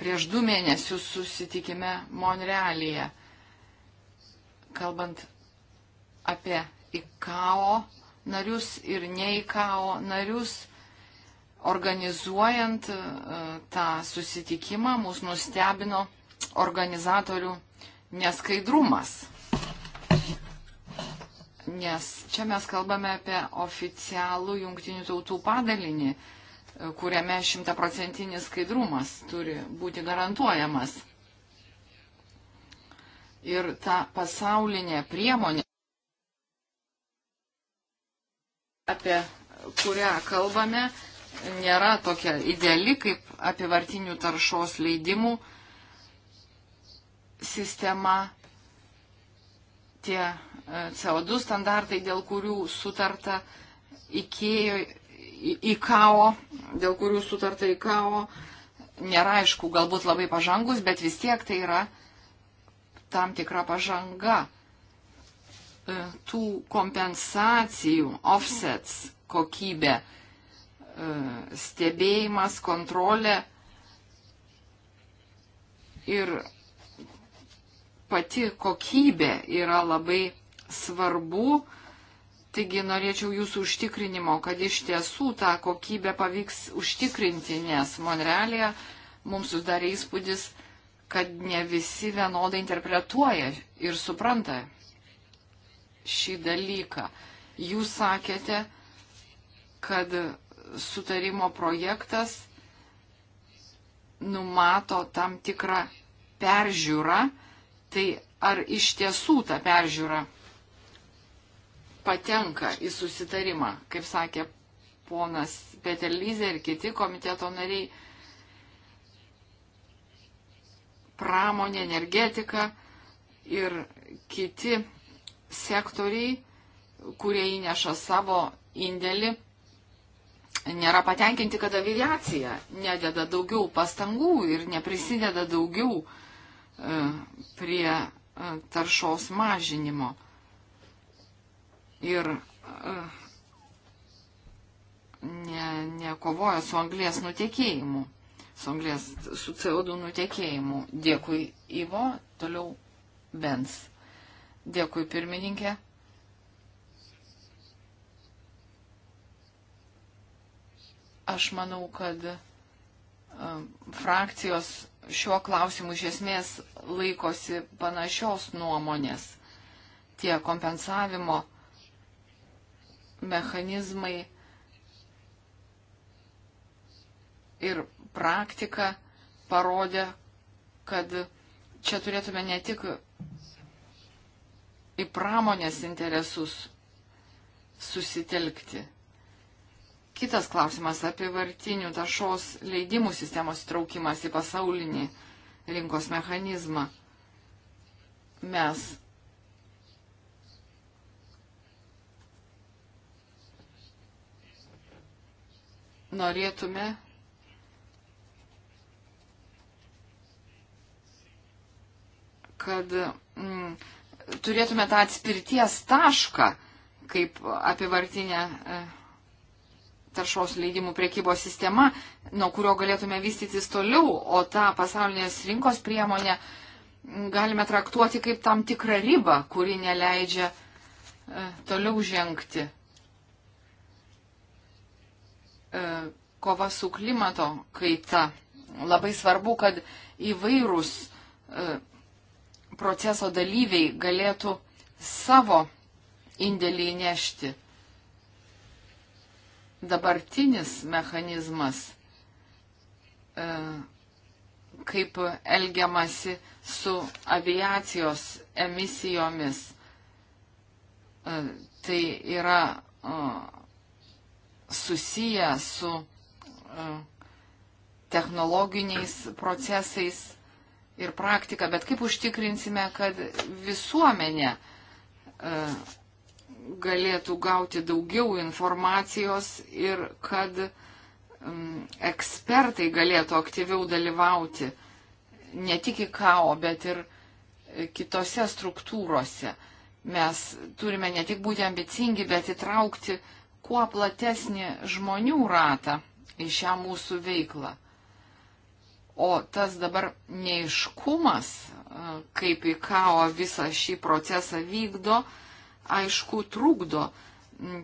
prieš du mėnesius susitikime Monrealyje. Kalbant apie IKAO narius ir ne IKAO narius, organizuojant e, tą susitikimą mus nustebino organizatorių neskaidrumas. Nes čia mes kalbame apie oficialų jungtinių tautų padalinį, e, kuriame šimtaprocentinis skaidrumas turi būti garantuojamas. Ir ta pasaulinė priemonė, apie kurią kalbame, nėra tokia ideali kaip apivartinių taršos leidimų sistema. Tie e, CO2 standartai, dėl kurių sutarta įkėjo, įkao, dėl kurių sutarta įkao, nėra aišku, galbūt labai pažangus, bet vis tiek tai yra tam tikra pažanga e, tų kompensacijų, offsets kokybė stebėjimas, kontrolė ir pati kokybė yra labai svarbu. Taigi norėčiau jūsų užtikrinimo, kad iš tiesų tą kokybę pavyks užtikrinti, nes Monrealėje mums susidarė įspūdis, kad ne visi vienodai interpretuoja ir supranta šį dalyką. Jūs sakėte, kad sutarimo projektas numato tam tikrą peržiūrą, tai ar iš tiesų ta peržiūra patenka į susitarimą, kaip sakė ponas Peterlyzė ir kiti komiteto nariai, pramonė, energetika ir kiti sektoriai, kurie įneša savo indėlį nėra patenkinti, kad aviacija nededa daugiau pastangų ir neprisideda daugiau e, prie e, taršos mažinimo. Ir e, nekovoja ne, ne su anglės nutekėjimu, su, anglės, su CO2 nutekėjimu. Dėkui Ivo, toliau Bens. Dėkui pirmininkė. Aš manau, kad frakcijos šiuo klausimu iš esmės laikosi panašios nuomonės. Tie kompensavimo mechanizmai ir praktika parodė, kad čia turėtume ne tik į pramonės interesus susitelkti. Kitas klausimas apie vartinių taršos leidimų sistemos traukimas į pasaulinį rinkos mechanizmą. Mes norėtume kad mm, turėtume tą atspirties tašką kaip apivartinę e, taršos leidimų priekybos sistema, nuo kurio galėtume vystytis toliau, o tą pasaulinės rinkos priemonę galime traktuoti kaip tam tikrą ribą, kuri neleidžia e, toliau žengti. E, kova su klimato kaita. Labai svarbu, kad įvairūs e, proceso dalyviai galėtų savo indėlį įnešti dabartinis mechanizmas, e, kaip elgiamasi su aviacijos emisijomis, e, tai yra e, susiję su technologiniais procesais ir praktika, bet kaip užtikrinsime, kad visuomenė uh, galėtų gauti daugiau informacijos ir kad um, ekspertai galėtų aktyviau dalyvauti ne tik į KAO, bet ir kitose struktūrose. Mes turime ne tik būti ambicingi, bet įtraukti kuo platesnį žmonių ratą į šią mūsų veiklą. O tas dabar neiškumas, kaip į KAO visą šį procesą vykdo, uh, aišku, trukdo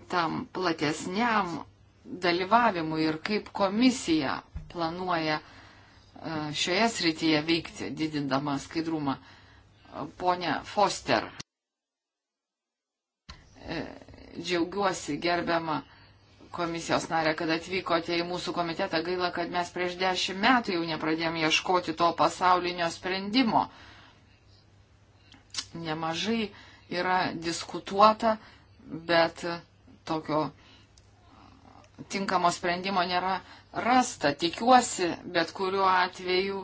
tam platesniam dalyvavimui ir kaip komisija planuoja e, šioje srityje veikti, didindama skaidrumą. E, Pone Foster, e, džiaugiuosi gerbiama komisijos narė, kad atvykote į mūsų komitetą. Gaila, kad mes prieš dešimt metų jau nepradėjom ieškoti to pasaulinio sprendimo. Nemažai yra diskutuota, bet tokio tinkamo sprendimo nėra rasta. Tikiuosi, bet kuriuo atveju,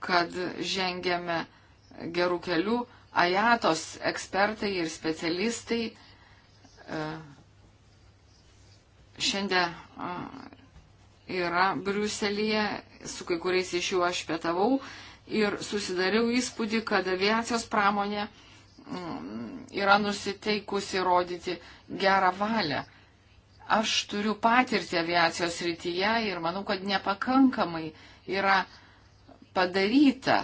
kad žengėme gerų kelių. Ajatos ekspertai ir specialistai e, šiandien yra Briuselėje, su kai kuriais iš jų aš pietavau ir susidariau įspūdį, kad aviacijos pramonė Mm, yra nusiteikusi rodyti gerą valią. Aš turiu patirtį aviacijos rytyje ir manau, kad nepakankamai yra padaryta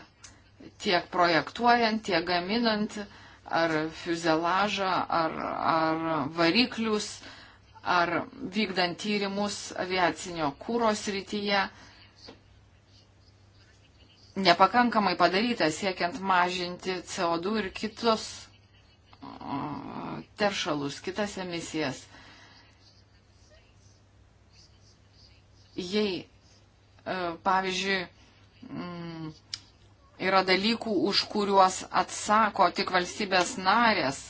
tiek projektuojant, tiek gaminant ar fuzelažą, ar, ar variklius, ar vykdant tyrimus aviacinio kūros rytyje nepakankamai padaryta siekiant mažinti CO2 ir kitus teršalus, kitas emisijas. Jei, e, pavyzdžiui, mm, yra dalykų, už kuriuos atsako tik valstybės narės,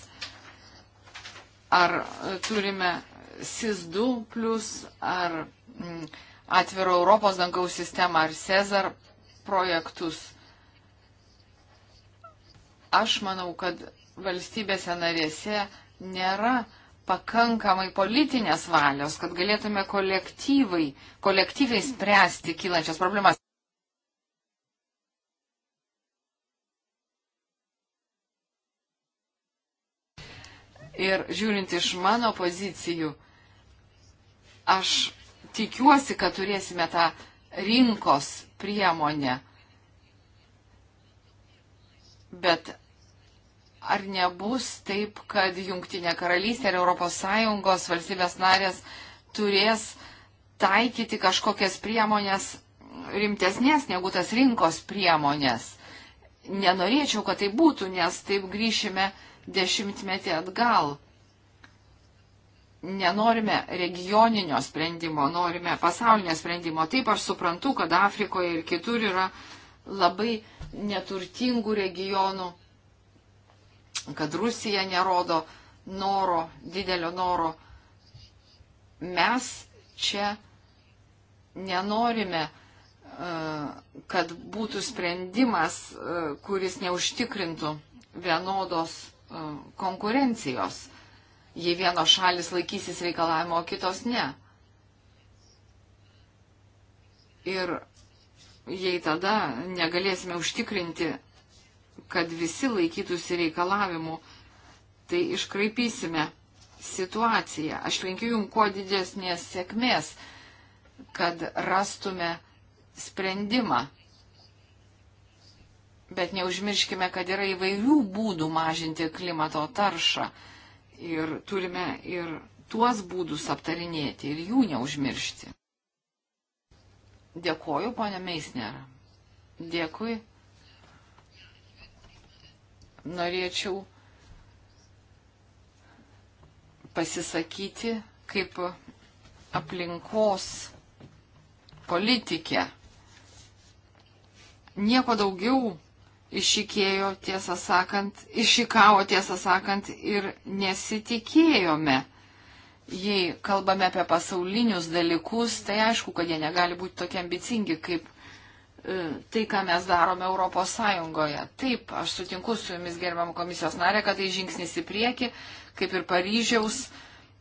ar e, turime SIS2 plus, ar mm, atviro Europos dangaus sistemą, ar CESAR projektus. Aš manau, kad valstybėse narėse nėra pakankamai politinės valios, kad galėtume kolektyvai, kolektyviai spręsti kylančias problemas. Ir žiūrint iš mano pozicijų, aš tikiuosi, kad turėsime tą rinkos priemonė. Bet ar nebus taip, kad Junktinė karalystė ir ES valstybės narės turės taikyti kažkokias priemonės rimtesnės negu tas rinkos priemonės? Nenorėčiau, kad tai būtų, nes taip grįšime dešimtmetį atgal nenorime regioninio sprendimo, norime pasaulinio sprendimo. Taip aš suprantu, kad Afrikoje ir kitur yra labai neturtingų regionų, kad Rusija nerodo noro, didelio noro. Mes čia nenorime, e, kad būtų sprendimas, e, kuris neužtikrintų vienodos e, konkurencijos jei vienos šalis laikysis reikalavimo, o kitos ne. Ir jei tada negalėsime užtikrinti, kad visi laikytųsi reikalavimų, tai iškraipysime situaciją. Aš linkiu jums kuo didesnės sėkmės, kad rastume sprendimą. Bet neužmirškime, kad yra įvairių būdų mažinti klimato taršą ir turime ir tuos būdus aptarinėti ir jų neužmiršti. Dėkoju, ponia Meisner. Dėkui. Norėčiau pasisakyti kaip aplinkos politikė. Nieko daugiau išikėjo, tiesą sakant, išikavo, tiesą sakant, ir nesitikėjome. Jei kalbame apie pasaulinius dalykus, tai aišku, kad jie negali būti tokie ambicingi kaip e, tai, ką mes darome Europos Sąjungoje. Taip, aš sutinku su jumis, gerbiam komisijos narė, kad tai žingsnis į priekį, kaip ir Paryžiaus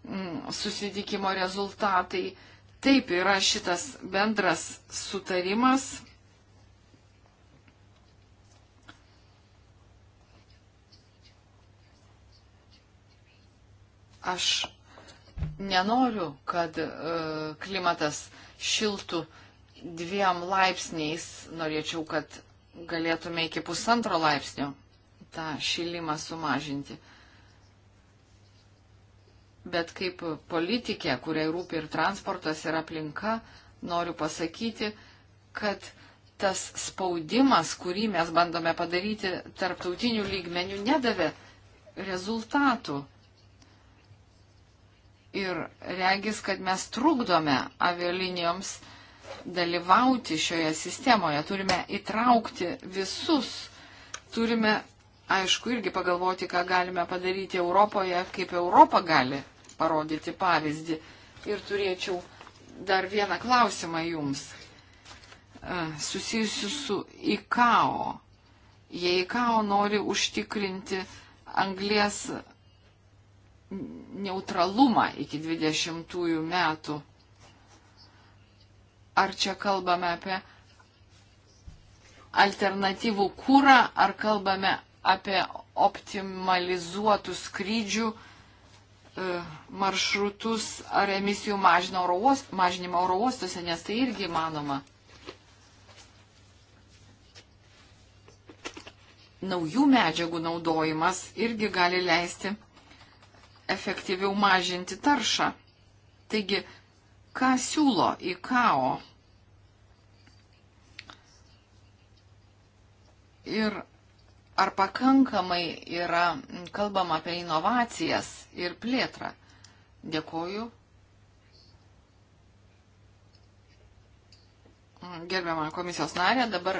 mm, susitikimo rezultatai. Taip yra šitas bendras sutarimas Aš nenoriu, kad e, klimatas šiltų dviem laipsniais. Norėčiau, kad galėtume iki pusantro laipsnio tą šilimą sumažinti. Bet kaip politikė, kuriai rūpi ir transportas, ir aplinka, noriu pasakyti, kad tas spaudimas, kurį mes bandome padaryti tarptautinių lygmenių, nedavė rezultatų. Ir regis, kad mes trukdome avialinijoms dalyvauti šioje sistemoje. Turime įtraukti visus. Turime, aišku, irgi pagalvoti, ką galime padaryti Europoje, kaip Europa gali parodyti pavyzdį. Ir turėčiau dar vieną klausimą jums e, susijusiu su IKAO. Jei IKAO nori užtikrinti anglės neutralumą iki 20 metų. Ar čia kalbame apie alternatyvų kūrą, ar kalbame apie optimalizuotų skrydžių e, maršrutus ar emisijų oro uost, mažinimą oro uostuose, nes tai irgi įmanoma. Naujų medžiagų naudojimas irgi gali leisti efektyviau mažinti taršą. Taigi, ką siūlo IKAO? Ir ar pakankamai yra kalbama apie inovacijas ir plėtrą? Dėkoju. Gerbiamą komisijos narę, dabar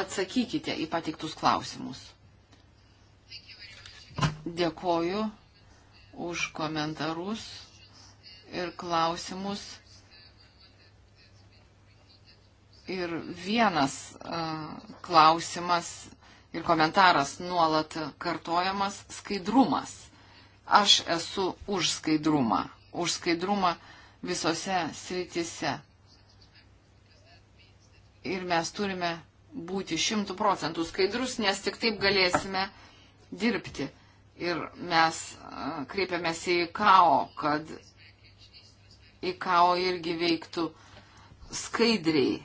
atsakykite į patiktus klausimus. Dėkoju už komentarus ir klausimus. Ir vienas uh, klausimas ir komentaras nuolat kartojamas - skaidrumas. Aš esu už skaidrumą, už skaidrumą visose sritise. Ir mes turime būti šimtų procentų skaidrus, nes tik taip galėsime dirbti. Ir mes kreipiamės į KAO, kad į KAO irgi veiktų skaidriai,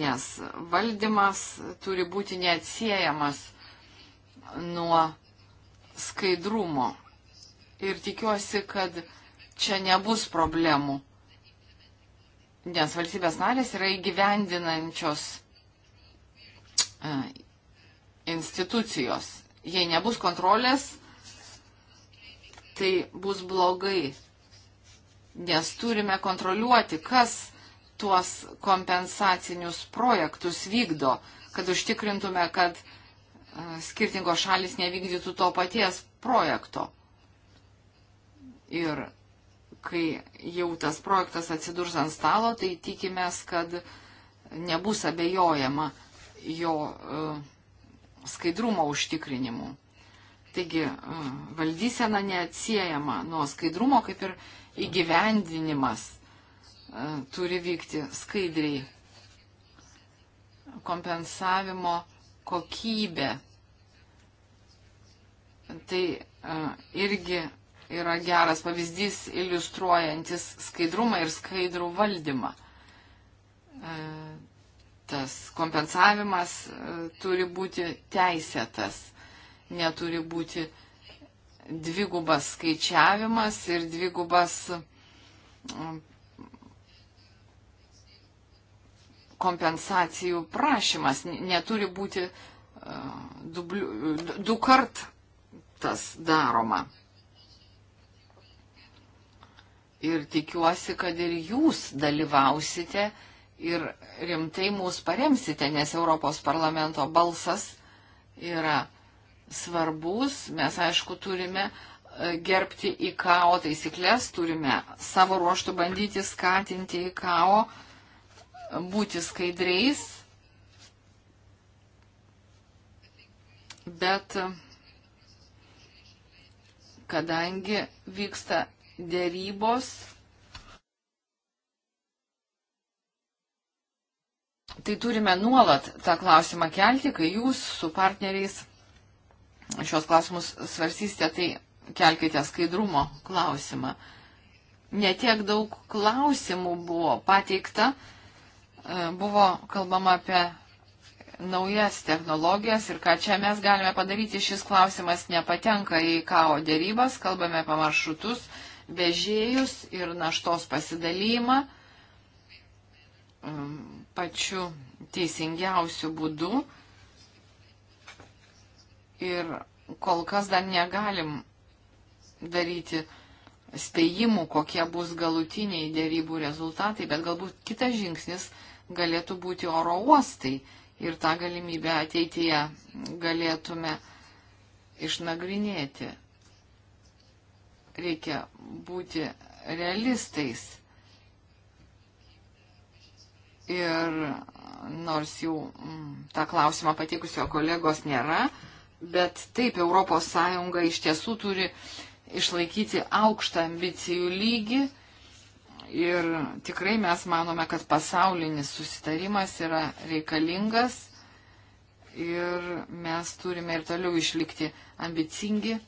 nes valdymas turi būti neatsiejamas nuo skaidrumo. Ir tikiuosi, kad čia nebus problemų, nes valstybės narės yra įgyvendinančios institucijos. Jei nebus kontrolės, tai bus blogai, nes turime kontroliuoti, kas tuos kompensacinius projektus vykdo, kad užtikrintume, kad e, skirtingos šalis nevykdytų to paties projekto. Ir kai jau tas projektas atsidurs ant stalo, tai tikimės, kad nebus abejojama jo e, skaidrumo užtikrinimu. Taigi valdysena neatsiejama nuo skaidrumo, kaip ir įgyvendinimas turi vykti skaidriai. Kompensavimo kokybė. Tai irgi yra geras pavyzdys iliustruojantis skaidrumą ir skaidrų valdymą. Tas kompensavimas turi būti teisėtas neturi būti dvigubas skaičiavimas ir dvigubas mm, kompensacijų prašymas. Neturi būti e, dubliu, du kart tas daroma. Ir tikiuosi, kad ir jūs dalyvausite ir rimtai mūsų paremsite, nes Europos parlamento balsas yra svarbus. Mes, aišku, turime e, gerbti IKO taisyklės, turime savo ruoštų bandyti skatinti IKO e, būti skaidriais. Bet e, kadangi vyksta dėrybos, tai turime nuolat tą klausimą kelti, kai jūs su partneriais šios klausimus svarsysite, tai kelkite skaidrumo klausimą. Netiek daug klausimų buvo pateikta, e, buvo kalbama apie naujas technologijas ir ką čia mes galime padaryti. Šis klausimas nepatenka į KAO dėrybas, kalbame apie maršrutus, vežėjus ir naštos pasidalymą e, pačiu teisingiausiu būdu ir kol kas dar negalim daryti spėjimų, kokie bus galutiniai dėrybų rezultatai, bet galbūt kitas žingsnis galėtų būti oro uostai ir tą galimybę ateityje galėtume išnagrinėti. Reikia būti realistais. Ir nors jau mm, tą klausimą patikusio kolegos nėra, Bet taip, ES iš tiesų turi išlaikyti aukštą ambicijų lygį ir tikrai mes manome, kad pasaulinis susitarimas yra reikalingas ir mes turime ir toliau išlikti ambicingi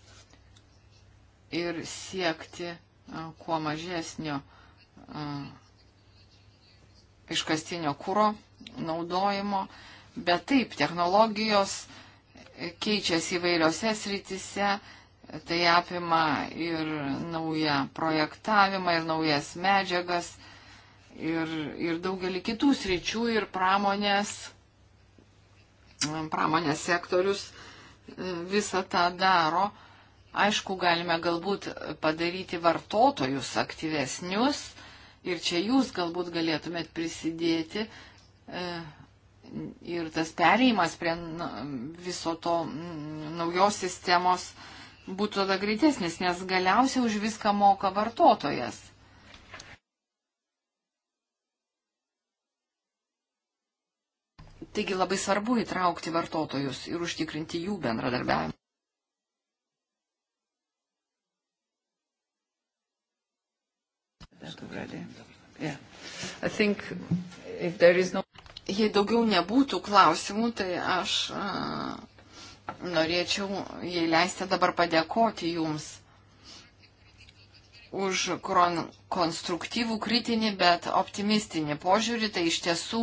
ir siekti kuo mažesnio iškastinio kūro naudojimo. Bet taip, technologijos uh, keičiasi įvairiose sritise, tai apima ir naują projektavimą, ir naujas medžiagas, ir, ir daugelį kitų sričių, ir pramonės, pramonės sektorius e, visą tą daro. Aišku, galime galbūt padaryti vartotojus aktyvesnius ir čia jūs galbūt galėtumėt prisidėti e, ir tas perėjimas prie viso to naujos sistemos būtų tada greitesnis, nes galiausiai už viską moka vartotojas. Taigi labai svarbu įtraukti vartotojus ir užtikrinti jų bendradarbiavimą. Yeah. I think no... Jei daugiau nebūtų klausimų, tai aš a, norėčiau, jei leistė dabar padėkoti Jums už kron, konstruktyvų, kritinį, bet optimistinį požiūrį. Tai iš tiesų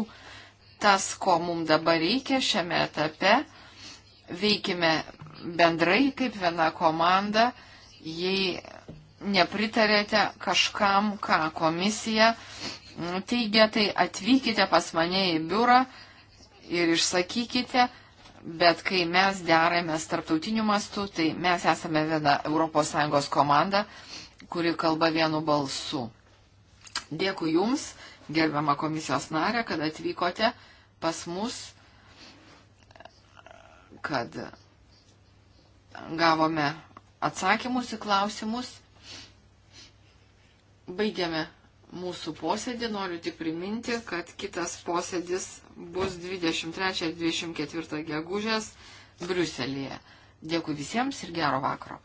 tas, ko mums dabar reikia šiame etape. Veikime bendrai kaip viena komanda. Jei nepritarėte kažkam, ką komisija teigia, tai atvykite pas mane į biurą ir išsakykite, bet kai mes deramės tarptautiniu mastu, tai mes esame viena ES komanda, kuri kalba vienu balsu. Dėkui Jums, gerbiama komisijos narė, kad atvykote pas mus, kad gavome atsakymus į klausimus. Baigiame mūsų posėdį. Noriu tik priminti, kad kitas posėdis bus 23 ir 24 gegužės Briuselėje. Dėkui visiems ir gero vakaro.